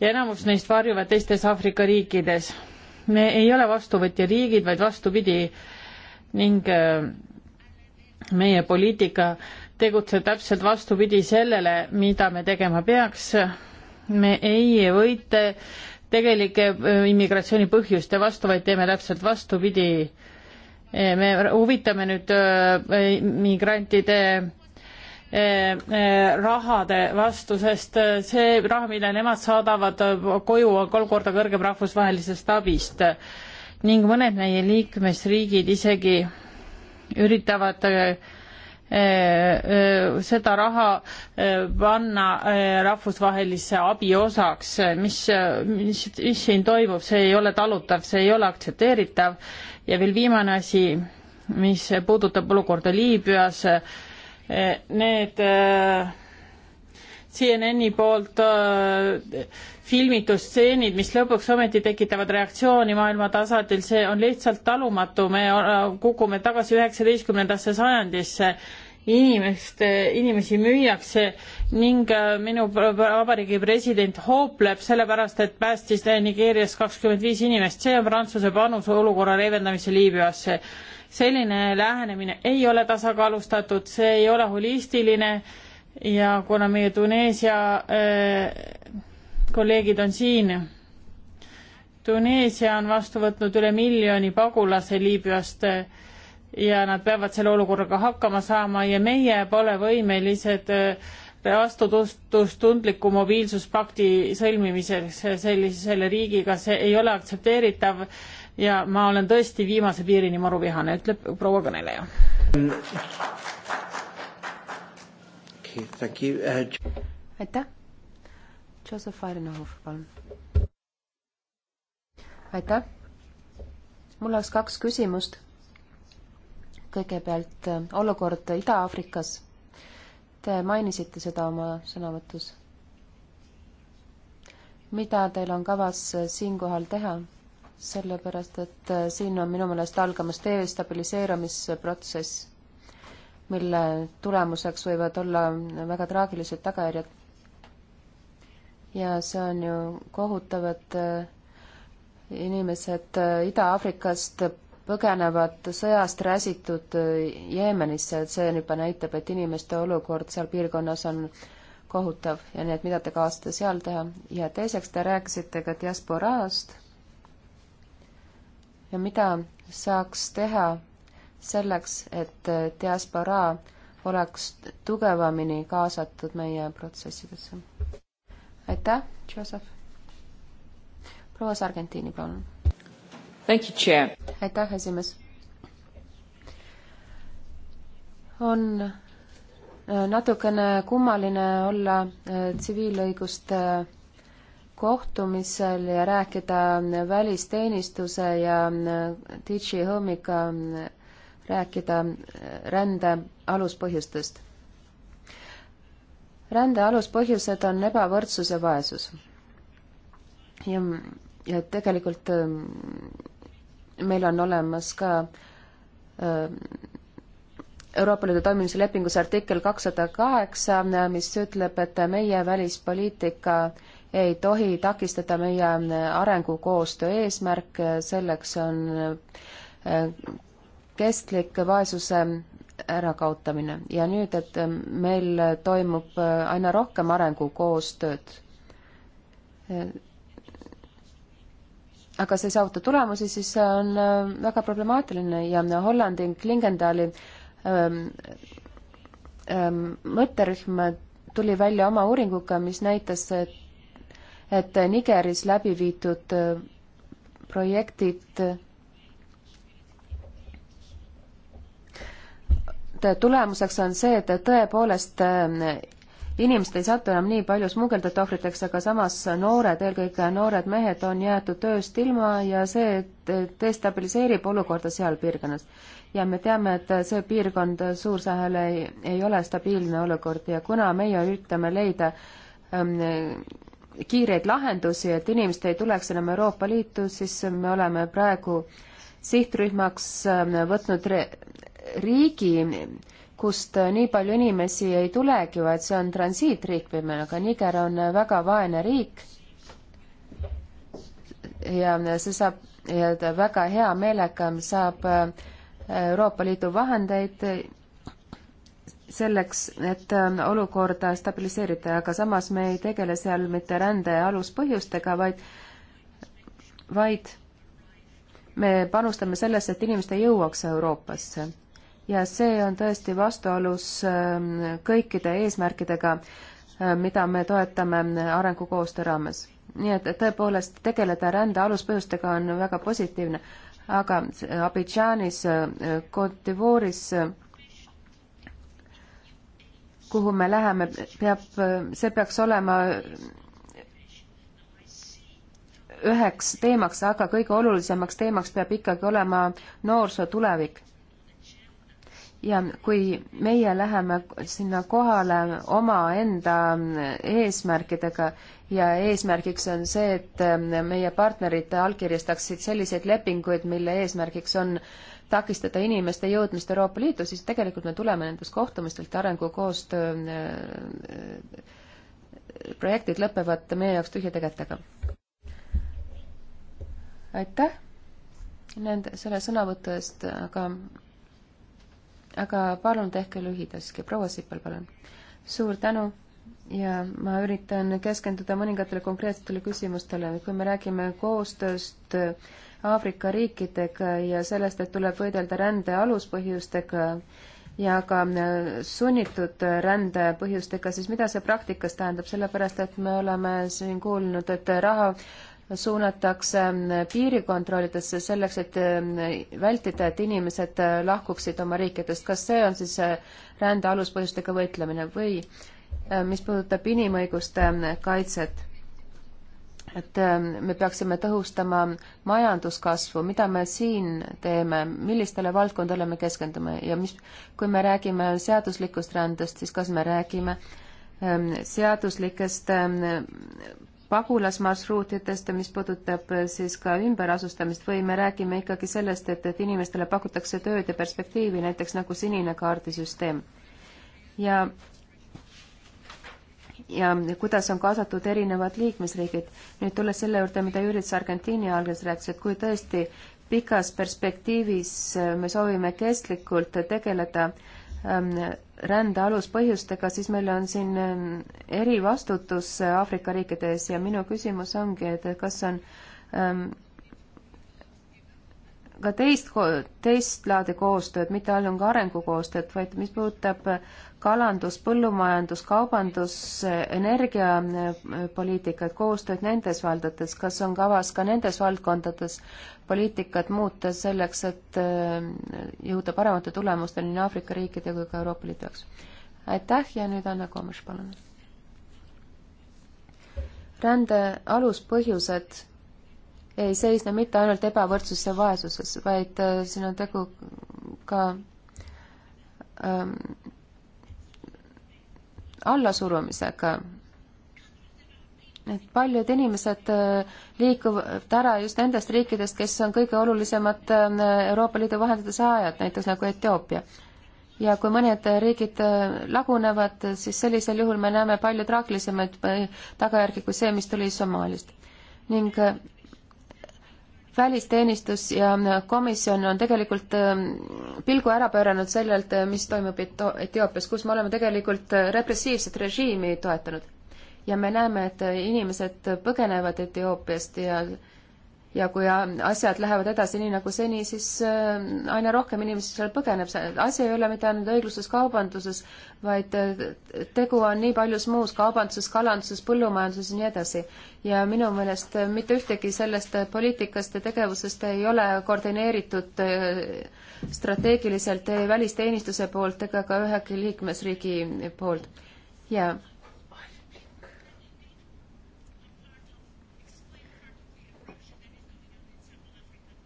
ja enamus neist varjuvad teistes Aafrika riikides me ei ole vastuvõtjariigid, vaid vastupidi ning äh, meie poliitika tegutseb täpselt vastupidi sellele, mida me tegema peaks. me ei võita tegelike äh, immigratsiooni põhjuste vastu, vaid teeme täpselt vastupidi. Äh, me huvitame nüüd migrantide Eh, eh, rahade vastu, sest eh, see raha, mille nemad saadavad koju, on kolm korda kõrgem rahvusvahelisest abist ning mõned meie liikmesriigid isegi üritavad seda raha panna rahvusvahelise abi osaks, mis, mis, mis siin toimub, see ei ole talutav, see ei ole aktsepteeritav ja veel viimane asi, mis puudutab olukorda Liibüas, need äh, CNN-i poolt äh, filmitud stseenid, mis lõpuks ometi tekitavad reaktsiooni maailma tasandil, see on lihtsalt talumatu, me äh, kukume tagasi üheksateistkümnendasse sajandisse, inimeste, inimesi müüakse äh, ning äh, minu vabariigi president hoopleb sellepärast, et päästis Nigeerias kakskümmend viis inimest, see on Prantsuse panus olukorra leevendamisse Liibüasse. selline lähenemine ei ole tasakaalustatud, see ei ole holistiline ja kuna meie Tuneesia äh, kolleegid on siin, Tuneesia on vastu võtnud üle miljoni pagulase Liibüast äh, ja nad peavad selle olukorraga hakkama saama ja meie pole võimelised äh, Äh, vastutustundliku mobiilsuspakti sõlmimiseks sellise, selle riigiga, see ei ole aktsepteeritav ja ma olen tõesti viimase piirini maruvihane, ütleb proua kõneleja okay,. Uh, aitäh. Joseph Arenhoff, palun. aitäh. mul oleks kaks küsimust. kõigepealt äh, olukord Ida-Aafrikas Te mainisite seda oma sõnavõtus. mida teil on kavas siinkohal teha? sellepärast, et siin on minu meelest algamas destabiliseerumisprotsess, mille tulemuseks võivad olla väga traagilised tagajärjed. ja see on ju kohutav, et inimesed Ida-Aafrikast põgenevad sõjast räsitud äh, Jeemenisse, et see on juba näitab, et inimeste olukord seal piirkonnas on kohutav ja nii, et mida te kavatsete seal teha. ja teiseks te rääkisite ka diasporaast. ja mida saaks teha selleks, et äh, diasporaa oleks tugevamini kaasatud meie protsessidesse? aitäh, Joseph. proua Sargentini, palun aitäh, esimees. on äh, natukene kummaline olla äh, tsiviilõiguste äh, kohtumisel ja rääkida välisteenistuse ja Digi Home'iga rääkida rände aluspõhjustest. rände aluspõhjused on ebavõrdsus ja vaesus. ja, ja tegelikult ähm, meil on olemas ka ähm, Euroopa Liidu toimimise lepingus artikkel kakssada kaheksa, mis ütleb, et meie välispoliitika ei tohi takistada meie äh, arengukoostöö eesmärke, selleks on äh, kestlik vaesuse ärakaotamine ja nüüd, et äh, meil toimub aina rohkem arengukoostööd aga see ei saavuta tulemusi, siis see on äh, väga problemaatiline ja Hollandi Klingendali ähm, ähm, mõtterühm tuli välja oma uuringuga, mis näitas, et, et Nigeris läbi viidud äh, projektid äh, tulemuseks on see, et tõepoolest äh, inimesed ei satu enam nii palju smugeldajate ohvriteks, aga samas noored, eelkõige noored mehed on jäetud tööst ilma ja see destabiliseerib olukorda seal piirkonnas. ja me teame, et see piirkond, Suur-Sahel ei, ei ole stabiilne olukord ja kuna meie üritame leida ähm, kiireid lahendusi, et inimesed ei tuleks enam Euroopa Liitu, siis me oleme praegu sihtrühmaks ähm, võtnud riigi, kust äh, nii palju inimesi ei tulegi, vaid see on transiitriik või meil, aga Niger on äh, väga vaene riik. ja see saab ja ta väga hea meelega saab äh, Euroopa Liidu vahendeid selleks, et olukorda stabiliseerida, aga samas me ei tegele seal mitte rände aluspõhjustega, vaid, vaid me panustame sellesse, et inimesed ei jõuaks Euroopasse ja see on tõesti vastuolus ähm, kõikide eesmärkidega, äh, mida me toetame äh, arengukoostöö raames. nii et tõepoolest tegeleda rände aluspõhjustega on väga positiivne, aga Abidžaanis, äh, Cote d'Ivoire'is, kuhu me läheme, peab, see peaks olema üheks teemaks, aga kõige olulisemaks teemaks peab ikkagi olema noorsoo tulevik ja kui meie läheme sinna kohale omaenda eesmärkidega ja eesmärgiks on see, et ähm, meie partnerid allkirjastaksid selliseid lepinguid, mille eesmärgiks on takistada inimeste jõudmist Euroopa Liitu, siis tegelikult me tuleme nendest kohtumistelt arengukoostöö äh, projektid lõpevad meie jaoks tühjade kätega. aitäh nende, selle sõnavõtu eest, aga aga palun tehke lühidaski, proua Sippel, palun. suur tänu ja ma üritan keskenduda mõningatele konkreetsetele küsimustele, kui me räägime koostööst äh, Aafrika riikidega ja sellest, et tuleb võidelda rände aluspõhjustega ja ka äh, sunnitud äh, rände põhjustega, siis mida see praktikas tähendab, sellepärast et me oleme siin kuulnud, et raha suunatakse mm, piirikontrollidesse selleks, et mm, vältida, et inimesed äh, lahkuksid oma riikidest, kas see on siis äh, rände aluspõhjustega võitlemine või äh, mis puudutab inimõiguste mm, kaitset? et me peaksime tõhustama majanduskasvu, mida me siin teeme, millistele valdkondadele me keskendume ja mis, kui me räägime seaduslikust rändest, siis kas me räägime seaduslikest pagulasmarsruutidest, mis puudutab eh, siis ka ümberasustamist või me räägime ikkagi sellest, et, et inimestele pakutakse tööd ja perspektiivi, näiteks nagu sinine kaardisüsteem. ja ja kuidas on kaasatud erinevad liikmesriigid. nüüd tulles selle juurde, mida Jüris Argentiini alguses rääkis, et kui tõesti pikas perspektiivis eh, me soovime kestlikult tegeleda äh, Ähm, rände aluspõhjustega, siis meil on siin ähm, erivastutus äh, Aafrika riikides ja minu küsimus ongi, et kas on ähm, ka teist, teist laadi koostööd, mitte ainult arengukoostööd, vaid mis puudutab kalandus, põllumajandus, kaubandus, energiapoliitikat, koostööd nendes valdades, kas on kavas ka nendes valdkondades poliitikat muuta selleks, et äh, jõuda paremate tulemusteni nii Aafrika riikide kui ka Euroopa Liidu jaoks? aitäh ja nüüd Anne Komes, palun. rände aluspõhjused ei seisne mitte ainult ebavõrdsus ja vaesuses, vaid äh, siin on tegu ka ähm, allasurumisega. et paljud inimesed äh, liiguvad ära just nendest riikidest, kes on kõige olulisemad ähm, Euroopa Liidu vahendite saajad, näiteks nagu Etioopia ja kui mõned riigid äh, lagunevad, siis sellisel juhul me näeme palju traagilisemaid tagajärgi kui see, mis tuli Somaalist. ning välisteenistus ja komisjon on tegelikult ähm, pilgu ära pööranud sellelt, äh, mis toimub Etioopias, kus me oleme tegelikult äh, repressiivset režiimi toetanud. ja me näeme, et äh, inimesed põgenevad Etioopiast ja ja kui asjad lähevad edasi nii nagu seni, siis äh, aina rohkem inimesi seal põgeneb, asi ei ole mitte ainult õigluses kaubanduses, vaid äh, tegu on nii paljus muus, kaubanduses, kalanduses, põllumajanduses ja nii edasi. ja minu meelest äh, mitte ühtegi sellest poliitikast ja tegevusest ei ole koordineeritud strateegiliselt ei välisteenistuse poolt ega ka ühegi liikmesriigi poolt. jaa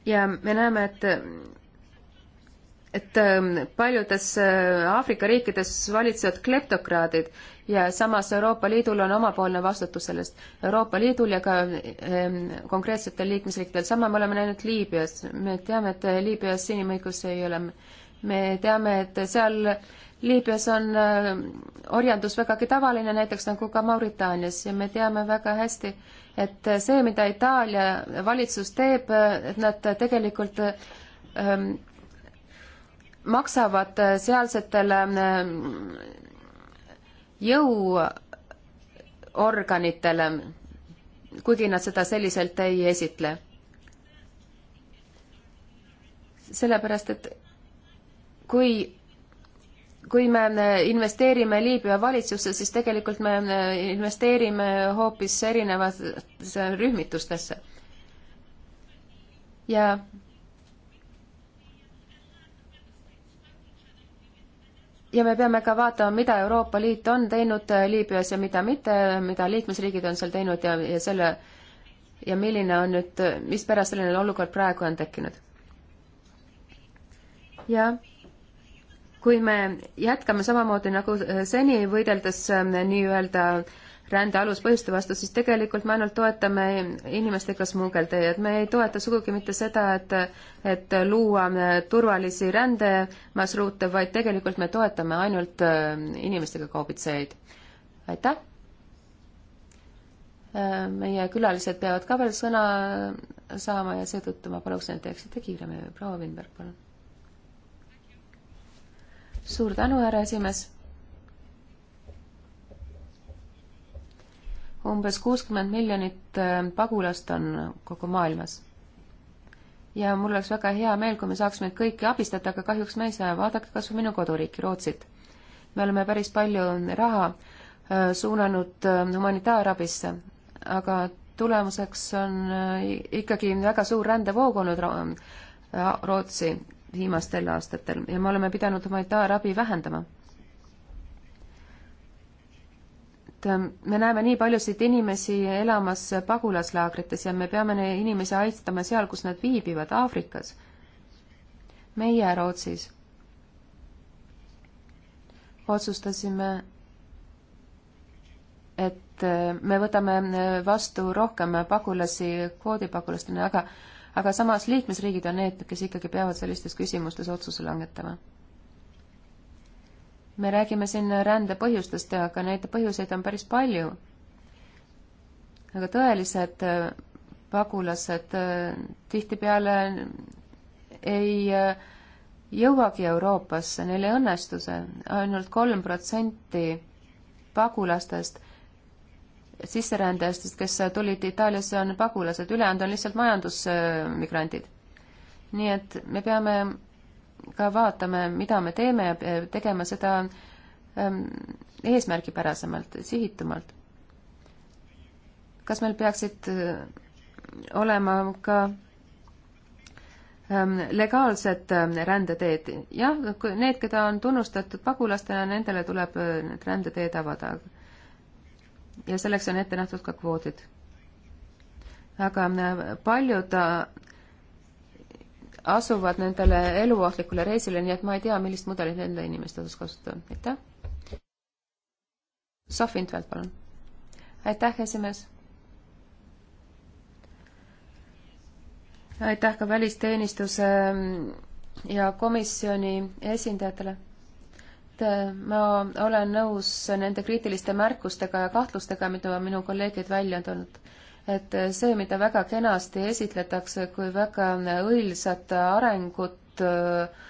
ja me näeme, et et ähm, paljudes äh, Aafrika riikides valitsevad kleptokraadid ja samas Euroopa Liidul on omapoolne vastutus sellest. Euroopa Liidul ja ka ähm, konkreetsetel liikmesriikidel, sama me oleme näinud Liibüas, me teame, et äh, Liibüas inimõigusi ei ole. me teame, et seal Liibüas on äh, orjandus vägagi tavaline, näiteks nagu ka Mauritaanias ja me teame väga hästi, et see, mida Itaalia valitsus teeb, et nad tegelikult ähm, maksavad sealsetele ähm, jõuorganitele, kuigi nad seda selliselt ei esitle. sellepärast, et kui kui me investeerime Liibüa valitsusse, siis tegelikult me investeerime hoopis erinevatesse rühmitustesse. ja ja me peame ka vaatama, mida Euroopa Liit on teinud Liibüas ja mida mitte, mida liikmesriigid on seal teinud ja, ja selle ja milline on nüüd, mispärast selline olukord praegu on tekkinud. jah kui me jätkame samamoodi nagu äh, seni, võideldes ähm, nii-öelda rände aluspõhjuste vastu, siis tegelikult me ainult toetame inimestega smugeldajaid, me ei toeta sugugi mitte seda, et et luua äh, turvalisi rändemarsruute, vaid tegelikult me toetame ainult ähm, inimestega kaubitsejaid. aitäh! Äh, meie külalised peavad ka veel sõna saama ja seetõttu ma paluksin, et teeksite kiiremini. proua Vinberg, palun suur tänu, härra esimees. umbes kuuskümmend miljonit äh, pagulast on kogu maailmas. ja mul oleks väga hea meel, kui me saaksime kõiki abistada, aga kahjuks me ei saa. vaadake kas või minu koduriiki, Rootsit. me oleme päris palju raha äh, suunanud äh, humanitaarabisse, aga tulemuseks on ikkagi väga suur rändevoog olnud Rootsi viimastel aastatel ja me oleme pidanud humanitaarabi vähendama. et ähm, me näeme nii paljusid inimesi elamas pagulaslaagrites ja me peame neid inimesi aitama seal, kus nad viibivad, Aafrikas. meie Rootsis otsustasime, et äh, me võtame äh, vastu rohkem pagulasi kvoodipagulastena, aga aga samas liikmesriigid on need, kes ikkagi peavad sellistes küsimustes otsuse langetama. me räägime siin rände põhjustest, aga neid põhjuseid on päris palju. aga tõelised äh, pagulased äh, tihtipeale ei äh, jõuagi Euroopasse, neil ei õnnestu see, ainult kolm protsenti pagulastest sisserändajast, kes tulid Itaaliasse, on pagulased, ülejäänud on lihtsalt majandusmigrandid. nii et me peame ka vaatama, mida me teeme ja tegema seda ähm, eesmärgipärasemalt, sihitumalt. kas meil peaksid äh, olema ka ähm, legaalsed ähm, rändeteed, jah, need, keda on tunnustatud pagulastena, nendele tuleb äh, need rändeteed avada ja selleks on ette nähtud ka kvoodid. aga äh, paljud äh, asuvad nendele eluohtlikule reisile, nii et ma ei tea, millist mudelit nende inimeste osas kasutada. aitäh! Sof Intvelt, palun! aitäh, esimees! aitäh ka välisteenistuse ähm, ja komisjoni esindajatele Äh, ma olen nõus nende kriitiliste märkustega ja kahtlustega, mida minu kolleegid välja on toonud. et äh, see, mida väga kenasti esitletakse kui väga õilsat arengut, äh,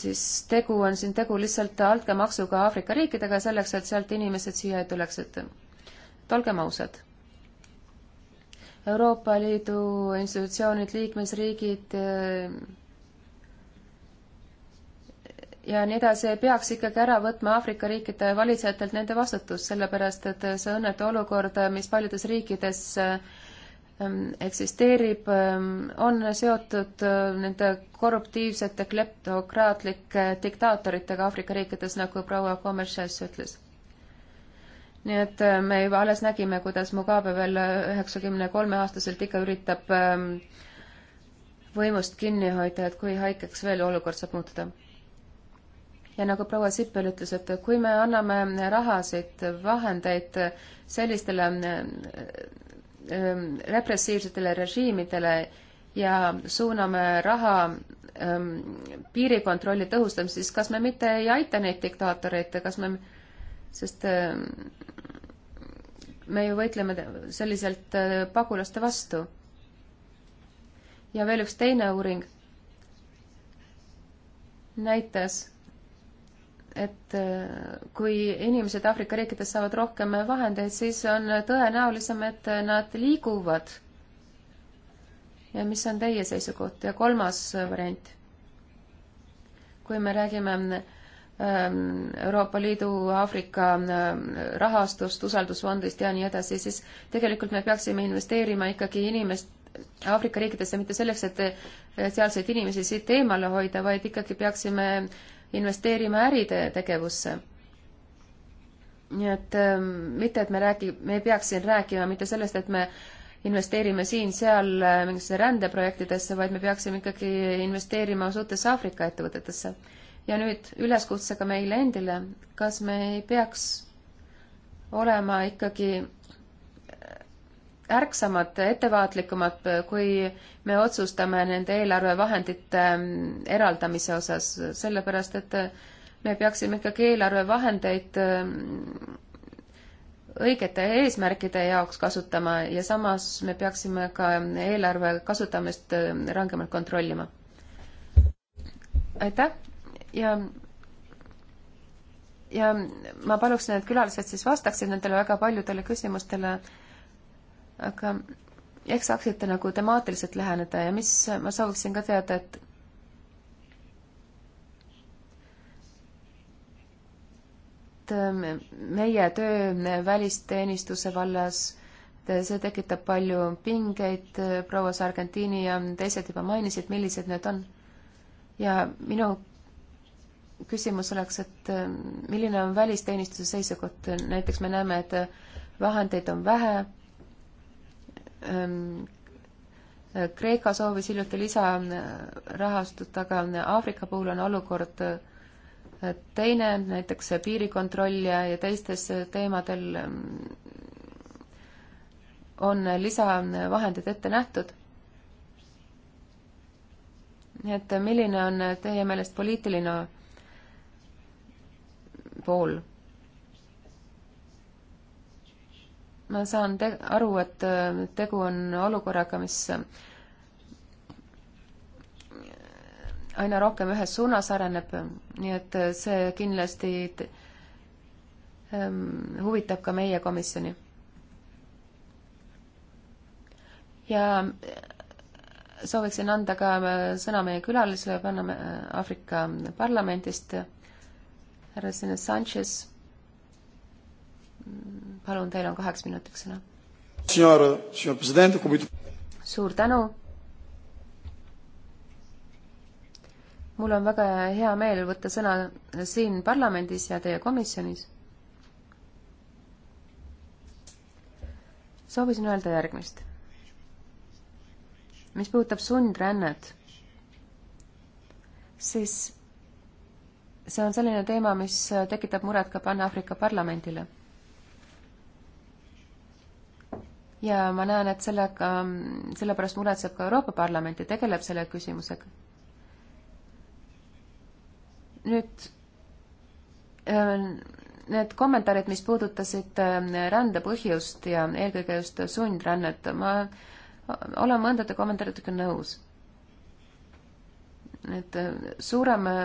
siis tegu on siin tegu lihtsalt altkäemaksuga Aafrika riikidega selleks, et sealt inimesed siia ei tuleks, et et olgem ausad. Euroopa Liidu institutsioonid, liikmesriigid ja nii edasi, peaks ikkagi ära võtma Aafrika riikide valitsejatelt nende vastutus, sellepärast et see õnnetu olukord, mis paljudes riikides ähm, eksisteerib, ähm, on seotud äh, nende korruptiivsete kleptokraatlike diktaatoritega Aafrika riikides, nagu proua Komeršes ütles. nii et äh, me juba alles nägime, kuidas Mugabe veel äh, üheksakümne kolme aastaselt ikka üritab ähm, võimust kinni hoida, et kui haigeks veel olukord saab muutuda ja nagu proua Sippel ütles, et kui me anname rahasid, vahendeid sellistele ähm, repressiivsetele režiimidele ja suuname raha ähm, piirikontrolli tõhustamist, siis kas me mitte ei aita neid diktaatoreid, kas me, sest ähm, me ju võitleme selliselt äh, pagulaste vastu. ja veel üks teine uuring näitas et äh, kui inimesed Aafrika riikides saavad rohkem vahendeid, siis on tõenäolisem, et nad liiguvad. ja mis on teie seisukoht ja kolmas variant? kui me räägime ähm, Euroopa Liidu Aafrika ähm, rahastust, usaldusfondist ja nii edasi, siis tegelikult me peaksime investeerima ikkagi inimest, Aafrika riikidesse mitte selleks, et äh, sealseid inimesi siit eemale hoida, vaid ikkagi peaksime äh, investeerima äride tegevusse. nii et ähm, mitte, et me räägi-, me ei peaks siin rääkima mitte sellest, et me investeerime siin-seal äh, mingisse rändeprojektidesse, vaid me peaksime ikkagi investeerima suurtesse Aafrika ettevõtetesse. ja nüüd üleskutsega meile endile, kas me ei peaks olema ikkagi ärksamad, ettevaatlikumad, kui me otsustame nende eelarvevahendite mm, eraldamise osas, sellepärast et me peaksime ikkagi eelarvevahendeid mm, õigete eesmärkide jaoks kasutama ja samas me peaksime ka eelarve kasutamist mm, rangemalt kontrollima. aitäh ja ja ma paluks, et külalised siis vastaksid nendele väga paljudele küsimustele aga ehk saaksite nagu temaatiliselt läheneda ja mis, ma sooviksin ka teada, et et ähm, meie töö välisteenistuse vallas, see tekitab palju pingeid, äh, proua Sargentini ja teised juba mainisid, millised need on. ja minu küsimus oleks, et äh, milline on välisteenistuse seisukoht, näiteks me näeme, et vahendeid on vähe Ehm, Kreeka soovis hiljuti lisarahastut, aga Aafrika puhul on olukord eh, teine, näiteks piirikontroll ja, ja teistes teemadel ehm, on lisavahendid ette nähtud. nii et milline on teie meelest poliitiline pool? ma saan te-, aru, et äh, tegu on olukorraga, mis äh, aina rohkem ühes suunas areneb, nii et äh, see kindlasti ähm, huvitab ka meie komisjoni. ja sooviksin anda ka sõna meie külalisele, panna Aafrika parlamendist, härra Sine Sanchez palun, teil on kaheks minutiks sõna. suur tänu. mul on väga hea meel võtta sõna siin parlamendis ja teie komisjonis. soovisin öelda järgmist. mis puudutab sundrännet, siis see on selline teema, mis tekitab muret ka Pan-Aafrika parlamendile ja ma näen, et sellega, selle pärast muretseb ka Euroopa Parlament ja tegeleb selle küsimusega. nüüd ähm, need kommentaarid, mis puudutasid ähm, rände põhjust ja eelkõige just sundrännet, ma olen mõndade kommentaaridega nõus. et äh, suurem äh,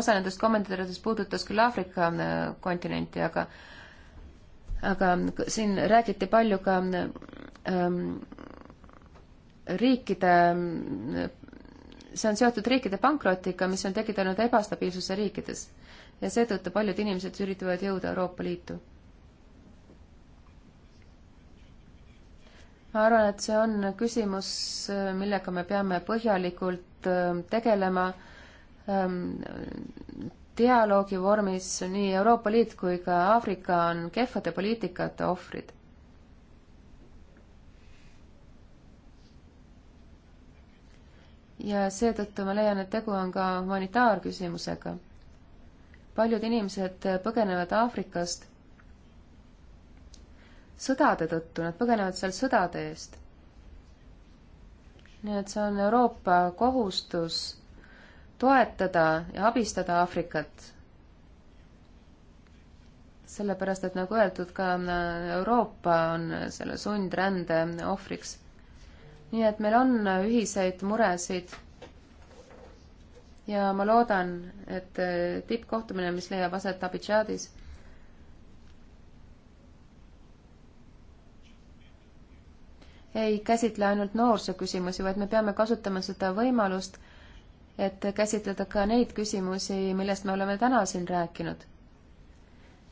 osa nendest kommentaaridest puudutas küll Aafrika äh, kontinenti, aga aga siin räägiti palju ka ähm, riikide, see on seotud riikide pankrotiga, mis on tekitanud ebastabiilsuse riikides. ja seetõttu paljud inimesed üritavad jõuda Euroopa Liitu. ma arvan, et see on küsimus, millega me peame põhjalikult ähm, tegelema ähm, dialoogi vormis nii Euroopa Liit kui ka Aafrika on kehvade poliitikate ohvrid. ja seetõttu ma leian, et tegu on ka humanitaarküsimusega. paljud inimesed põgenevad Aafrikast sõdade tõttu, nad põgenevad seal sõdade eest. nii et see on Euroopa kohustus toetada ja abistada Aafrikat. sellepärast, et nagu öeldud, ka Euroopa on selle sundrände ohvriks. nii et meil on ühiseid muresid ja ma loodan, et äh, tippkohtumine, mis leiab aset Abidžaadis, ei käsitle ainult noorsoo küsimusi, vaid me peame kasutama seda võimalust et käsitleda ka neid küsimusi, millest me oleme täna siin rääkinud.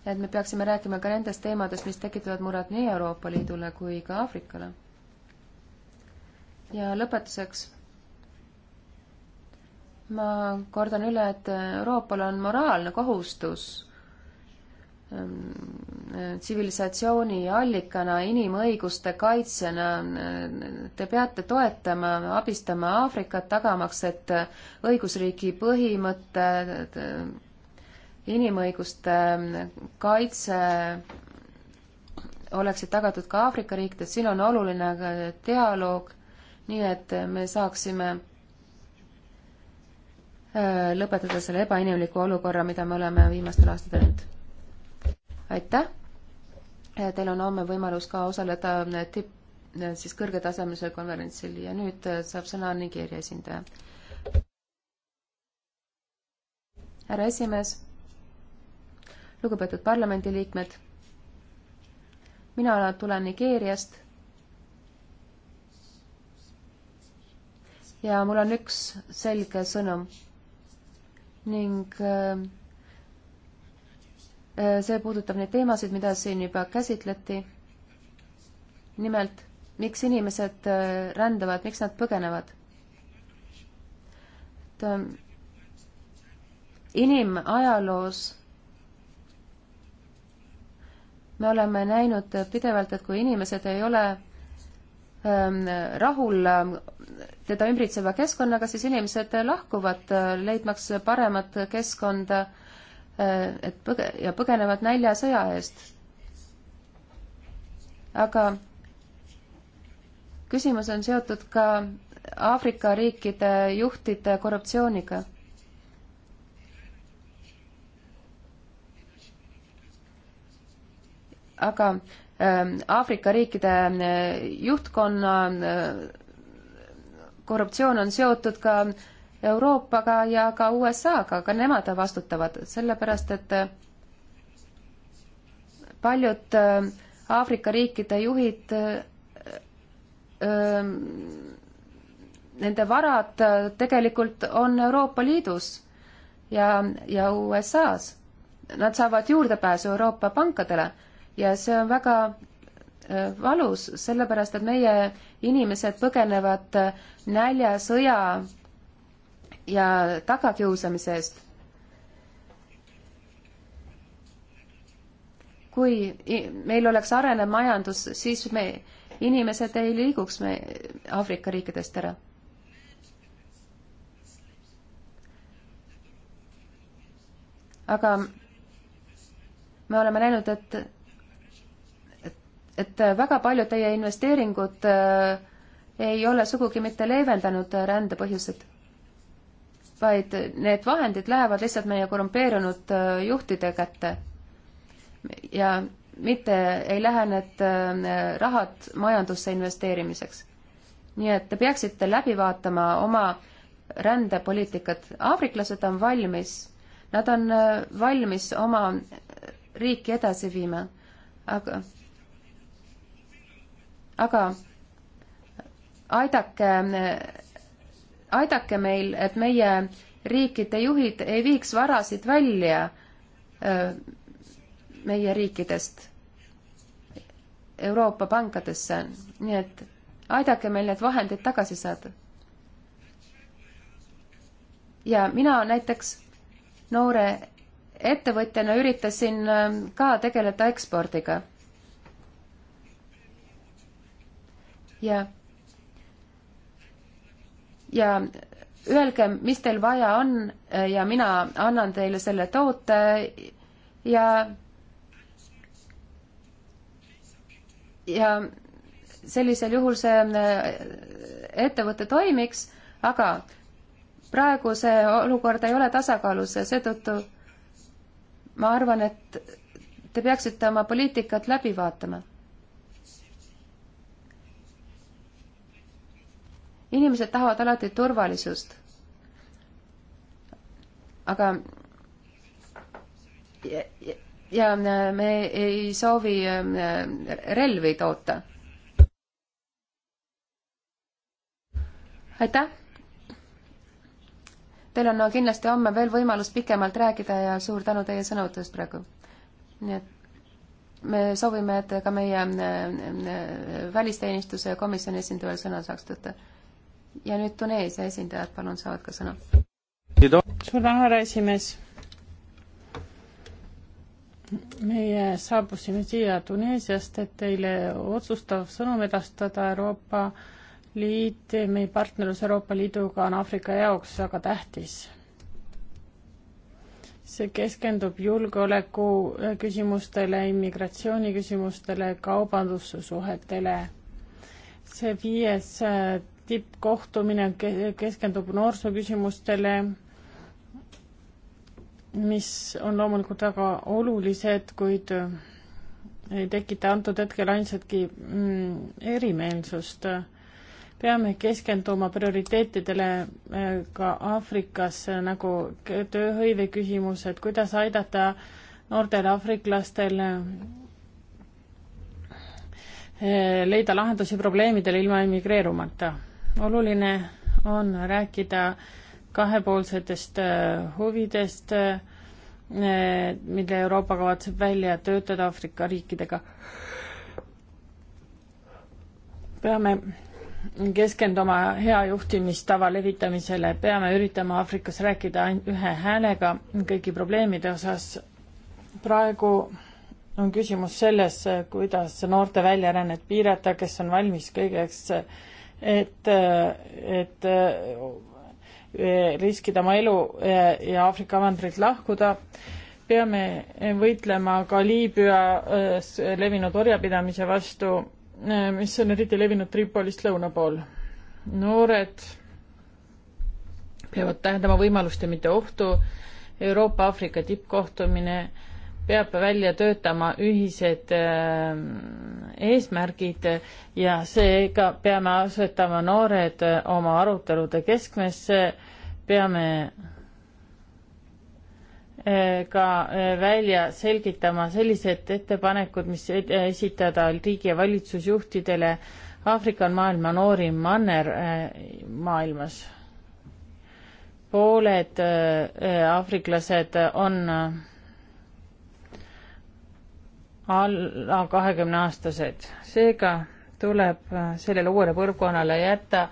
et me peaksime rääkima ka nendest teemadest, mis tekitavad muret nii Euroopa Liidule kui ka Aafrikale. ja lõpetuseks ma kordan üle, et Euroopal on moraalne kohustus ähm, tsivilisatsiooni allikana, inimõiguste kaitsjana, te peate toetama, abistama Aafrikat, tagamaks, et õigusriigi põhimõtted, inimõiguste kaitse oleksid tagatud ka Aafrika riikides, siin on oluline ka dialoog, nii et me saaksime äh, lõpetada selle ebainimliku olukorra, mida me oleme viimastel aastatel näinud aitäh! Teil on homme võimalus ka osaleda äh, tipp, äh, siis kõrgetasemelisel konverentsil ja nüüd äh, saab sõna Nigeeria esindaja. härra esimees, lugupeetud parlamendiliikmed, mina tulen Nigeeriast ja mul on üks selge sõnum ning see puudutab neid teemasid, mida siin juba käsitleti. nimelt, miks inimesed äh, rändavad, miks nad põgenevad? et ähm, inimajaloos me oleme näinud pidevalt, et kui inimesed ei ole ähm, rahul ähm, teda ümbritseva keskkonnaga, siis inimesed lahkuvad, äh, leidmaks paremat keskkonda äh, Äh, et põge- ja põgenevad nälja sõja eest. aga küsimus on seotud ka Aafrika riikide juhtide korruptsiooniga aga ähm, Aafrika riikide äh, juhtkonna äh, korruptsioon on seotud ka Euroopaga ja ka USA-ga, ka nemad vastutavad, sellepärast et äh, paljud äh, Aafrika riikide juhid, äh, nende varad tegelikult on Euroopa Liidus ja, ja USA-s. Nad saavad juurdepääsu Euroopa pankadele ja see on väga valus, sellepärast et meie inimesed põgenevad nälja, sõja, ja tagakiusamise eest. kui meil oleks arenev majandus, siis me, inimesed ei liiguks me Aafrika riikidest ära aga me oleme näinud, et, et, et väga paljud teie investeeringud äh, ei ole sugugi mitte leevendanud rändepõhjused vaid need vahendid lähevad lihtsalt meie korrumpeerunud äh, juhtide kätte. ja mitte ei lähe need äh, rahad majandusse investeerimiseks. nii et te peaksite läbi vaatama oma rändepoliitikat. aafriklased on valmis, nad on äh, valmis oma riiki edasi viima, aga, aga aidake aidake meil, et meie riikide juhid ei viiks varasid välja meie riikidest Euroopa pankadesse, nii et aidake meil need vahendid tagasi saada. ja mina näiteks noore ettevõtjana üritasin ka tegeleda ekspordiga. ja ja öelge, mis teil vaja on eh, ja mina annan teile selle toote ja ja sellisel juhul see eh, ettevõte toimiks, aga praegu see olukord ei ole tasakaalus ja seetõttu ma arvan, et te peaksite oma poliitikat läbi vaatama inimesed tahavad alati turvalisust. aga ja, ja me ei soovi äh, relvi toota. aitäh! Teil on no, kindlasti homme veel võimalus pikemalt rääkida ja suur tänu teie sõnavõtust praegu. nii et me soovime, et ka meie äh, äh, välisteenistuse komisjoni esindajal sõna saaks võtta ja nüüd Tuneesia esindajad, palun, saavad ka sõna. suur tänu, härra esimees. meie saabusime siia Tuneesiast, et teile otsustav sõnum edastada Euroopa Liit, meie partnerlus Euroopa Liiduga on Aafrika jaoks väga tähtis see keskendub julgeoleku küsimustele, immigratsiooniküsimustele, kaubandussuhetele. see viies tippkohtumine keskendub noorsooküsimustele, mis on loomulikult väga olulised, kuid ei tekita antud hetkel ainsatki mm, erimeelsust. peame keskenduma prioriteetidele e, ka Aafrikas nagu tööhõive küsimused, kuidas aidata noortel aafriklastel e, leida lahendusi probleemidele ilma emigreerumata oluline on rääkida kahepoolsetest äh, huvidest, äh, mille Euroopa kavatseb välja töötada Aafrika riikidega. peame keskenduma hea juhtimistava levitamisele, peame üritama Aafrikas rääkida ühe häälega kõigi probleemide osas. praegu on küsimus selles, kuidas noorte väljarännet piirata, kes on valmis kõigeks äh, et, et eh, riskida oma elu eh, ja Aafrika mandrilt lahkuda. peame võitlema ka Liibüas eh, levinud orjapidamise vastu, mis on eriti levinud Tripolist lõuna pool. noored peavad tähendama võimalust ja mitte ohtu. Euroopa-Aafrika tippkohtumine peab välja töötama ühised ähm, eesmärgid ja seega peame asetama noored oma arutelude keskmesse, peame äh, ka äh, välja selgitama sellised ettepanekud, mis esitada riigi ja valitsusjuhtidele. Aafrika on maailma noorim manner äh, maailmas pooled aafriklased on alla kahekümne aastased. seega tuleb äh, sellele uuele põlvkonnale jätta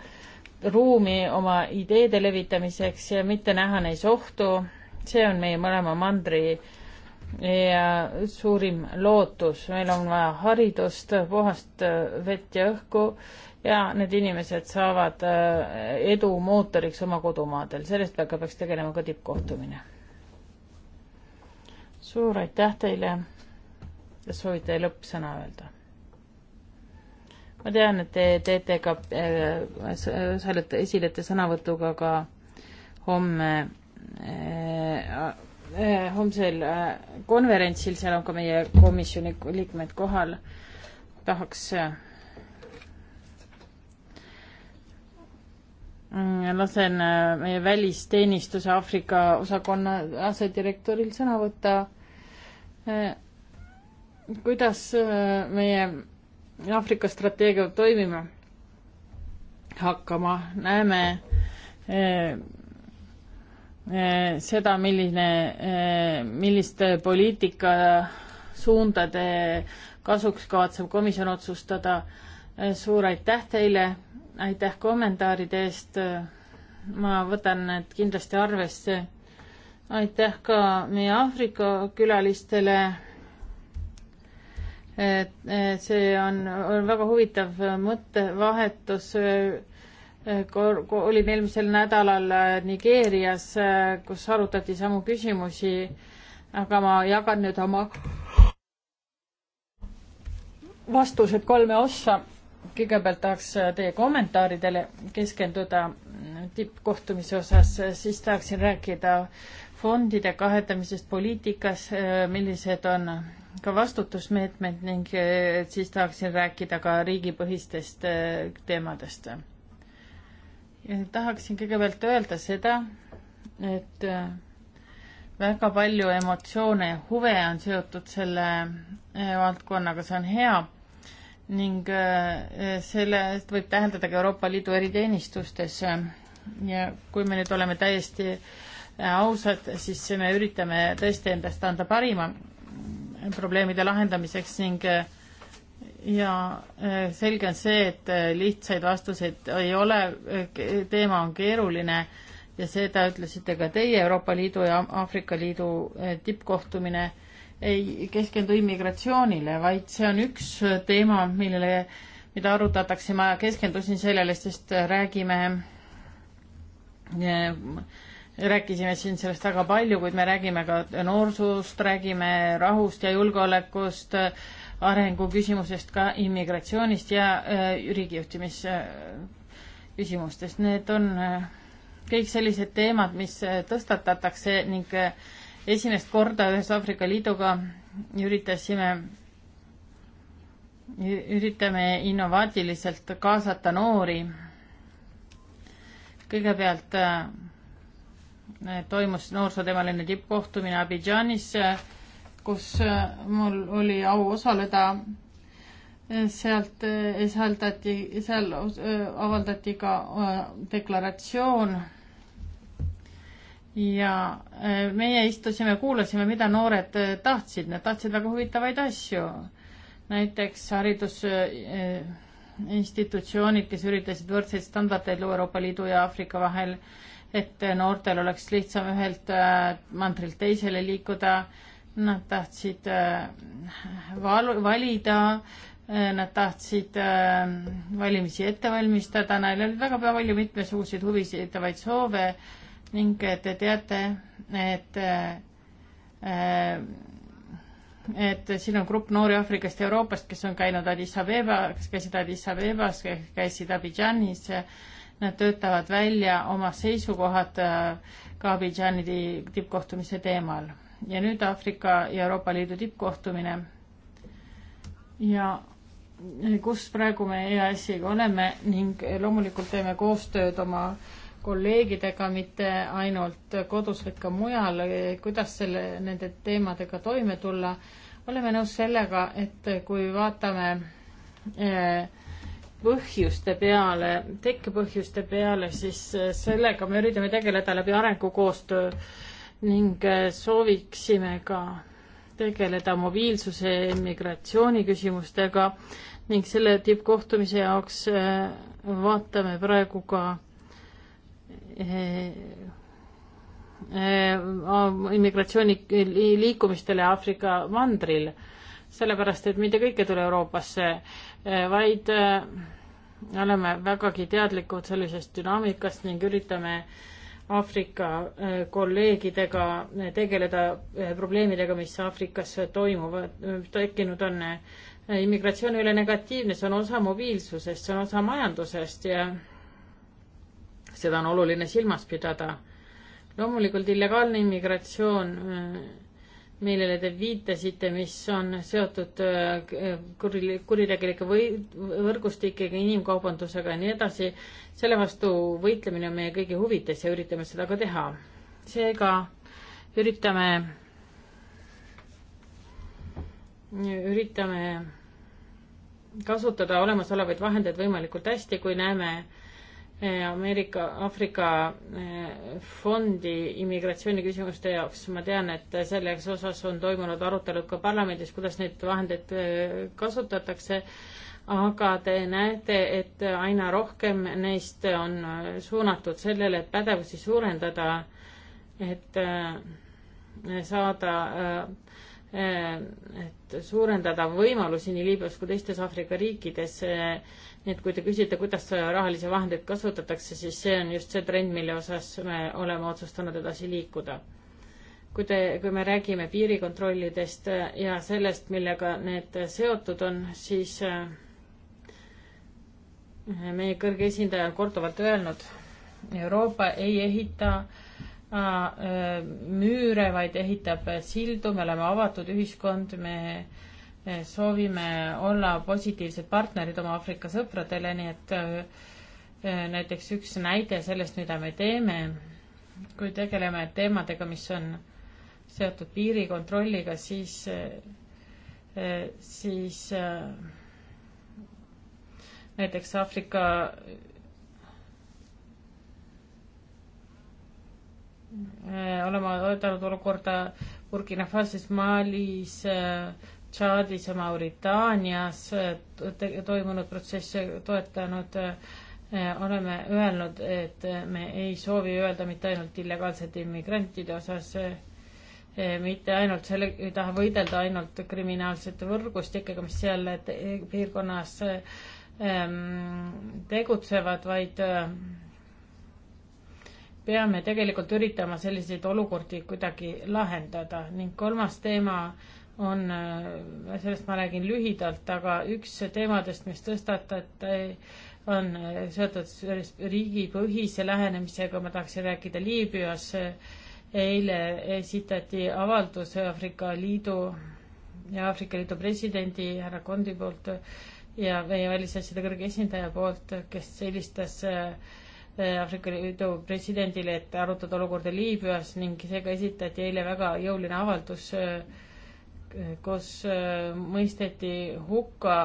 ruumi oma ideede levitamiseks ja mitte näha neis ohtu. see on meie mõlema mandri suurim lootus. meil on vaja haridust, puhast äh, vett ja õhku ja need inimesed saavad äh, edu mootoriks oma kodumaadel. sellest väga peaks tegelema ka tippkohtumine. suur aitäh teile kas soovite lõppsõna öelda? ma tean, et te teete ka äh,, salete, esilete sõnavõtuga ka homme äh, äh, homsel äh, konverentsil, seal on ka meie komisjoni liikmed kohal. tahaks äh, lasen äh, meie välisteenistuse Aafrika osakonna asedirektoril sõna võtta. Äh, kuidas äh, meie Aafrika strateegia toimima hakkama, näeme eh, eh, seda, milline eh,, milliste poliitikasuundade kasuks kavatseb komisjon otsustada. suur aitäh teile, aitäh kommentaaride eest. ma võtan need kindlasti arvesse. aitäh ka meie Aafrika külalistele see on, on väga huvitav mõttevahetus. Äh, olin eelmisel nädalal äh, Nigeerias, äh, kus arutati samu küsimusi, aga ma jagan nüüd oma vastused kolme ossa. kõigepealt tahaks teie kommentaaridele keskenduda tippkohtumise osas, siis tahaksin rääkida fondide kahetamisest poliitikas, millised on ka vastutusmeetmed ning eh, siis tahaksin rääkida ka riigipõhistest eh, teemadest. tahaksin kõigepealt öelda seda, et eh, väga palju emotsioone ja huve on seotud selle valdkonnaga, see on hea ning sellest võib täheldada ka Euroopa Liidu eriteenistustes. ja kui me nüüd oleme täiesti ausad, siis me üritame tõesti endast anda parima probleemide lahendamiseks ning äh, ja äh, selge on see, et äh, lihtsaid vastuseid ei ole, teema on keeruline ja seda ütlesite ka teie, Euroopa Liidu ja Aafrika Liidu tippkohtumine ei keskendu immigratsioonile, vaid see on üks teema, millele, mida arutatakse, ma keskendusin sellele, sest räägime rääkisime siin sellest väga palju, kuid me räägime ka noorsust, räägime rahust ja julgeolekust, arenguküsimusest, ka immigratsioonist ja äh, riigijuhtimise küsimustest. Need on äh, kõik sellised teemad, mis äh, tõstatatakse ning esimest korda ühes Aafrika Liiduga üritasime, üritame innovaatiliselt kaasata noori. kõigepealt toimus noorsooteemaline tippkohtumine Abidžaanis, kus mul oli au osaleda. sealt sealdati, seal avaldati ka äh, deklaratsioon ja äh, meie istusime, kuulasime, mida noored äh, tahtsid, nad tahtsid väga huvitavaid asju. näiteks haridus institutsioonid, kes üritasid võrdseid standardeid luua Euroopa Liidu ja Aafrika vahel et noortel oleks lihtsam ühelt äh, mandrilt teisele liikuda. Nad tahtsid äh, val-, valida, äh, nad tahtsid valimisi ette valmistada, neil oli väga palju mitmesuguseid huvisitavaid soove ning te teate, et et siin on grupp noori Aafrikast ja Euroopast, kes on käinud Addis Abebas, kes käisid Addis Abebas, käisid Abidžanis Nad töötavad välja oma seisukohad äh, ka Abidžani tippkohtumise teemal ja nüüd Aafrika ja Euroopa Liidu tippkohtumine. ja kus praegu me EAS-iga oleme ning loomulikult teeme koostööd oma kolleegidega, mitte ainult kodus, vaid ka mujal, kuidas selle, nende teemadega toime tulla. oleme nõus sellega, et kui vaatame eh, põhjuste peale, tekkepõhjuste peale, siis äh, sellega me üritame tegeleda läbi arengukoostöö ning äh, sooviksime ka tegeleda mobiilsuse ja immigratsiooni küsimustega ning selle tippkohtumise jaoks äh, vaatame praegu ka immigratsiooni liikumistele Aafrika mandril, sellepärast et mitte kõik ei tule Euroopasse, vaid oleme vägagi teadlikud sellisest dünaamikast ning üritame Aafrika äh, kolleegidega äh, tegeleda äh, probleemidega, mis Aafrikas toimuvad, tekkinud on. immigratsioon ei ole negatiivne, see on osa mobiilsusest, see on osa majandusest ja seda on oluline silmas pidada. loomulikult illegaalne immigratsioon millele te viitasite, mis on seotud äh, kuri, kuritegelike või võrgustikega, inimkaubandusega ja nii edasi, selle vastu võitlemine on meie kõigi huvides ja üritame seda ka teha. seega üritame, üritame kasutada olemasolevaid vahendeid võimalikult hästi, kui näeme, Eh, Ameerika, Aafrika eh, fondi immigratsiooniküsimuste jaoks. ma tean, et selles osas on toimunud arutelud ka parlamendis, kuidas neid vahendeid eh, kasutatakse, aga te näete, et aina rohkem neist on suunatud sellele, et pädevusi suurendada, et saada äh, Äh, et suurendada võimalusi nii Liibüas kui teistes Aafrika riikides. nii äh, et kui te küsite, kuidas rahalisi vahendeid kasutatakse, siis see on just see trend, mille osas me oleme otsustanud edasi liikuda. kui te, kui me räägime piirikontrollidest äh, ja sellest, millega need seotud on, siis meie kõrge esindaja on korduvalt öelnud, Euroopa ei ehita äh, Äh, müüre, vaid ehitab sildu, me oleme avatud ühiskond, me soovime olla positiivsed partnerid oma Aafrika sõpradele, nii et äh, näiteks üks näide sellest, mida me teeme, kui tegeleme teemadega, mis on seotud piirikontrolliga, siis, äh, siis näiteks Aafrika Eh, oleme oodanud olukorda Burkina Fasis, Malis, eh, Tšaadis ja Mauritaanias eh, toimunud protsesse toetanud. oleme öelnud, et me ei soovi öelda mitte ainult illegaalsete immigrantide osas, mitte ainult selle, ei taha võidelda ainult kriminaalsete võrgustikega, mis seal piirkonnas ehm, tegutsevad, vaid peame tegelikult üritama selliseid olukordi kuidagi lahendada ning kolmas teema on, sellest ma räägin lühidalt, aga üks teemadest, mis tõstatati, on seotud riigipõhise lähenemisega, ma tahaksin rääkida Liibüas. eile esitati avaldus Aafrika Liidu ja Aafrika Liidu presidendi härra Kondi poolt ja meie välisasjade kõrge esindaja poolt, kes helistas äh, Äh, Aafrika Liidu presidendile, et arutada olukorda Liibüas ning seega esitati eile väga jõuline avaldus, äh, kus äh, mõisteti hukka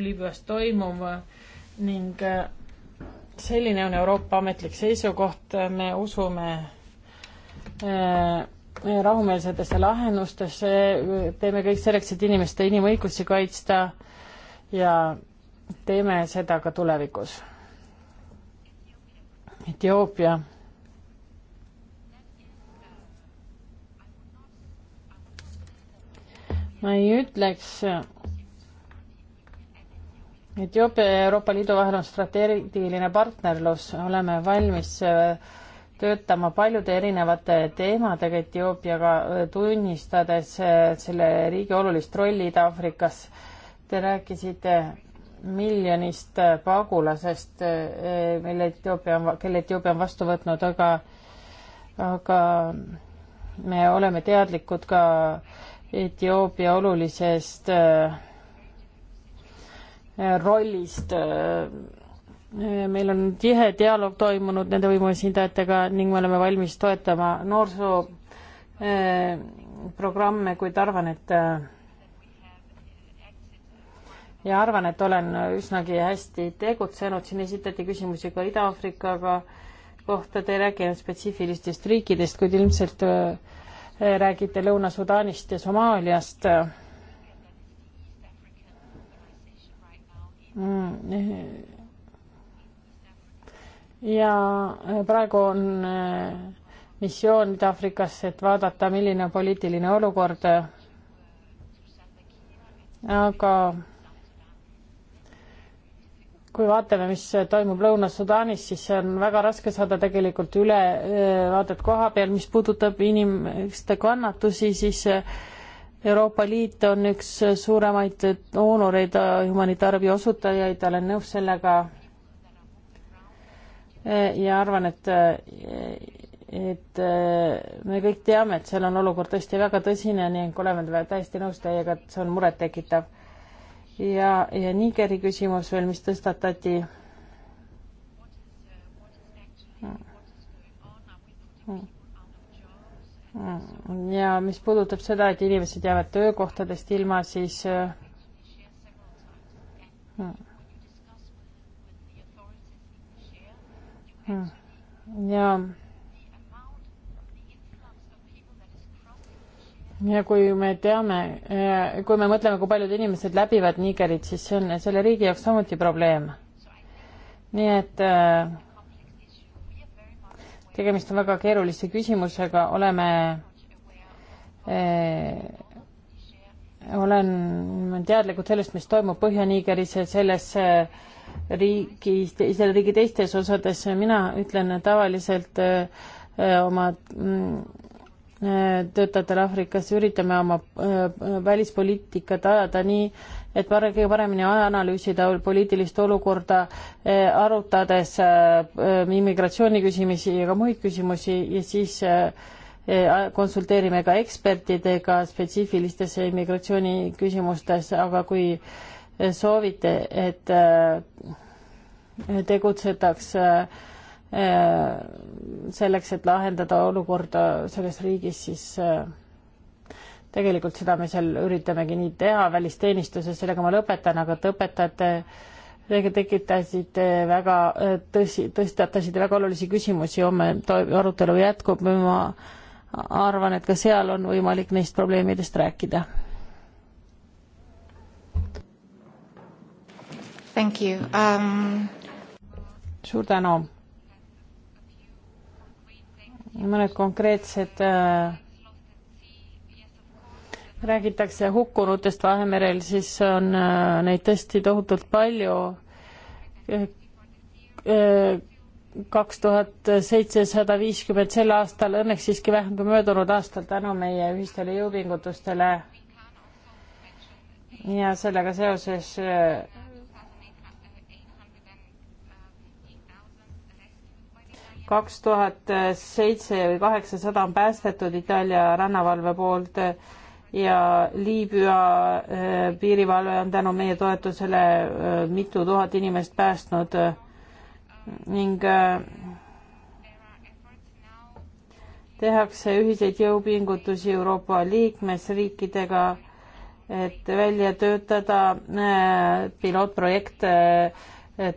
Liibüas toimuv ning selline on Euroopa ametlik seisukoht, me usume rahumeelsetesse lahendustesse, teeme kõik selleks, et inimeste inimõigusi kaitsta ja teeme seda ka tulevikus Etioopia. ma ei ütleks, Etioopia ja Euroopa Liidu vahel on strateegiline partnerlus, oleme valmis äh, töötama paljude erinevate teemadega Etioopiaga, äh, tunnistades äh, selle riigi olulist rolli Ida-Aafrikas. Te rääkisite miljonist äh, pagulasest, äh, äh, mille Etioopia on, kelle Etioopia on vastu võtnud, aga, aga me oleme teadlikud ka Etioopia olulisest rollist. meil on tihe dialoog toimunud nende võimuesindajatega ning me oleme valmis toetama noorsooprogramme, kuid arvan, et ja arvan, et olen üsnagi hästi tegutsenud, siin esitati küsimusi ka Ida-Aafrikaga kohta, te ei rääkinud spetsiifilistest riikidest, kuid ilmselt äh, räägite Lõuna-Sudaanist ja Somaaliast. Mm. ja äh, praegu on äh, missioon Ida-Aafrikas, et vaadata, milline on poliitiline olukord. aga kui vaatame, mis toimub Lõuna-Sudaanis, siis on väga raske saada tegelikult ülevaadet koha peal, mis puudutab inimeste kannatusi, siis Euroopa Liit on üks suuremaid doonoreid, humanitaarabi osutajaid, olen nõus sellega. ja arvan, et, et me kõik teame, et seal on olukord tõesti väga tõsine ning oleme täiesti nõus teiega, et see on murettekitav ja, ja Nigeri küsimus veel, mis tõstatati. ja mis puudutab seda, et inimesed jäävad töökohtadest ilma, siis ja ja kui me teame, eh, kui me mõtleme, kui paljud inimesed läbivad Nigerit, siis see on selle riigi jaoks samuti probleem. nii et eh, tegemist on väga keerulise küsimusega, oleme eh, olen teadlikud sellest, mis toimub Põhja-Nigeris ja selles riigis, selle riigi teistes osades, mina ütlen tavaliselt oma mm, töötajatel Aafrikas, üritame oma äh, välispoliitikat ajada nii, et pare-, kõige paremini analüüsida poliitilist olukorda, äh, arutades äh, immigratsiooni küsimusi ja ka muid küsimusi ja siis konsulteerime ka ekspertidega spetsiifilistes immigratsiooni küsimustes, aga kui soovite, et tegutsetaks äh, Äh, selleks, et lahendada olukorda selles riigis, siis äh, tegelikult seda me seal üritamegi nii teha välisteenistuses, sellega ma lõpetan, aga te õpetajate Teiega tekitasite väga äh, tõsi, tõstatasite väga olulisi küsimusi, homme arutelu jätkub, ma arvan, et ka seal on võimalik neist probleemidest rääkida. Thank you um.... suur tänu mõned konkreetsed äh, räägitakse hukkunutest Vahemerel, siis on äh, neid tõesti tohutult palju. Äh, kaks tuhat seitsesada viiskümmend sel aastal, õnneks siiski vähem kui möödunud aastal tänu meie ühistele jõupingutustele. ja sellega seoses kaks tuhat seitse või kaheksasada on päästetud Itaalia rannavalve poolt ja Liibüa äh, piirivalve on tänu meie toetusele äh, mitu tuhat inimest päästnud ning äh, tehakse ühiseid jõupingutusi Euroopa liikmesriikidega, et välja töötada pilootprojekt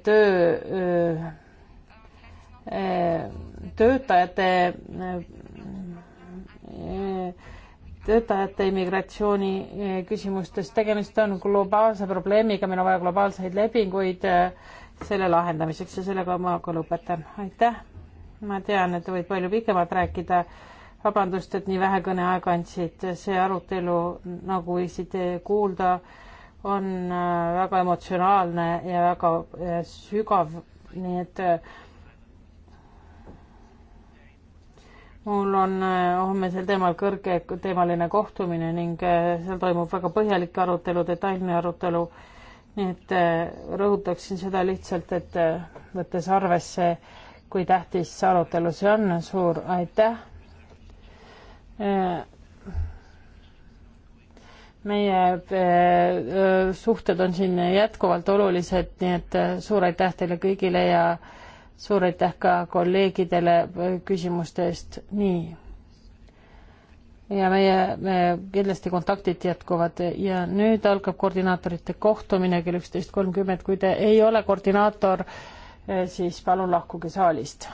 töö Äh, töötajate, äh, töötajate immigratsiooni äh, küsimustes. tegemist on globaalse probleemiga, meil on vaja globaalseid lepinguid selle lahendamiseks ja sellega ma ka lõpetan. aitäh. ma tean, et võid palju pikemalt rääkida. vabandust, et nii vähe kõneaega andsid. see arutelu, nagu võisid kuulda, on väga emotsionaalne ja väga sügav, nii et mul on eh, homme sel teemal kõrgeteemaline kohtumine ning eh, seal toimub väga põhjalik arutelu, detailne arutelu. nii et eh, rõhutaksin seda lihtsalt, et võttes arvesse, kui tähtis see arutelu see on, suur aitäh. meie suhted on siin jätkuvalt olulised, nii et suur aitäh teile kõigile ja suur aitäh ka kolleegidele äh, küsimuste eest, nii. ja meie, me kindlasti kontaktid jätkuvad ja nüüd algab koordinaatorite kohtumine kell üksteist kolmkümmend, kui te ei ole koordinaator, äh, siis palun lahkuge saalist.